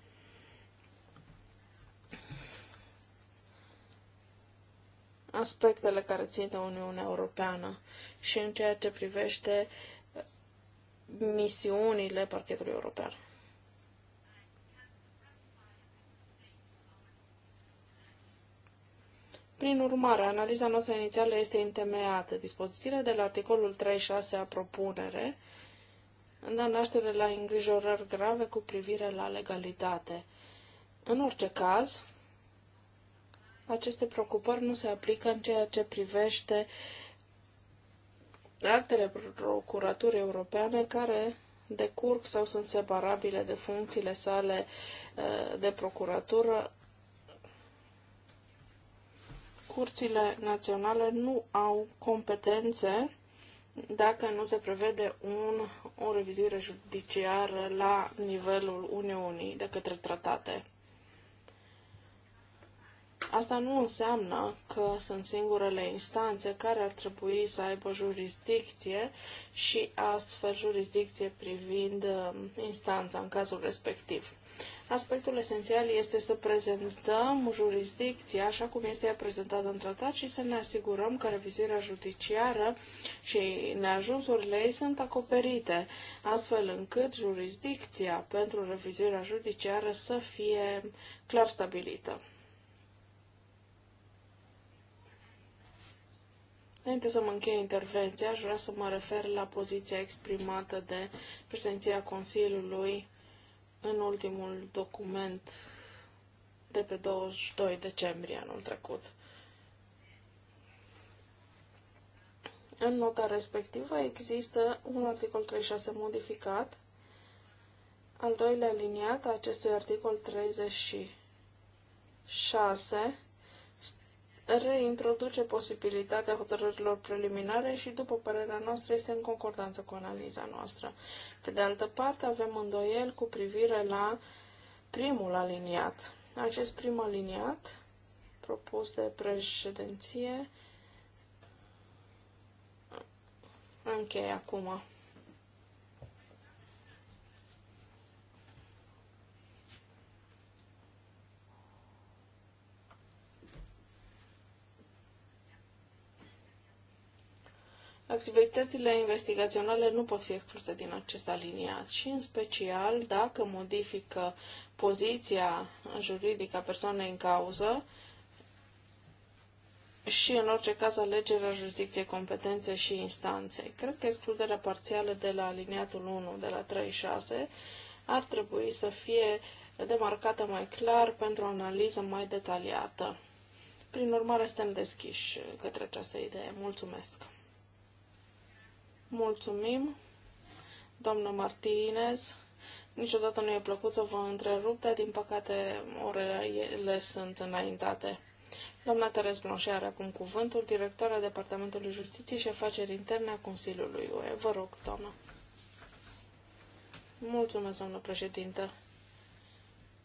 aspectele care țin de Uniunea Europeană și în ceea ce privește misiunile parchetului european. Prin urmare, analiza noastră inițială este întemeiată. Dispozițiile de la articolul 36 a propunere dă naștere la îngrijorări grave cu privire la legalitate. În orice caz, aceste preocupări nu se aplică în ceea ce privește actele Procuraturii Europene care decurg sau sunt separabile de funcțiile sale uh, de procuratură curțile naționale nu au competențe dacă nu se prevede un, o revizuire judiciară la nivelul Uniunii de către tratate. Asta nu înseamnă că sunt singurele instanțe care ar trebui să aibă jurisdicție și astfel jurisdicție privind um, instanța în cazul respectiv. Aspectul esențial este să prezentăm jurisdicția așa cum este ea prezentată în tratat și să ne asigurăm că revizuirea judiciară și neajunsurile ei sunt acoperite, astfel încât jurisdicția pentru revizuirea judiciară să fie clar stabilită. Înainte să mă încheie intervenția, aș vrea să mă refer la poziția exprimată de președinția Consiliului în ultimul document de pe 22 decembrie anul trecut. În nota respectivă există un articol 36 modificat, al doilea aliniat a acestui articol 36, reintroduce posibilitatea hotărârilor preliminare și, după părerea noastră, este în concordanță cu analiza noastră. Pe de altă parte, avem îndoiel cu privire la primul aliniat. Acest prim aliniat, propus de președinție, încheie acum. Activitățile investigaționale nu pot fi excluse din acest aliniat și, în special, dacă modifică poziția juridică a persoanei în cauză și, în orice caz, alegerea jurisdicției competențe și instanței. Cred că excluderea parțială de la aliniatul 1, de la 36, ar trebui să fie demarcată mai clar pentru o analiză mai detaliată. Prin urmare, suntem deschiși către această idee. Mulțumesc! Mulțumim, doamnă Martinez. Niciodată nu e plăcut să vă întrerup, dar din păcate orele sunt înaintate. Doamna Teres Blanșe are acum cuvântul, directoarea Departamentului Justiției și Afaceri Interne a Consiliului UE. Vă rog, doamnă. Mulțumesc, doamnă președintă.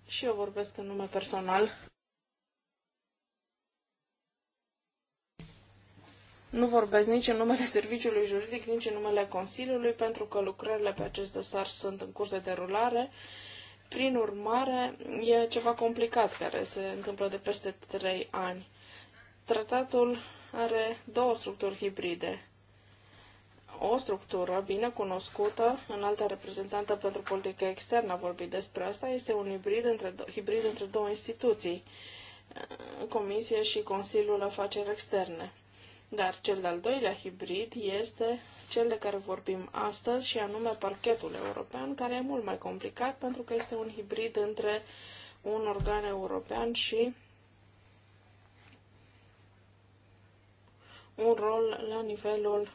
Și eu vorbesc în nume personal. Nu vorbesc nici în numele Serviciului Juridic, nici în numele Consiliului, pentru că lucrările pe acest dosar sunt în curs de derulare. Prin urmare, e ceva complicat care se întâmplă de peste 3 ani. Tratatul are două structuri hibride. O structură bine cunoscută, în alta reprezentantă pentru politică externă a vorbit despre asta, este un hibrid între, hibrid între două instituții, Comisia și Consiliul Afaceri Externe. Dar cel de-al doilea hibrid este cel de care vorbim astăzi și anume parchetul european, care e mult mai complicat pentru că este un hibrid între un organ european și un rol la nivelul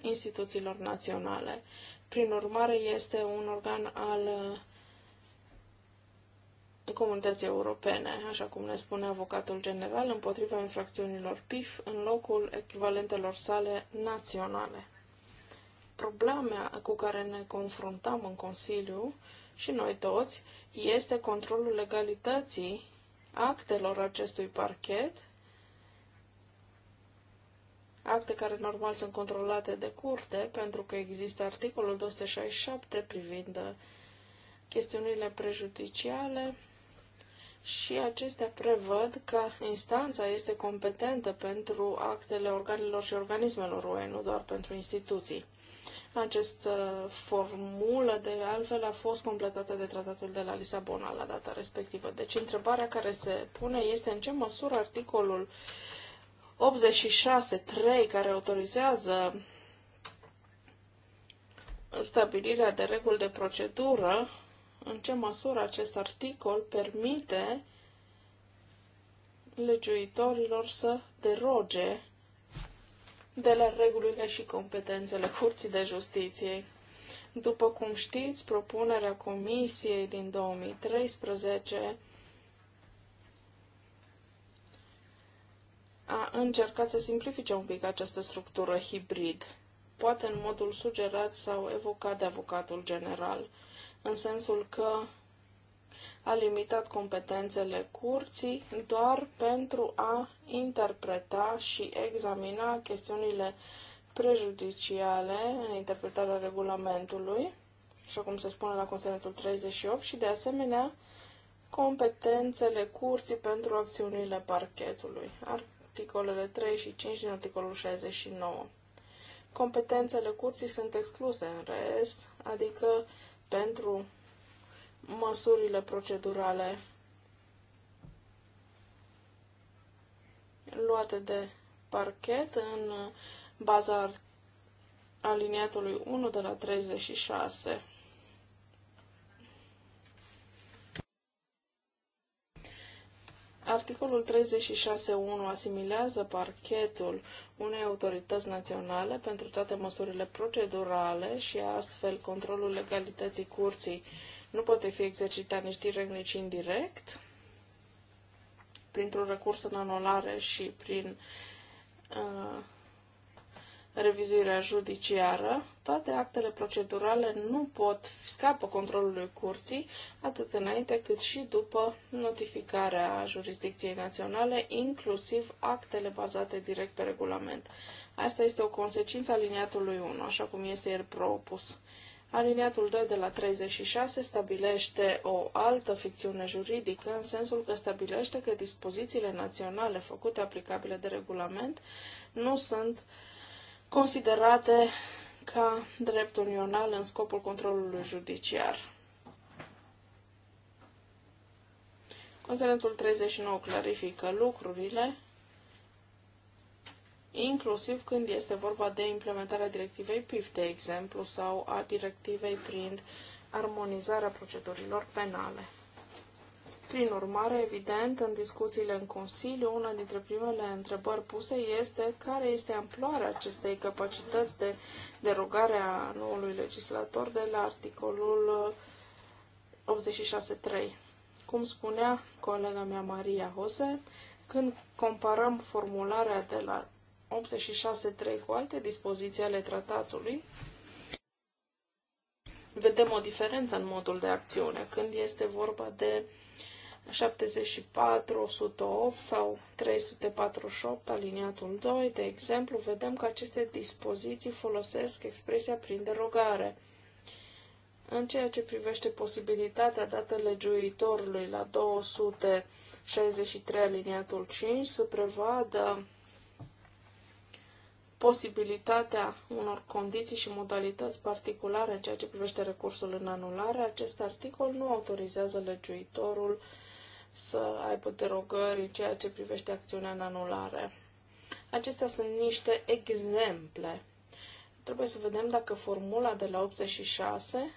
instituțiilor naționale. Prin urmare, este un organ al comunității europene, așa cum ne spune avocatul general, împotriva infracțiunilor PIF în locul echivalentelor sale naționale. Problema cu care ne confruntăm în Consiliu și noi toți este controlul legalității actelor acestui parchet, acte care normal sunt controlate de curte, pentru că există articolul 267 privind chestiunile prejudiciale și acestea prevăd că instanța este competentă pentru actele organelor și organismelor UE, nu doar pentru instituții. Această uh, formulă, de altfel, a fost completată de tratatul de la Lisabona la data respectivă. Deci, întrebarea care se pune este în ce măsură articolul 86.3, care autorizează stabilirea de reguli de procedură, în ce măsură acest articol permite legiuitorilor să deroge de la regulile și competențele Curții de Justiție. După cum știți, propunerea Comisiei din 2013 a încercat să simplifice un pic această structură hibrid, poate în modul sugerat sau evocat de avocatul general în sensul că a limitat competențele curții doar pentru a interpreta și examina chestiunile prejudiciale în interpretarea regulamentului, așa cum se spune la consiliul 38, și de asemenea competențele curții pentru acțiunile parchetului, articolele 3 și 5 din articolul 69. Competențele curții sunt excluse în rest, adică pentru măsurile procedurale luate de parchet în baza aliniatului 1 de la 36 Articolul 36.1 asimilează parchetul unei autorități naționale pentru toate măsurile procedurale și astfel controlul legalității curții nu poate fi exercitat nici direct, nici indirect, printr-un recurs în anulare și prin uh, revizuirea judiciară, toate actele procedurale nu pot scapă controlului curții, atât înainte cât și după notificarea jurisdicției naționale, inclusiv actele bazate direct pe regulament. Asta este o consecință aliniatului 1, așa cum este el propus. Aliniatul 2 de la 36 stabilește o altă ficțiune juridică în sensul că stabilește că dispozițiile naționale făcute aplicabile de regulament nu sunt uh, considerate ca drept unional în scopul controlului judiciar. Considerentul 39 clarifică lucrurile, inclusiv când este vorba de implementarea directivei PIF, de exemplu, sau a directivei prind armonizarea procedurilor penale. Prin urmare, evident, în discuțiile în Consiliu, una dintre primele întrebări puse este care este amploarea acestei capacități de derogare a noului legislator de la articolul 86.3. Uh, Cum spunea colega mea Maria Jose, când comparăm formularea de la 86.3 cu alte dispoziții ale tratatului, vedem o diferență în modul de acțiune când este vorba de 74, 108 sau 348, aliniatul 2, de exemplu, vedem că aceste dispoziții folosesc expresia prin derogare. În ceea ce privește posibilitatea dată legiuitorului la 263 aliniatul 5 să prevadă posibilitatea unor condiții și modalități particulare în ceea ce privește recursul în anulare, acest articol nu autorizează legiuitorul uh, să aibă derogări în ceea ce privește acțiunea în anulare. Acestea sunt niște exemple. Trebuie să vedem dacă formula de la 86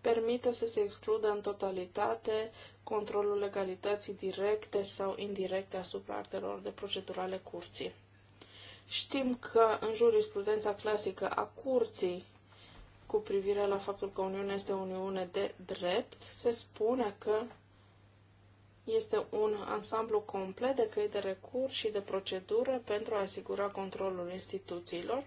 permite să se excludă în totalitate controlul legalității directe sau indirecte asupra actelor de procedurale curții. Știm că în jurisprudența clasică a curții cu privire la faptul că Uniunea este o Uniune de drept, se spune că este un ansamblu complet de căi de recurs și de procedură pentru a asigura controlul instituțiilor.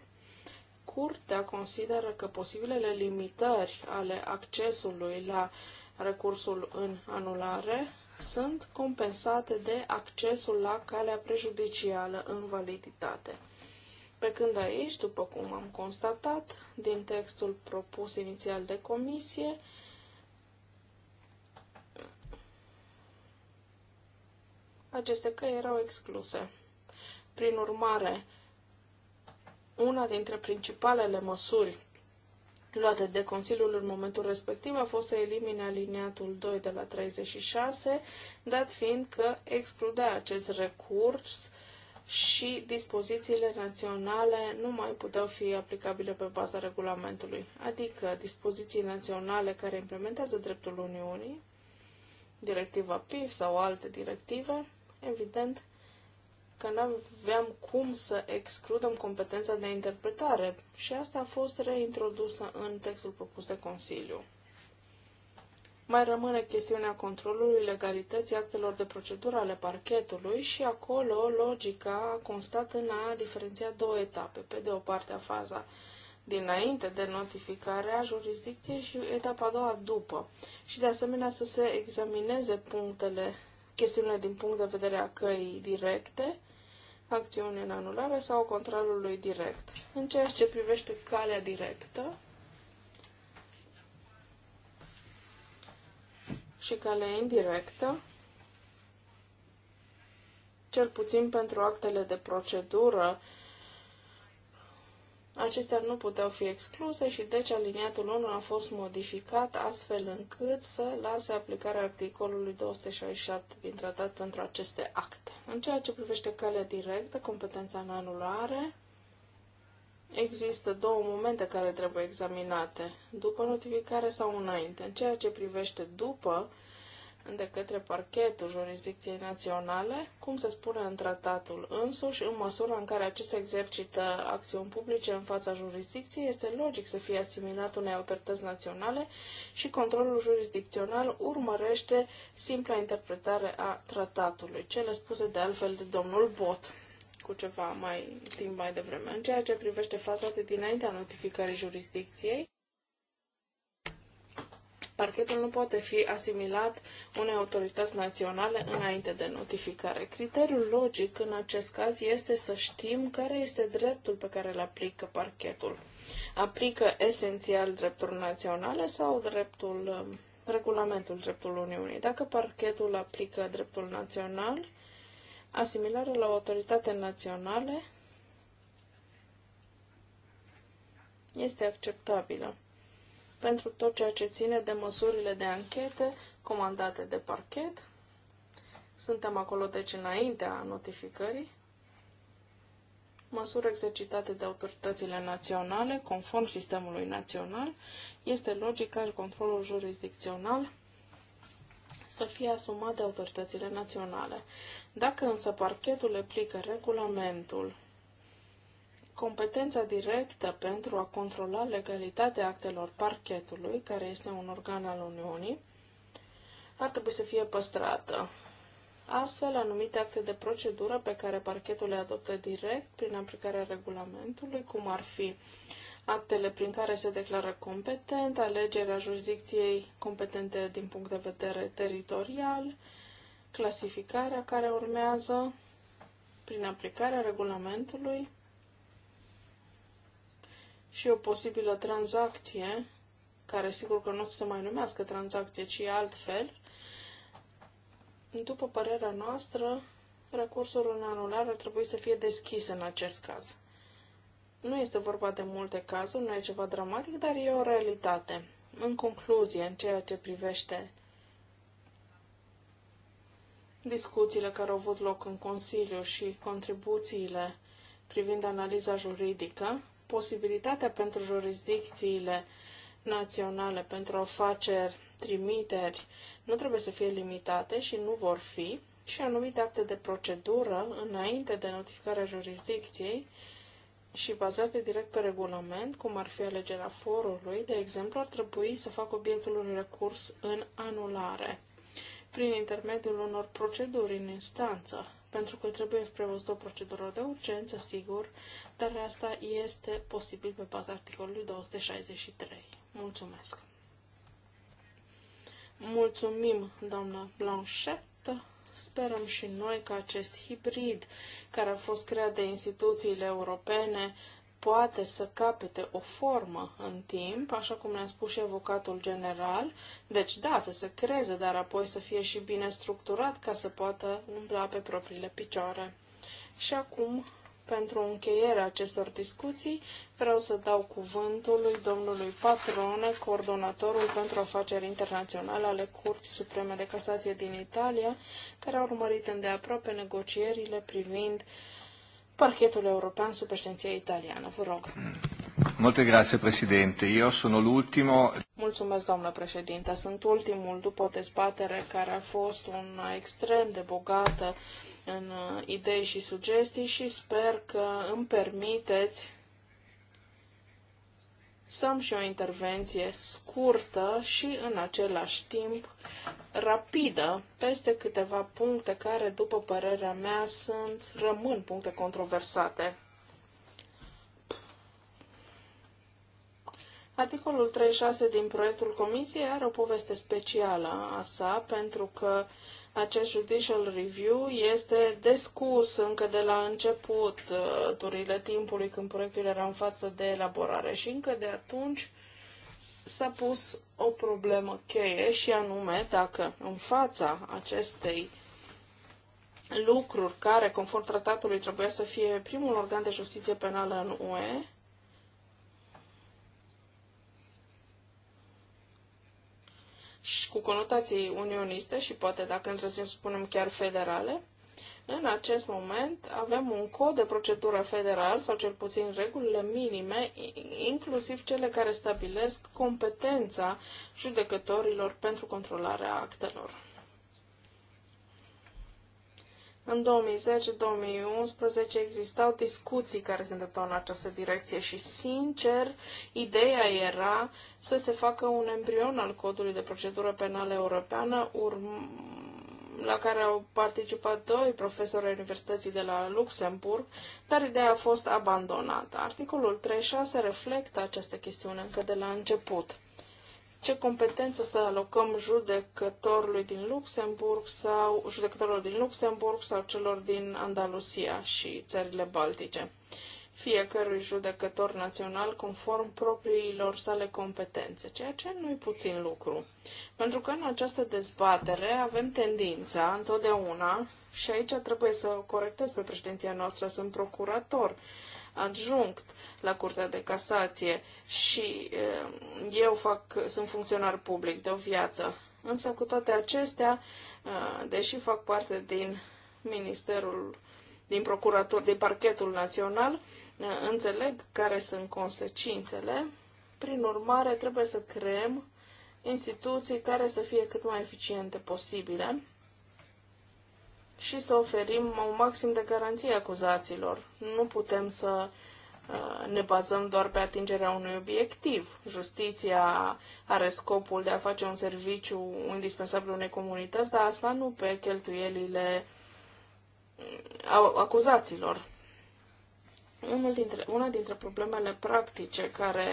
Curtea consideră că posibilele limitări ale accesului la recursul în anulare sunt compensate de accesul la calea prejudicială în validitate. Pe când aici, după cum am constatat din textul propus inițial de comisie, aceste căi erau excluse. Prin urmare, una dintre principalele măsuri luate de Consiliul în momentul respectiv a fost să elimine aliniatul 2 de la 36, dat fiind că excludea acest recurs și dispozițiile naționale nu mai puteau fi aplicabile pe baza regulamentului, adică dispoziții naționale care implementează dreptul Uniunii, directiva PIF sau alte directive, evident că nu aveam cum să excludem competența de interpretare și asta a fost reintrodusă în textul propus de Consiliu. Mai rămâne chestiunea controlului legalității actelor de procedură ale parchetului și acolo logica constat în a diferenția două etape. Pe de o parte a faza dinainte de notificarea jurisdicției și etapa a doua după. Și de asemenea să se examineze punctele, chestiunile din punct de vedere a căii directe, acțiune în anulare sau controlului direct. În ceea ce privește calea directă, și calea indirectă, cel puțin pentru actele de procedură, acestea nu puteau fi excluse și deci aliniatul 1 a fost modificat astfel încât să lase aplicarea articolului 267 din tratat pentru aceste acte. În ceea ce privește calea directă, competența în anulare, Există două momente care trebuie examinate, după notificare sau înainte. În ceea ce privește după, de către parchetul jurisdicției naționale, cum se spune în tratatul însuși, în măsura în care acesta exercită acțiuni publice în fața jurisdicției, este logic să fie asimilat unei autorități naționale și controlul jurisdicțional urmărește simpla interpretare a tratatului, cele spuse de altfel de domnul Bot cu ceva mai timp mai devreme. În ceea ce privește faza de dinaintea notificării jurisdicției, parchetul nu poate fi asimilat unei autorități naționale înainte de notificare. Criteriul logic în acest caz este să știm care este dreptul pe care îl aplică parchetul. Aplică esențial dreptul național sau dreptul um, regulamentul dreptul Uniunii. Dacă parchetul aplică dreptul național, Asimilarea la autoritate naționale este acceptabilă pentru tot ceea ce ține de măsurile de anchete comandate de parchet. Suntem acolo, deci, înaintea notificării. Măsuri exercitate de autoritățile naționale, conform sistemului național, este logica și controlul jurisdicțional să fie asumat de autoritățile naționale. Dacă însă parchetul aplică regulamentul competența directă pentru a controla legalitatea actelor parchetului, care este un organ al Uniunii, ar trebui să fie păstrată. Astfel, anumite acte de procedură pe care parchetul le adoptă direct prin aplicarea regulamentului, cum ar fi uh, actele prin care se declară competent, alegerea jurisdicției competente din punct de vedere teritorial, clasificarea care urmează prin aplicarea regulamentului și o posibilă tranzacție, care sigur că nu o să se mai numească tranzacție, ci altfel, după părerea noastră, recursul în anulare ar trebui să fie deschis în acest caz. Nu este vorba de multe cazuri, nu e ceva dramatic, dar e o realitate. În concluzie, în ceea ce privește discuțiile care au avut loc în Consiliu și contribuțiile privind analiza juridică, posibilitatea pentru jurisdicțiile naționale pentru afaceri, trimiteri, nu trebuie să fie limitate și nu vor fi, și anumite acte de procedură, înainte de notificarea jurisdicției, și bazate direct pe regulament, cum ar fi alegerea forului, de exemplu, ar trebui să facă obiectul unui recurs în anulare, prin intermediul unor proceduri în instanță, pentru că trebuie prevăzută o procedură de urgență, sigur, dar asta este posibil pe baza articolului 263. Mulțumesc! Mulțumim, doamna Blanchette! Sperăm și noi că acest hibrid care a fost creat de instituțiile europene poate să capete o formă în timp, așa cum ne-a spus și avocatul general. Deci, da, să se creeze, dar apoi să fie și bine structurat ca să poată umbla pe propriile picioare. Și acum pentru încheierea acestor discuții, vreau să dau cuvântul lui domnului Patrone, coordonatorul pentru afaceri internaționale ale Curții Supreme de Casație din Italia, care a urmărit îndeaproape negocierile privind parchetul european sub președinția italiană. Vă rog. Multe grazie, președinte. Eu sunt ultimul. Mulțumesc, doamnă președinte. Sunt ultimul după o dezbatere care a fost una extrem de bogată în uh, idei și sugestii și sper că îmi permiteți să am și o intervenție scurtă și în același timp rapidă peste câteva puncte care, după părerea mea, sunt rămân puncte controversate. Articolul 36 din proiectul comisiei are o poveste specială a sa, pentru că acest judicial review este descurs încă de la început uh, turile timpului când proiectul era în față de elaborare și încă de atunci s-a pus o problemă cheie și anume dacă în fața acestei lucruri care, conform tratatului, trebuia să fie primul organ de justiție penală în UE, și cu conotații unioniste și poate, dacă să spunem chiar federale, în acest moment avem un cod de procedură federal, sau cel puțin regulile minime, inclusiv cele care stabilesc competența judecătorilor pentru controlarea actelor. În 2010-2011 existau discuții care se îndreptau în această direcție și, sincer, ideea era să se facă un embrion al codului de procedură penală europeană, la care au participat doi profesori ai Universității de la Luxemburg, dar ideea a fost abandonată. Articolul 36 reflectă această chestiune încă de la început ce competență să alocăm judecătorului din Luxemburg sau judecătorilor din Luxemburg sau celor din Andalusia și țările Baltice, fiecărui judecător național conform propriilor sale competențe, ceea ce nu e puțin lucru. Pentru că în această dezbatere avem tendința întotdeauna, și aici trebuie să corectez pe președinția noastră, sunt procurator, adjunct la Curtea de Casație și eh, eu fac, sunt funcționar public de o viață. Însă cu toate acestea, eh, deși fac parte din Ministerul din procurator, din parchetul național, eh, înțeleg care sunt consecințele. Prin urmare, trebuie să creăm instituții care să fie cât mai eficiente posibile și să oferim un maxim de garanție acuzaților. Nu putem să uh, ne bazăm doar pe atingerea unui obiectiv. Justiția are scopul de a face un serviciu indispensabil unei comunități, dar asta nu pe cheltuielile uh, acuzaților. Unul dintre, una dintre problemele practice care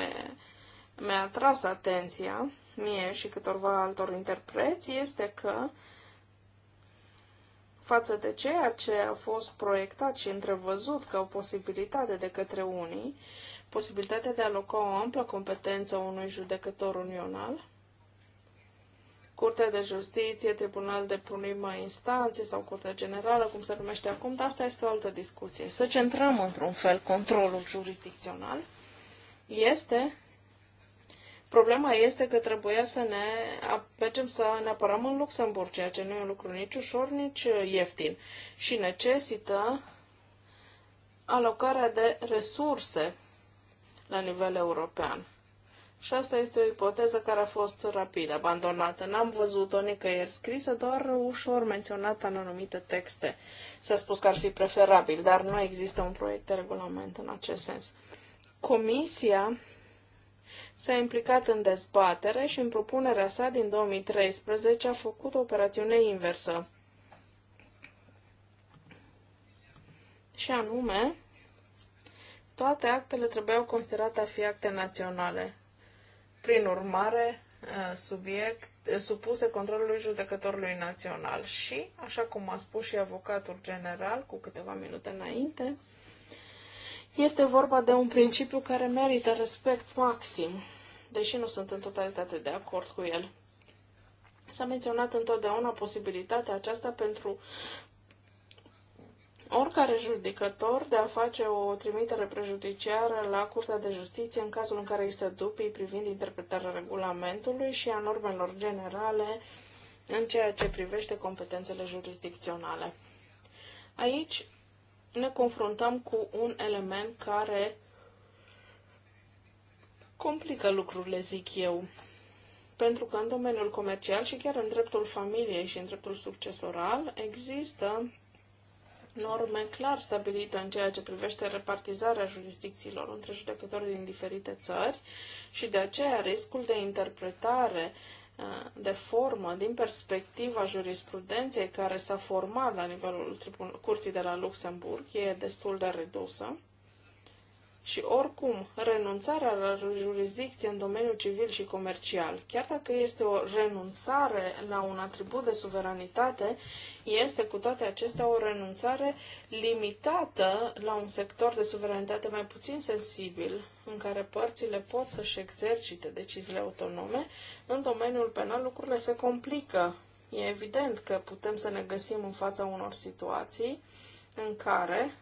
mi-a atras atenția, mie și câtorva altor interpreți, este că uh, față de ceea ce a fost proiectat și întrevăzut ca o posibilitate de către unii, posibilitatea de a aloca o amplă competență unui judecător unional, Curtea de Justiție, Tribunal de Primă Instanție sau Curtea Generală, cum se numește acum, dar asta este o altă discuție. Să centrăm într-un fel controlul jurisdicțional este Problema este că trebuia să ne mergem să ne apărăm în Luxemburg, ceea ce nu e un lucru nici ușor, nici uh, ieftin și necesită alocarea de resurse la nivel european. Și asta este o ipoteză care a fost rapid abandonată. N-am văzut-o nicăieri scrisă, doar ușor menționată în anumite texte. S-a spus că ar fi preferabil, dar nu există un proiect de regulament în acest sens. Comisia s-a implicat în dezbatere și în propunerea sa din 2013 a făcut o operațiune inversă. Și anume, toate actele trebuiau considerate a fi acte naționale. Prin urmare, uh, subiect, uh, supuse controlului judecătorului național. Și, așa cum a spus și avocatul general cu câteva minute înainte, este vorba de un principiu care merită respect maxim, deși nu sunt în totalitate de acord cu el. S-a menționat întotdeauna posibilitatea aceasta pentru oricare judecător de a face o trimitere prejudiciară la Curtea de Justiție în cazul în care există dubii privind interpretarea regulamentului și a normelor generale în ceea ce privește competențele jurisdicționale. Aici ne confruntăm cu un element care complică lucrurile, zic eu. Pentru că în domeniul comercial și chiar în dreptul familiei și în dreptul succesoral există norme clar stabilite în ceea ce privește repartizarea jurisdicțiilor între judecători din diferite țări și de aceea riscul de interpretare Uh, de formă din perspectiva jurisprudenței care s-a format la nivelul Curții de la Luxemburg e destul de redusă și oricum, renunțarea la jurisdicție în domeniul civil și comercial, chiar dacă este o renunțare la un atribut de suveranitate, este cu toate acestea o renunțare limitată la un sector de suveranitate mai puțin sensibil, în care părțile pot să-și exercite deciziile autonome. În domeniul penal lucrurile se complică. E evident că putem să ne găsim în fața unor situații în care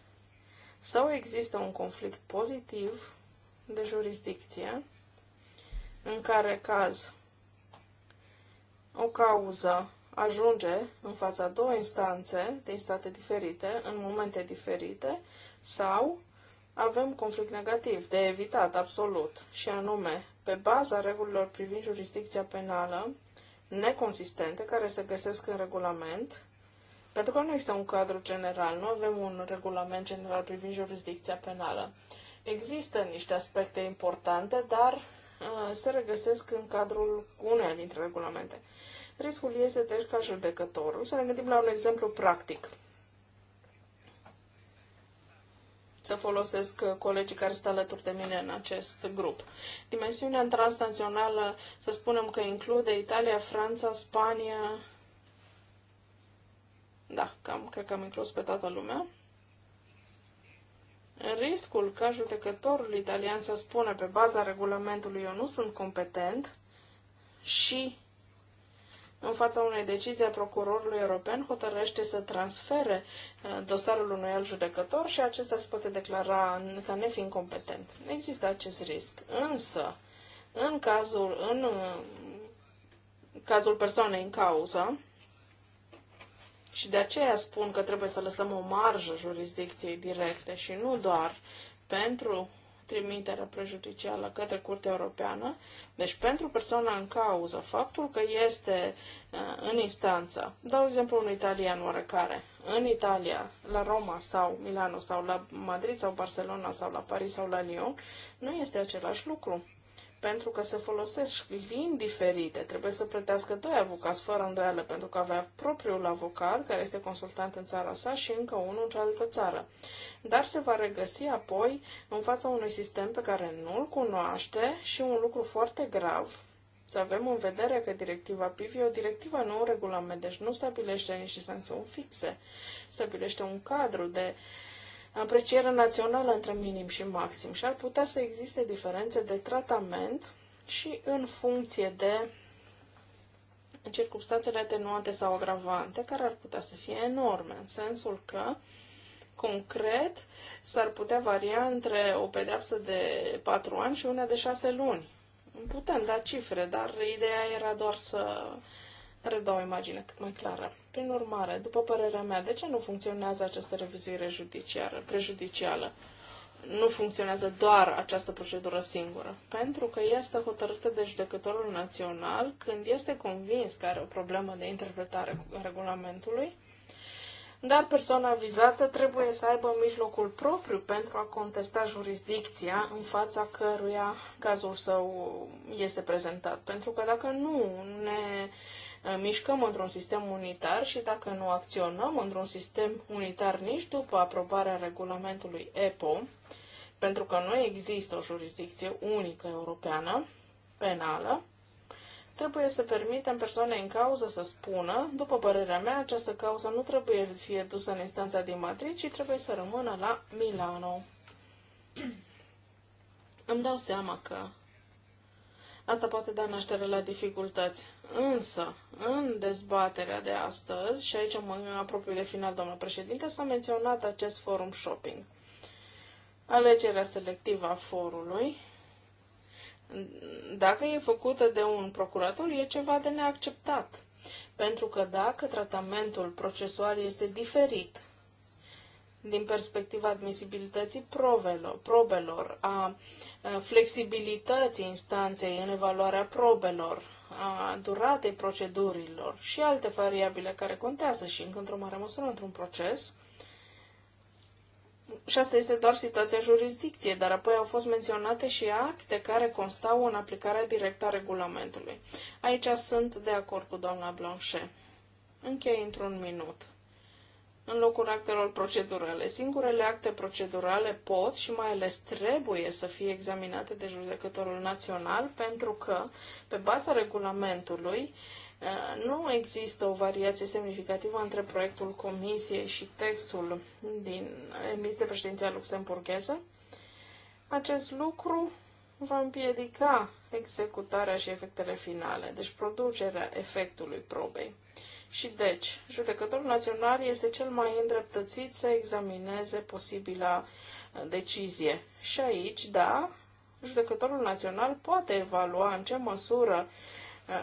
sau există un conflict pozitiv de jurisdicție, în care caz o cauză ajunge în fața două instanțe din state diferite, în momente diferite, sau avem conflict negativ, de evitat absolut, și anume, pe baza regulilor privind jurisdicția penală, neconsistente, care se găsesc în regulament, pentru că nu există un cadru general, nu avem un regulament general privind jurisdicția penală. Există niște aspecte importante, dar uh, se regăsesc în cadrul uneia dintre regulamente. Riscul este deci ca judecătorul. Să ne gândim la un exemplu practic. Să folosesc uh, colegii care stau alături de mine în acest grup. Dimensiunea transnațională, să spunem că include Italia, Franța, Spania, da, cam, cred că am inclus pe toată lumea. Riscul ca judecătorul italian să spună pe baza regulamentului eu nu sunt competent și în fața unei decizii a procurorului european hotărăște să transfere uh, dosarul unui alt judecător și acesta se poate declara ca nefiind competent. Există acest risc. Însă, în cazul, în uh, cazul persoanei în cauză, și de aceea spun că trebuie să lăsăm o marjă jurisdicției directe și nu doar pentru trimiterea prejudicială către Curtea Europeană, deci pentru persoana în cauză, faptul că este uh, în instanță. Dau exemplu un italian oarecare. În Italia, la Roma sau Milano sau la Madrid sau Barcelona sau la Paris sau la Lyon, nu este același lucru pentru că se folosesc limbi diferite. Trebuie să plătească doi avocați, fără îndoială, pentru că avea propriul avocat, care este consultant în țara sa, și încă unul în cealaltă țară. Dar se va regăsi apoi în fața unui sistem pe care nu-l cunoaște și un lucru foarte grav, să avem în vedere că directiva PIV e o directivă, nu un regulament, deci nu stabilește niște sancțiuni fixe, stabilește un cadru de uh, aprecierea națională între minim și maxim și ar putea să existe diferențe de tratament și în funcție de circunstanțele atenuante sau agravante, care ar putea să fie enorme, în sensul că, concret, s-ar putea varia între o pedeapsă de 4 ani și una de 6 luni. Putem da cifre, dar ideea era doar să redau o imagine cât mai clară. Prin urmare, după părerea mea, de ce nu funcționează această revizuire judiciară, prejudicială? Nu funcționează doar această procedură singură, pentru că este hotărâtă de judecătorul național când este convins că are o problemă de interpretare a regulamentului, dar persoana vizată trebuie să aibă mijlocul propriu pentru a contesta jurisdicția în fața căruia cazul său este prezentat. Pentru că dacă nu ne Eh, mișcăm într-un sistem unitar și dacă nu acționăm într-un sistem unitar nici după aprobarea regulamentului EPO, pentru că nu există o jurisdicție unică europeană penală, trebuie să permitem persoanei în cauză să spună, după părerea mea, această cauză nu trebuie fie dusă în instanța din Madrid, ci trebuie să rămână la Milano. [clears throat] Îmi dau seama că Asta poate da naștere la dificultăți. Însă, în dezbaterea de astăzi, și aici mă apropiu de final, domnul președinte, s-a menționat acest forum shopping. Alegerea selectivă a forului, dacă e făcută de un procurator, e ceva de neacceptat. Pentru că dacă tratamentul procesual este diferit din perspectiva admisibilității probelor, probelor a flexibilității instanței în evaluarea probelor, a duratei procedurilor și alte variabile care contează și încă într-o mare măsură într-un proces. Și asta este doar situația jurisdicției, dar apoi au fost menționate și acte care constau în aplicarea directă a regulamentului. Aici sunt de acord cu doamna Blanchet. Închei într-un minut în locul actelor procedurale. Singurele acte procedurale pot și mai ales trebuie să fie examinate de judecătorul național pentru că, pe baza regulamentului, eh, nu există o variație semnificativă între proiectul Comisiei și textul din emis de președinția luxemburgheză. Acest lucru va împiedica executarea și efectele finale, deci producerea efectului probei. Și deci, judecătorul național este cel mai îndreptățit să examineze posibila uh, decizie. Și aici, da, judecătorul național poate evalua în ce măsură Uh,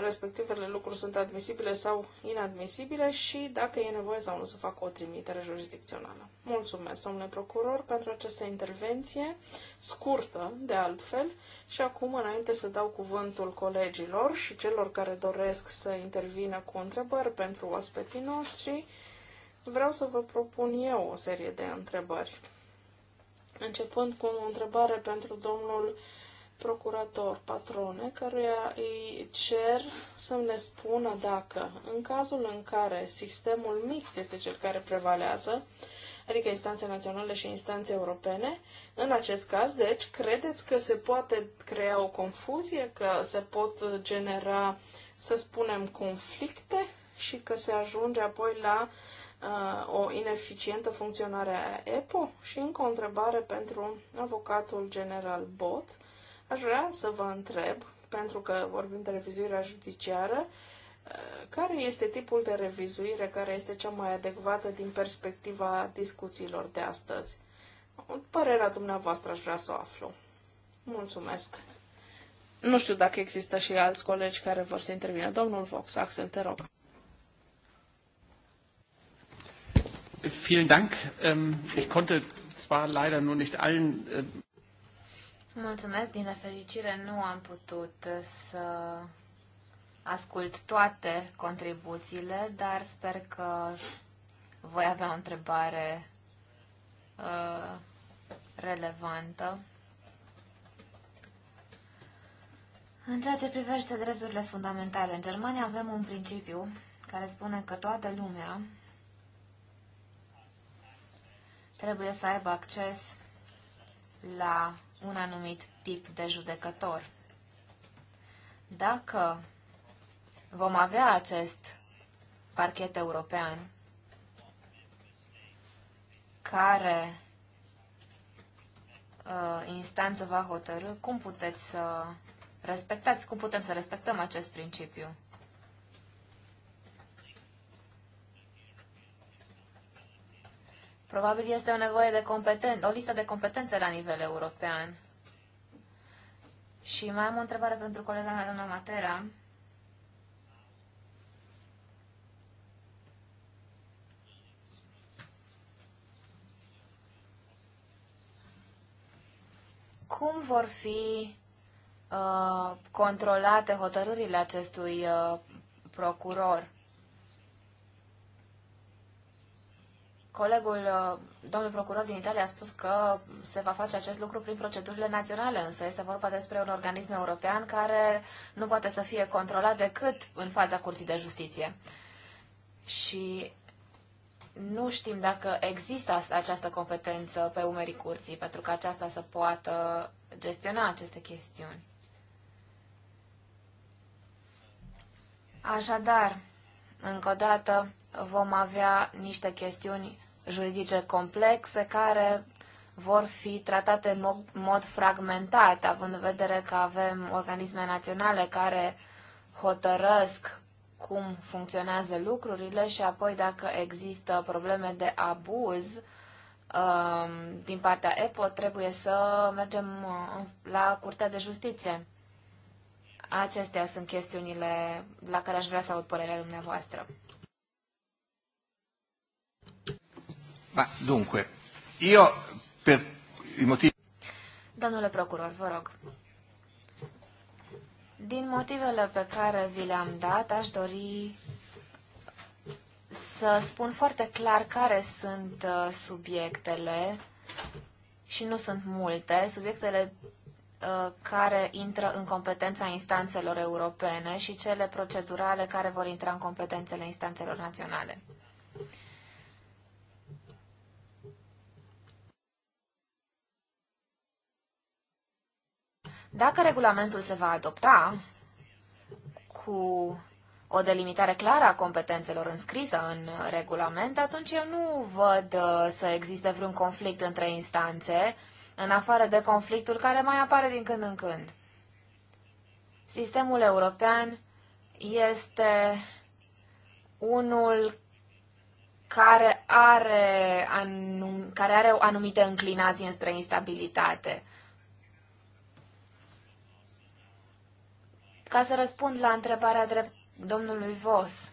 respectivele lucruri sunt admisibile sau inadmisibile și dacă e nevoie sau nu să facă o trimitere jurisdicțională. Mulțumesc, domnule procuror, pentru această intervenție scurtă, de altfel, și acum, înainte să dau cuvântul colegilor și celor care doresc să intervină cu întrebări pentru oaspeții noștri, vreau să vă propun eu o serie de întrebări. Începând cu o întrebare pentru domnul uh, procurator, patrone, căruia îi cer să ne spună dacă, în cazul în care sistemul mix este cel care prevalează, adică instanțe naționale și instanțe europene. În acest caz, deci, credeți că se poate crea o confuzie, că se pot genera, să spunem, conflicte și că se ajunge apoi la uh, o ineficientă funcționare a EPO? Și încă o întrebare pentru avocatul general Bot. Aș vrea să vă întreb, pentru că vorbim de revizuirea judiciară, eh, care este tipul de revizuire care este cea mai adecvată din perspectiva discuțiilor de astăzi? Părerea dumneavoastră aș vrea să o aflu. Mulțumesc. Nu știu dacă există și alți colegi care vor să intervină. Domnul Vox, Axel, te rog. Vielen Dank. Ähm, ich konnte zwar leider nur nicht allen äh, Mulțumesc, din nefericire nu am putut uh, să ascult toate contribuțiile, dar sper că voi avea o întrebare uh, relevantă. În ceea ce privește drepturile fundamentale, în Germania avem un principiu care spune că toată lumea trebuie să aibă acces la un anumit tip de judecător. Dacă vom avea acest parchet european care uh, instanță va hotărâ, cum puteți să respectați, cum putem să respectăm acest principiu? Probabil este o nevoie de competență, o listă de competențe la nivel european. Și mai am o întrebare pentru colega mea, doamna Matera. Cum vor fi uh, controlate hotărârile acestui uh, procuror? Colegul, uh, domnul procuror din Italia, a spus că se va face acest lucru prin procedurile naționale, însă este vorba despre un organism european care nu poate să fie controlat decât în faza Curții de Justiție. Și nu știm dacă există această competență pe umerii curții pentru că aceasta să poată gestiona aceste chestiuni. Așadar, încă o dată vom avea niște chestiuni juridice complexe care vor fi tratate în mod, fragmentat, având în vedere că avem organisme naționale care hotărăsc cum funcționează lucrurile și apoi dacă există probleme de abuz um, din partea EPO, trebuie să mergem uh, la Curtea de Justiție. Acestea sunt chestiunile la care aș vrea să aud părerea dumneavoastră. Ma, dunque, io per i motivi... Domnule procuror, vă rog. Din motivele pe care vi le-am dat, aș dori să spun foarte clar care sunt uh, subiectele și nu sunt multe, subiectele uh, care intră în competența instanțelor europene și cele procedurale care vor intra în competențele instanțelor naționale. Dacă regulamentul se va adopta cu o delimitare clară a competențelor înscrisă în regulament, atunci eu nu văd uh, să existe vreun conflict între instanțe, în afară de conflictul care mai apare din când în când. Sistemul european este unul care are, anum, care are anumite înclinații înspre instabilitate. ca să răspund la întrebarea drept domnului Vos.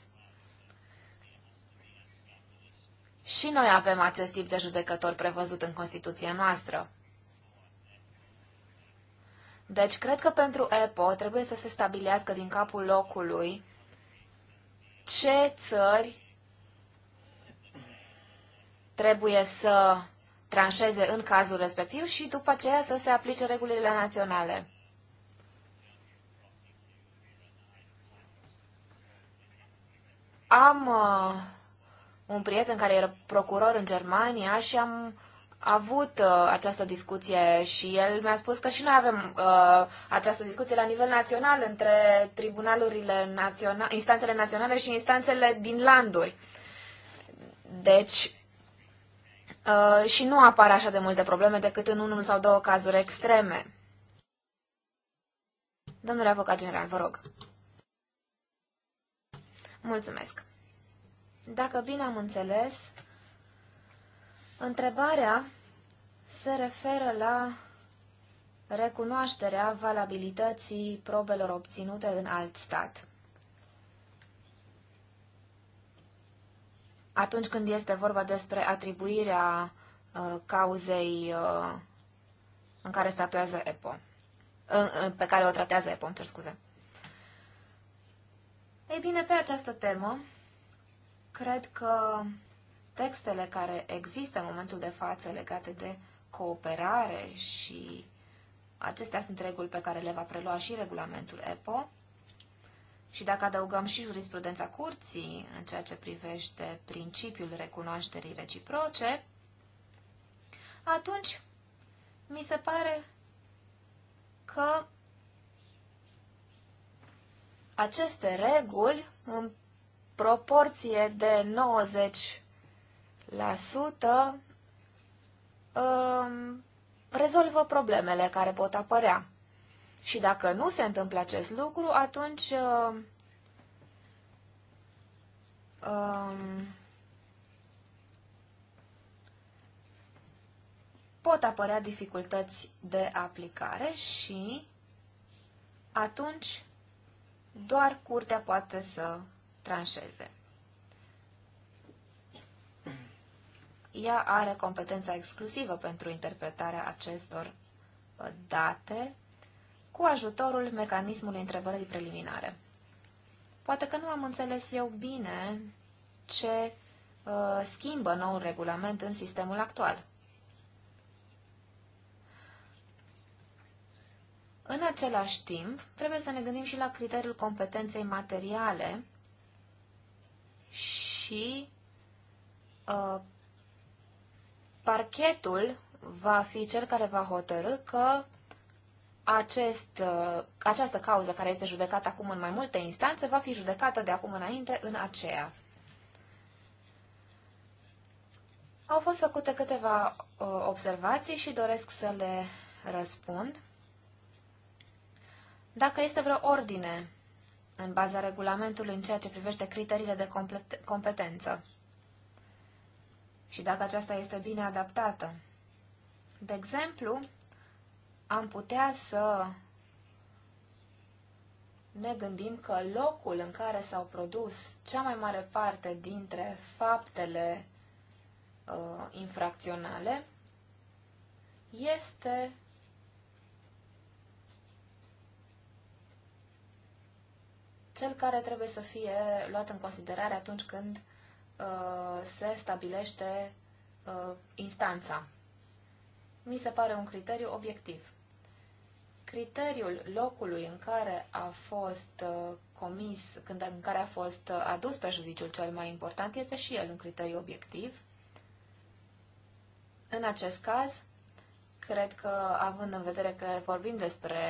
Și noi avem acest tip de judecător prevăzut în Constituția noastră. Deci, cred că pentru EPO trebuie să se stabilească din capul locului ce țări trebuie să tranșeze în cazul respectiv și după aceea să se aplice regulile naționale. Am uh, un prieten care era procuror în Germania și am avut uh, această discuție și el mi-a spus că și noi avem uh, această discuție la nivel național între tribunalurile naționale, instanțele naționale și instanțele din landuri. Deci, uh, și nu apar așa de multe probleme decât în unul sau două cazuri extreme. Domnule avocat general, vă rog. Mulțumesc. Dacă bine am înțeles, întrebarea se referă la recunoașterea valabilității probelor obținute în alt stat. Atunci când este vorba despre atribuirea uh, cauzei uh, în care statuează EPO, uh, pe care o tratează EPO, îmi cer scuze. Ei bine, pe această temă, cred că textele care există în momentul de față legate de cooperare și acestea sunt reguli pe care le va prelua și regulamentul EPO. Și dacă adăugăm și jurisprudența curții în ceea ce privește principiul recunoașterii reciproce, atunci mi se pare că aceste reguli, în proporție de 90%, um, rezolvă problemele care pot apărea. Și dacă nu se întâmplă acest lucru, atunci um, um pot apărea dificultăți de aplicare și atunci doar curtea poate să tranșeze. Ea are competența exclusivă pentru interpretarea acestor uh, date cu ajutorul mecanismului întrebării preliminare. Poate că nu am înțeles eu bine ce uh, schimbă noul regulament în sistemul actual. În același timp, trebuie să ne gândim și la criteriul competenței materiale și uh, parchetul va fi cel care va hotărâ că acest, uh, această cauză care este judecată acum în mai multe instanțe va fi judecată de acum înainte în aceea. Au fost făcute câteva uh, observații și doresc să le răspund. Dacă este vreo ordine în baza regulamentului în ceea ce privește criteriile de competență și dacă aceasta este bine adaptată. De exemplu, am putea să ne gândim că locul în care s-au produs cea mai mare parte dintre faptele uh, infracționale este cel care trebuie să fie luat în considerare atunci când uh, se stabilește uh, instanța. Mi se pare un criteriu obiectiv. Criteriul locului în care a fost uh, comis, când, în care a fost uh, adus prejudiciul cel mai important, este și el un criteriu obiectiv. În acest caz, cred că, având în vedere că vorbim despre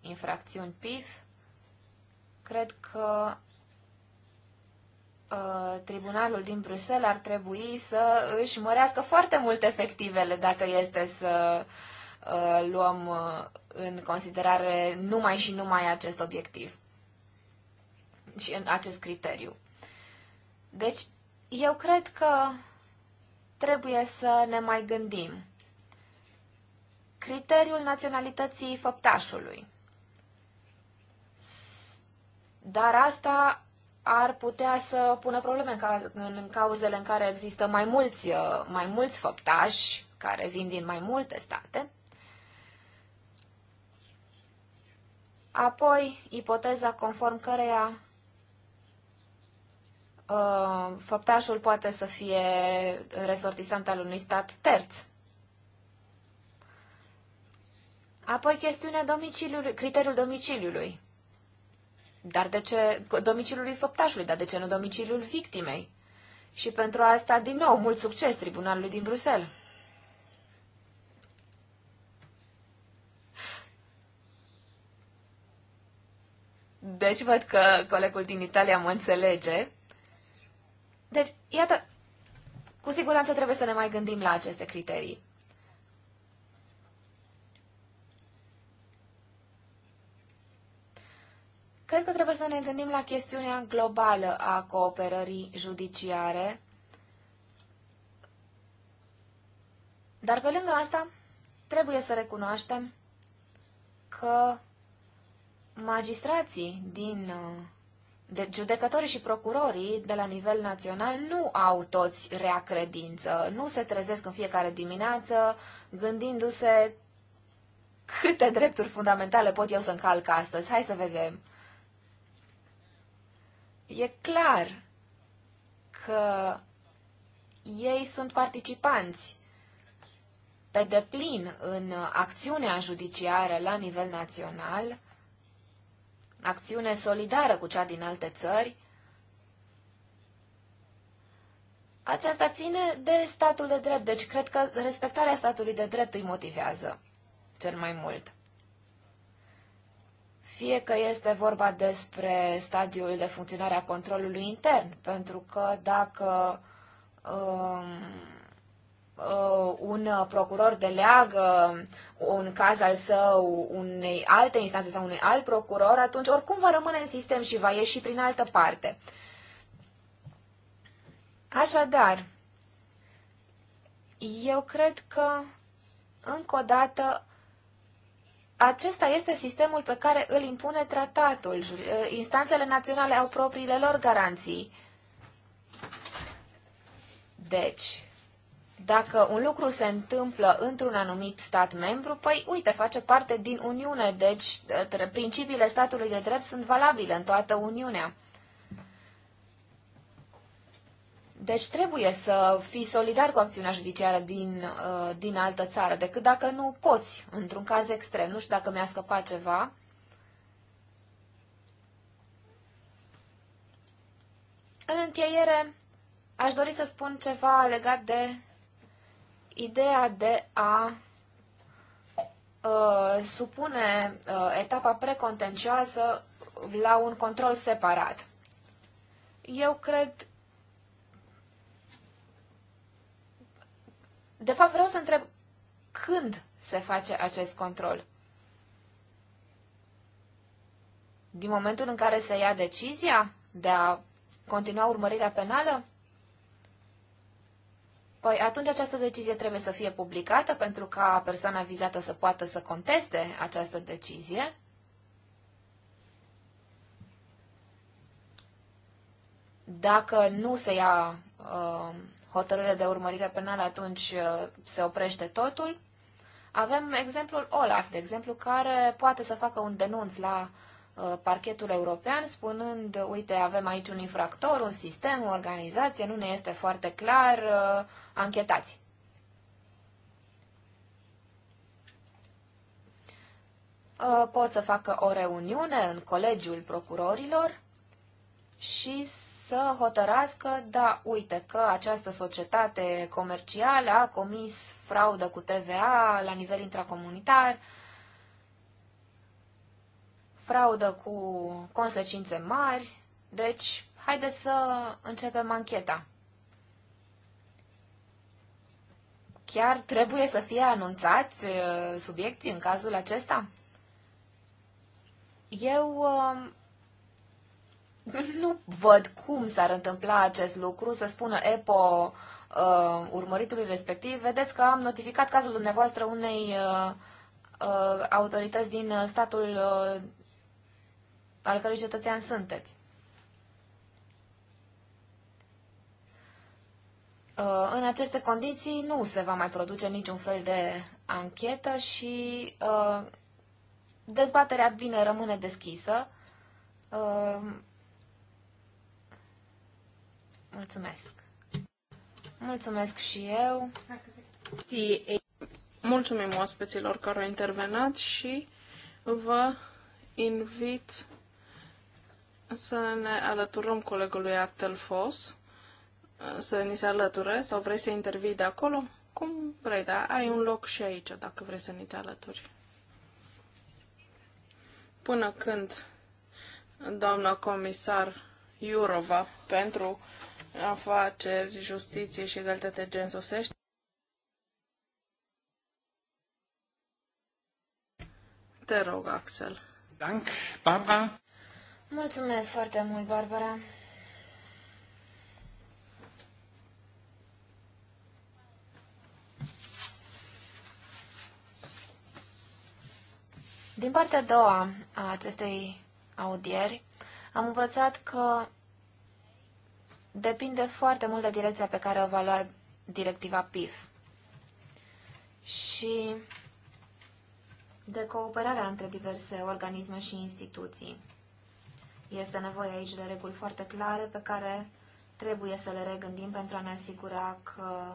infracțiuni PIF, Cred că uh, tribunalul din Bruxelles ar trebui să își mărească foarte mult efectivele dacă este să uh, luăm uh, în considerare numai și numai acest obiectiv și în acest criteriu. Deci, eu cred că trebuie să ne mai gândim. Criteriul naționalității făptașului. Dar asta ar putea să pună probleme în, în cauzele în care există mai mulți, uh, mai mulți făptași care vin din mai multe state. Apoi, ipoteza conform căreia uh, făptașul poate să fie resortisant al unui stat terț. Apoi, chestiunea domiciliului, criteriul domiciliului. Dar de ce domiciliului făptașului, dar de ce nu domiciliul victimei? Și pentru asta, din nou, mult succes tribunalului din Bruxelles. Deci văd că colegul din Italia mă înțelege. Deci, iată, cu siguranță trebuie să ne mai gândim la aceste criterii. Cred că trebuie să ne gândim la chestiunea globală a cooperării judiciare. Dar pe lângă asta, trebuie să recunoaștem că magistrații din uh, de judecătorii și procurorii de la nivel național nu au toți rea credință, nu se trezesc în fiecare dimineață gândindu-se câte drepturi fundamentale pot eu să încalc astăzi. Hai să vedem. E clar că ei sunt participanți pe deplin în acțiunea judiciară la nivel național, acțiune solidară cu cea din alte țări. Aceasta ține de statul de drept, deci cred că respectarea statului de drept îi motivează cel mai mult fie că este vorba despre stadiul de funcționare a controlului intern, pentru că dacă um, uh, un procuror deleagă un caz al său unei alte instanțe sau unui alt procuror, atunci oricum va rămâne în sistem și va ieși prin altă parte. Așadar, eu cred că, încă o dată, acesta este sistemul pe care îl impune tratatul. Ă, instanțele naționale au propriile lor garanții. Deci, dacă un lucru se întâmplă într-un anumit stat membru, păi uite, face parte din Uniune, deci ă, principiile statului de drept sunt valabile în toată Uniunea. Deci trebuie să fii solidar cu acțiunea judiciară din, uh, din altă țară, decât dacă nu poți, într-un caz extrem. Nu știu dacă mi-a scăpat ceva. În încheiere, aș dori să spun ceva legat de ideea de a uh, supune uh, etapa precontencioasă la un control separat. Eu cred De fapt, vreau să întreb când se face acest control. Din momentul în care se ia decizia de a continua urmărirea penală? Păi atunci această decizie trebuie să fie publicată pentru ca persoana vizată să poată să conteste această decizie. Dacă nu se ia uh, hotărâre de urmărire penală, atunci uh, se oprește totul. Avem exemplul Olaf, de exemplu, care poate să facă un denunț la uh, parchetul european, spunând, uite, avem aici un infractor, un sistem, o organizație, nu ne este foarte clar, uh, anchetați. Pot să facă o reuniune în colegiul procurorilor și să hotărască, da, uite că această societate comercială a comis fraudă cu TVA la nivel intracomunitar, fraudă cu consecințe mari, deci haideți să începem ancheta. Chiar trebuie să fie anunțați uh, subiectii în cazul acesta? Eu uh, nu văd cum s-ar întâmpla acest lucru, să spună EPO uh, urmăritului respectiv. Vedeți că am notificat cazul dumneavoastră unei uh, uh, autorități din uh, statul uh, al cărui cetățean sunteți. Uh, în aceste condiții nu se va mai produce niciun fel de anchetă și uh, dezbaterea bine rămâne deschisă. Mulțumesc! Mulțumesc și eu! Mulțumim oaspeților care au intervenat și vă invit să ne alăturăm colegului Actel Fos, să ni se alăture sau vrei să intervii de acolo? Cum vrei, da? Ai un loc și aici dacă vrei să ni te alături. Până când doamna comisar Iurova pentru afaceri, justiție și egalitate gen sosești? Te rog, Axel. Dank, Barbara. Mulțumesc foarte mult, Barbara. Din partea a doua a acestei audieri, am învățat că depinde foarte mult de direcția pe care o va lua directiva PIF și de cooperarea între diverse organisme și instituții. Este nevoie aici de reguli foarte clare pe care trebuie să le regândim pentru a ne asigura că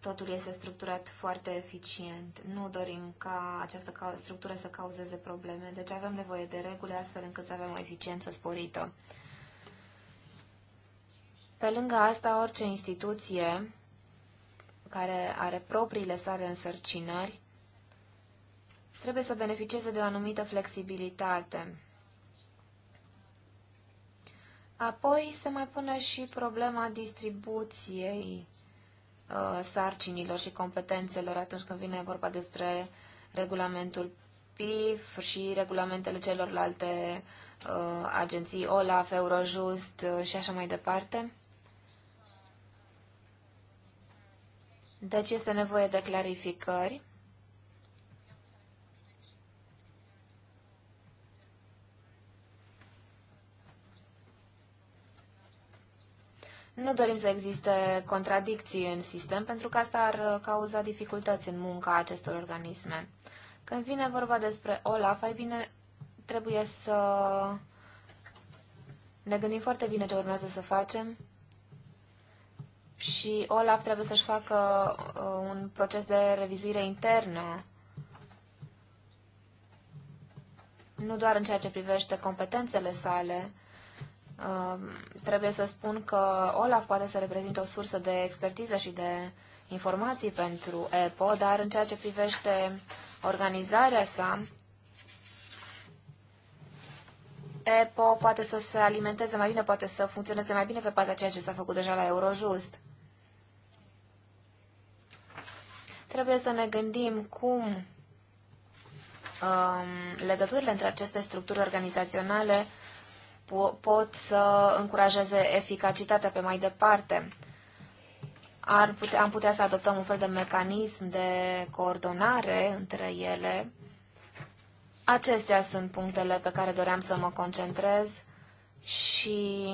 totul este structurat foarte eficient. Nu dorim ca această structură să cauzeze probleme, deci avem nevoie de reguli astfel încât să avem o eficiență sporită. Pe lângă asta, orice instituție care are propriile sale însărcinări trebuie să beneficieze de o anumită flexibilitate. Apoi se mai pune și problema distribuției uh, sarcinilor și competențelor atunci când vine vorba despre regulamentul PIF și regulamentele celorlalte uh, agenții, OLAF, Eurojust uh, și așa mai departe. Deci este nevoie de clarificări. Nu dorim să existe contradicții în sistem, pentru că asta ar uh, cauza dificultăți în munca acestor organisme. Când vine vorba despre OLAF, ai bine, trebuie să ne gândim foarte bine ce urmează să facem și Olaf trebuie să-și facă uh, un proces de revizuire internă, nu doar în ceea ce privește competențele sale. Uh, trebuie să spun că Olaf poate să reprezinte o sursă de expertiză și de informații pentru EPO, dar în ceea ce privește organizarea sa, EPO poate să se alimenteze mai bine, poate să funcționeze mai bine pe baza ceea ce s-a făcut deja la Eurojust. Trebuie să ne gândim cum um, legăturile între aceste structuri organizaționale pot să încurajeze eficacitatea pe mai departe. Ar putea, am putea să adoptăm un fel de mecanism de coordonare între ele. Acestea sunt punctele pe care doream să mă concentrez și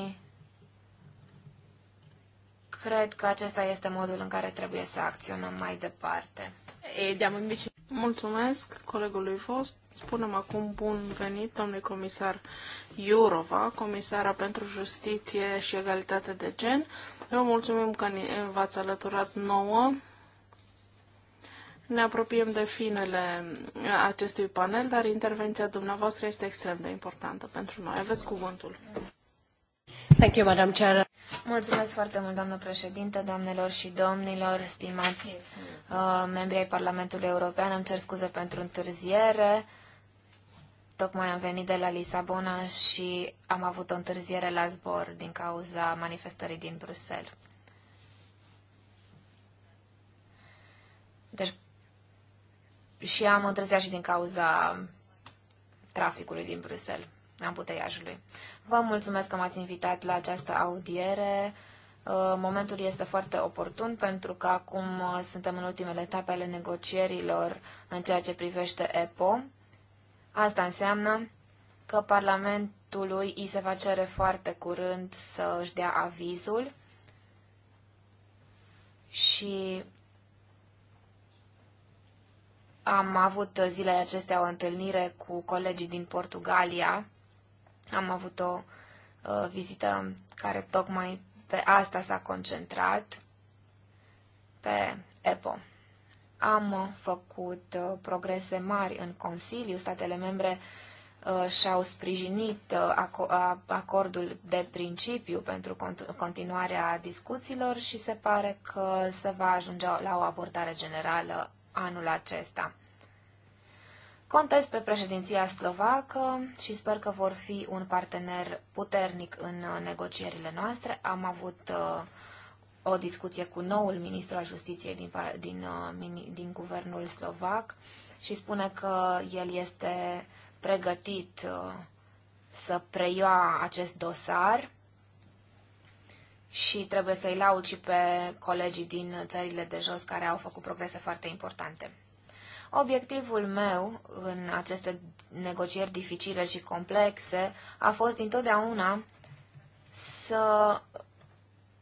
cred că acesta este modul în care trebuie să acționăm mai departe. Mulțumesc colegului Fost. Spunem acum bun venit, domnule comisar Iurova, comisara pentru justiție și egalitate de gen. Vă mulțumim că v-ați alăturat nouă. Ne apropiem de finele acestui panel, dar intervenția dumneavoastră este extrem de importantă pentru noi. Aveți cuvântul. Mulțumesc foarte mult, doamnă președinte, doamnelor și domnilor, stimați uh, membri ai Parlamentului European. Îmi cer scuze pentru întârziere. Tocmai am venit de la Lisabona și am avut o întârziere la zbor din cauza manifestării din Bruxelles. Deci, și am întârziat și din cauza traficului din Bruxelles ambuteiajului. Vă mulțumesc că m-ați invitat la această audiere. Uh, momentul este foarte oportun pentru că acum uh, suntem în ultimele etape ale negocierilor în ceea ce privește EPO. Asta înseamnă că Parlamentului îi se va cere foarte curând să își dea avizul și am avut zilele acestea o întâlnire cu colegii din Portugalia am avut o uh, vizită care tocmai pe asta s-a concentrat, pe EPO. Am făcut uh, progrese mari în Consiliu, statele membre uh, și-au sprijinit uh, acordul de principiu pentru continuarea discuțiilor și se pare că se va ajunge la o abordare generală anul acesta. Contez pe președinția slovacă și sper că vor fi un partener puternic în uh, negocierile noastre. Am avut uh, o discuție cu noul ministru al justiției din, din, uh, din guvernul slovac și spune că el este pregătit uh, să preia acest dosar și trebuie să-i laud și pe colegii din țările de jos care au făcut progrese foarte importante. Obiectivul meu în aceste negocieri dificile și complexe a fost întotdeauna să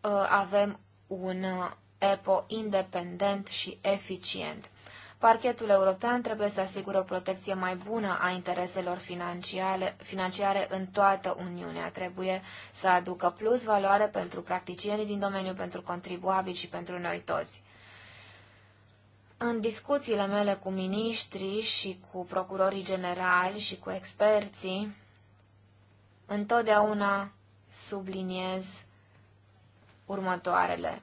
uh, avem un uh, EPO independent și eficient. Parchetul european trebuie să asigure o protecție mai bună a intereselor financiare, financiare în toată Uniunea. Trebuie să aducă plus valoare pentru practicienii din domeniu, pentru contribuabili și pentru noi toți. În discuțiile mele cu miniștrii și cu procurorii generali și cu experții, întotdeauna subliniez următoarele.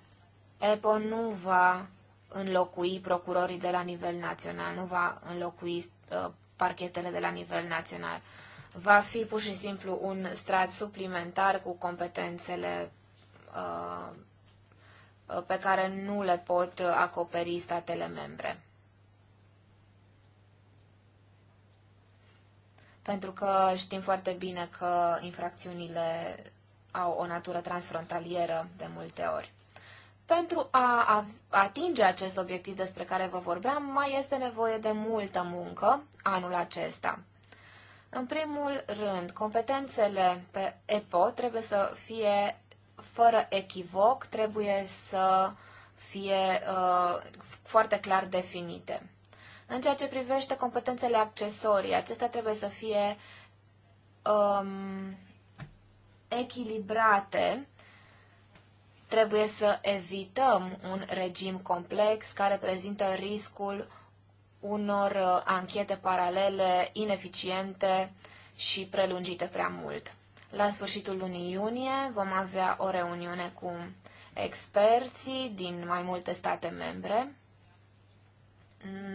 EPO nu va înlocui procurorii de la nivel național, nu va înlocui uh, parchetele de la nivel național. Va fi pur și simplu un strat suplimentar cu competențele uh, pe care nu le pot acoperi statele membre. Pentru că știm foarte bine că infracțiunile au o natură transfrontalieră de multe ori. Pentru a atinge acest obiectiv despre care vă vorbeam, mai este nevoie de multă muncă anul acesta. În primul rând, competențele pe EPO trebuie să fie fără echivoc, trebuie să fie uh, foarte clar definite. În ceea ce privește competențele accesorii, acestea trebuie să fie um, echilibrate. Trebuie să evităm un regim complex care prezintă riscul unor uh, anchete paralele ineficiente și prelungite prea mult. La sfârșitul lunii iunie vom avea o reuniune cu experții din mai multe state membre.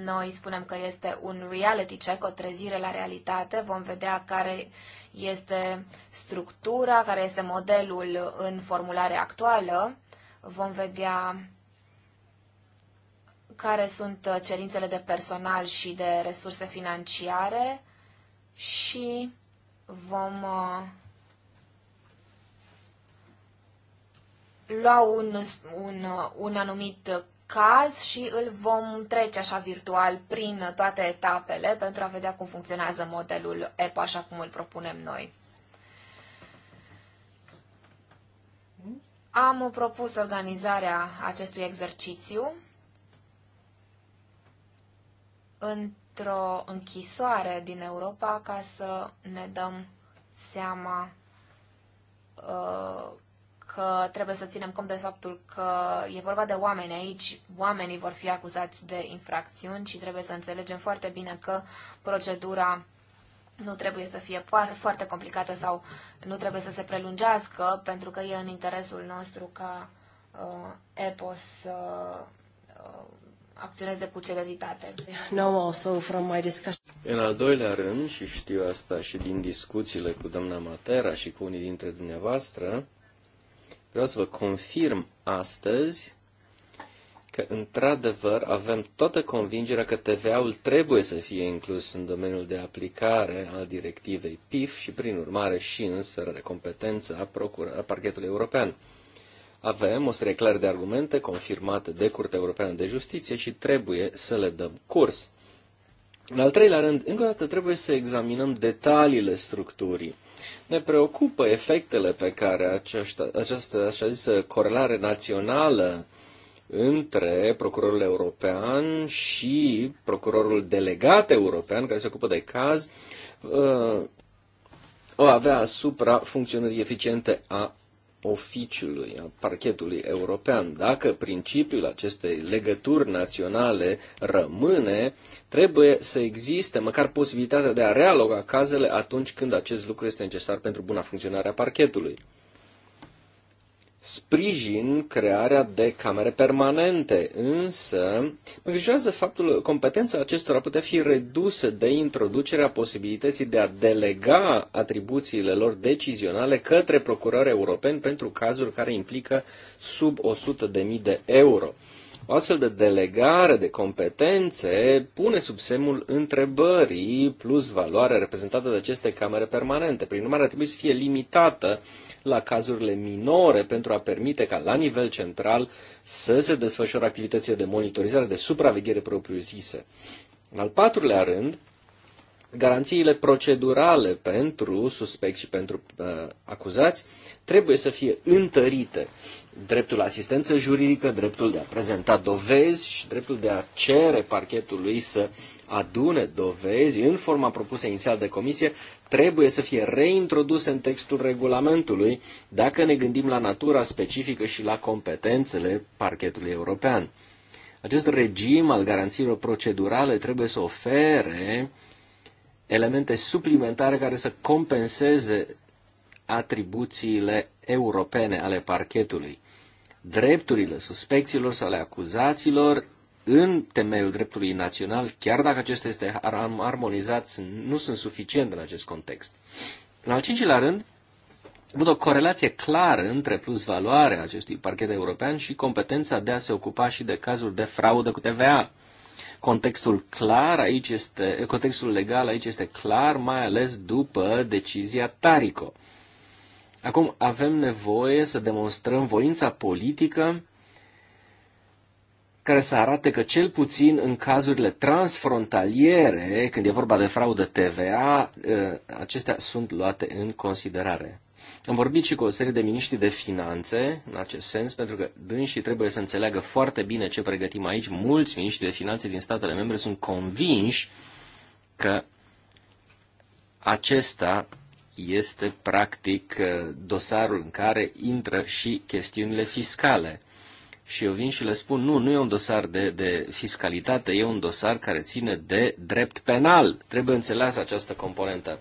Noi spunem că este un reality check, o trezire la realitate. Vom vedea care este structura, care este modelul în formulare actuală. Vom vedea care sunt cerințele de personal și de resurse financiare și vom uh, lua un, un, un anumit caz și îl vom trece așa virtual prin toate etapele pentru a vedea cum funcționează modelul EPA așa cum îl propunem noi. Am propus organizarea acestui exercițiu într-o închisoare din Europa ca să ne dăm seama uh, că trebuie să ținem cont de faptul că e vorba de oameni aici, oamenii vor fi acuzați de infracțiuni și trebuie să înțelegem foarte bine că procedura nu trebuie să fie foarte complicată sau nu trebuie să se prelungească, pentru că e în interesul nostru ca uh, EPOS să uh, acționeze cu celeritate. În al doilea rând, și știu asta și din discuțiile cu doamna Matera și cu unii dintre dumneavoastră, Vreau să vă confirm astăzi că, într-adevăr, avem toată convingerea că TVA-ul trebuie să fie inclus în domeniul de aplicare al directivei PIF și, prin urmare, și în sfera de competență a, procur- a parchetului european. Avem o serie clară de argumente confirmate de Curtea Europeană de Justiție și trebuie să le dăm curs. În al treilea rând, încă o dată trebuie să examinăm detaliile structurii. Ne preocupă efectele pe care aceasta, această așa zisă corelare națională între procurorul european și procurorul delegat european care se ocupă de caz uh, o avea asupra funcționării eficiente a oficiului, a parchetului european. Dacă principiul acestei legături naționale rămâne, trebuie să existe măcar posibilitatea de a realoga cazele atunci când acest lucru este necesar pentru buna funcționare a parchetului sprijin crearea de camere permanente, însă mă îngrijorează faptul că competența acestora putea fi redusă de introducerea posibilității de a delega atribuțiile lor decizionale către procurori europeni pentru cazuri care implică sub 100.000 de euro. O astfel de delegare de competențe pune sub semnul întrebării plus valoare reprezentată de aceste camere permanente. Prin urmare, ar trebui să fie limitată la cazurile minore pentru a permite ca la nivel central să se desfășoare activitățile de monitorizare, de supraveghere propriu-zise. În al patrulea rând, garanțiile procedurale pentru suspecți și pentru uh, acuzați trebuie să fie întărite. Dreptul la asistență juridică, dreptul de a prezenta dovezi și dreptul de a cere parchetului să adune dovezi în forma propusă inițial de comisie trebuie să fie reintroduse în textul regulamentului dacă ne gândim la natura specifică și la competențele parchetului european. Acest regim al garanțiilor procedurale trebuie să ofere uh, elemente suplimentare care să compenseze atribuțiile europene ale parchetului. Drepturile suspecților sau ale acuzaților în temeiul dreptului național, chiar dacă acesta este armonizat, nu sunt suficiente în acest context. În al cincilea rând, văd o corelație clară între plus valoarea acestui parchet european și competența de a se ocupa și de cazuri de fraudă cu TVA. Contextul clar aici este, contextul legal aici este clar, mai ales după decizia Tarico. Acum avem nevoie să demonstrăm voința politică care să arate că cel puțin în cazurile transfrontaliere, când e vorba de fraudă TVA, ă, acestea sunt luate în considerare. Am vorbit și cu o serie de miniștri de finanțe în acest sens, pentru că dânsii trebuie să înțeleagă foarte bine ce pregătim aici. Mulți miniștri de finanțe din statele membre sunt convinși că acesta este practic dosarul în care intră și chestiunile fiscale. Și eu vin și le spun, nu, nu e un dosar de, de fiscalitate, e un dosar care ține de drept penal. Trebuie înțeleasă această componentă.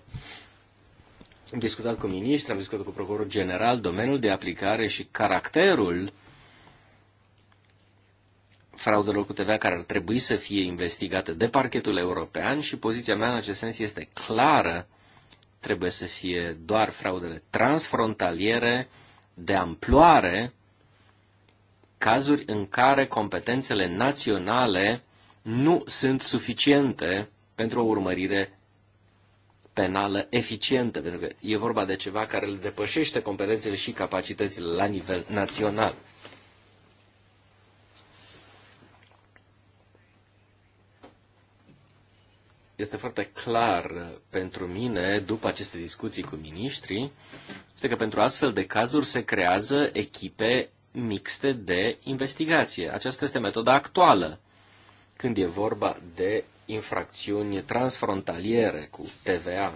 Am discutat cu ministrul, am discutat cu procurorul general, domeniul de aplicare și caracterul fraudelor cu TVA care ar trebui să fie investigate de parchetul european și poziția mea în acest sens este clară. Trebuie să fie doar fraudele transfrontaliere, de amploare, cazuri în care competențele naționale nu sunt suficiente pentru o urmărire penală eficientă, pentru că e vorba de ceva care îl depășește competențele și capacitățile la nivel național. este foarte clar pentru mine, după aceste discuții cu ministrii, este că pentru astfel de cazuri se creează echipe mixte de investigație. Aceasta este metoda actuală când e vorba de infracțiuni transfrontaliere cu TVA.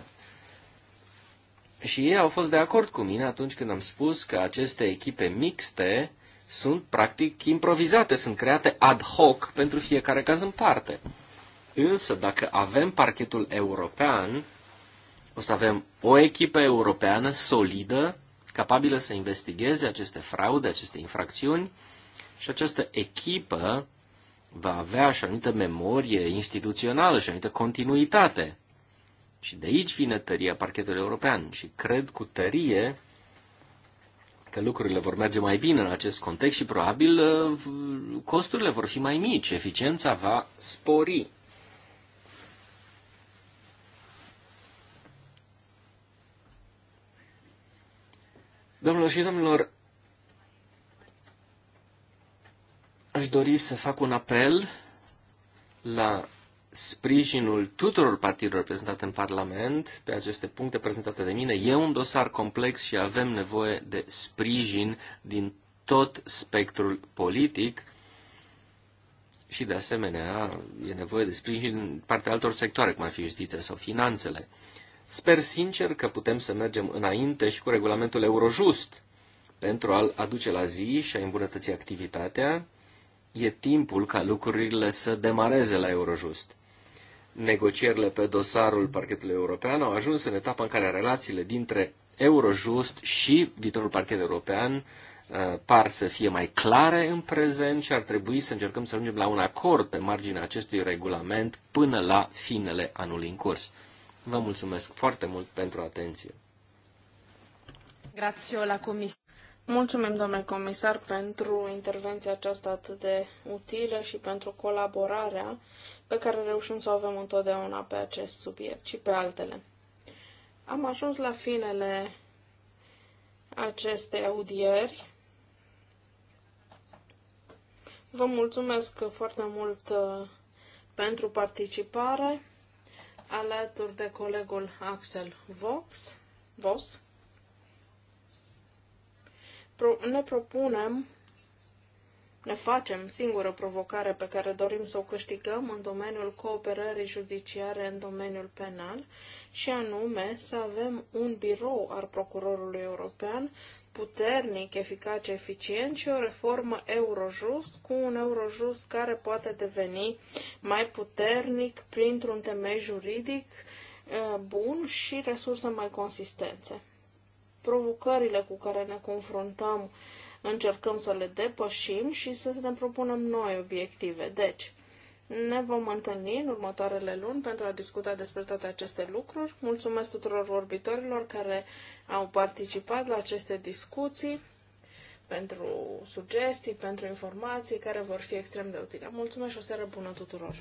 Și ei au fost de acord cu mine atunci când am spus că aceste echipe mixte sunt practic improvizate, sunt create ad hoc pentru fiecare caz în parte. Însă, dacă avem parchetul european, o să avem o echipă europeană solidă, capabilă să investigheze aceste fraude, aceste infracțiuni și această echipă va avea și o anumită memorie instituțională și o anumită continuitate. Și de aici vine tăria parchetului european și cred cu tărie că lucrurile vor merge mai bine în acest context și probabil uh, costurile vor fi mai mici, eficiența va spori. Domnilor și domnilor, Aș dori să fac un apel la sprijinul tuturor partidelor prezentate în Parlament pe aceste puncte prezentate de mine. E un dosar complex și avem nevoie de sprijin din tot spectrul politic și, de asemenea, e nevoie de sprijin din partea altor sectoare, cum ar fi justiția sau finanțele. Sper sincer că putem să mergem înainte și cu regulamentul Eurojust pentru a-l aduce la zi și a îmbunătăți activitatea e timpul ca lucrurile să demareze la Eurojust. Negocierile pe dosarul parchetului european au ajuns în etapa în care relațiile dintre Eurojust și viitorul parchet european uh, par să fie mai clare în prezent și ar trebui să încercăm să ajungem la un acord pe marginea acestui regulament până la finele anului în curs. Vă mulțumesc foarte mult pentru atenție. Grazie la comisie. Mulțumim, domnule comisar, pentru intervenția aceasta atât de utilă și pentru colaborarea pe care reușim să o avem întotdeauna pe acest subiect și pe altele. Am ajuns la finele acestei audieri. Vă mulțumesc foarte mult uh, pentru participare alături de colegul Axel Vox. Vox pro- ne propunem, ne facem singură provocare pe care dorim să o câștigăm în domeniul cooperării judiciare în domeniul penal și anume să avem un birou al procurorului european puternic, eficace, eficient și o reformă eurojust cu un eurojust care poate deveni mai puternic printr-un temei juridic eh, bun și resurse mai consistente provocările cu care ne confruntăm, încercăm să le depășim și să ne propunem noi obiective. Deci, ne vom întâlni în următoarele luni pentru a discuta despre toate aceste lucruri. Mulțumesc tuturor vorbitorilor care au participat la aceste discuții pentru sugestii, pentru informații care vor fi extrem de utile. Mulțumesc și o seară bună tuturor!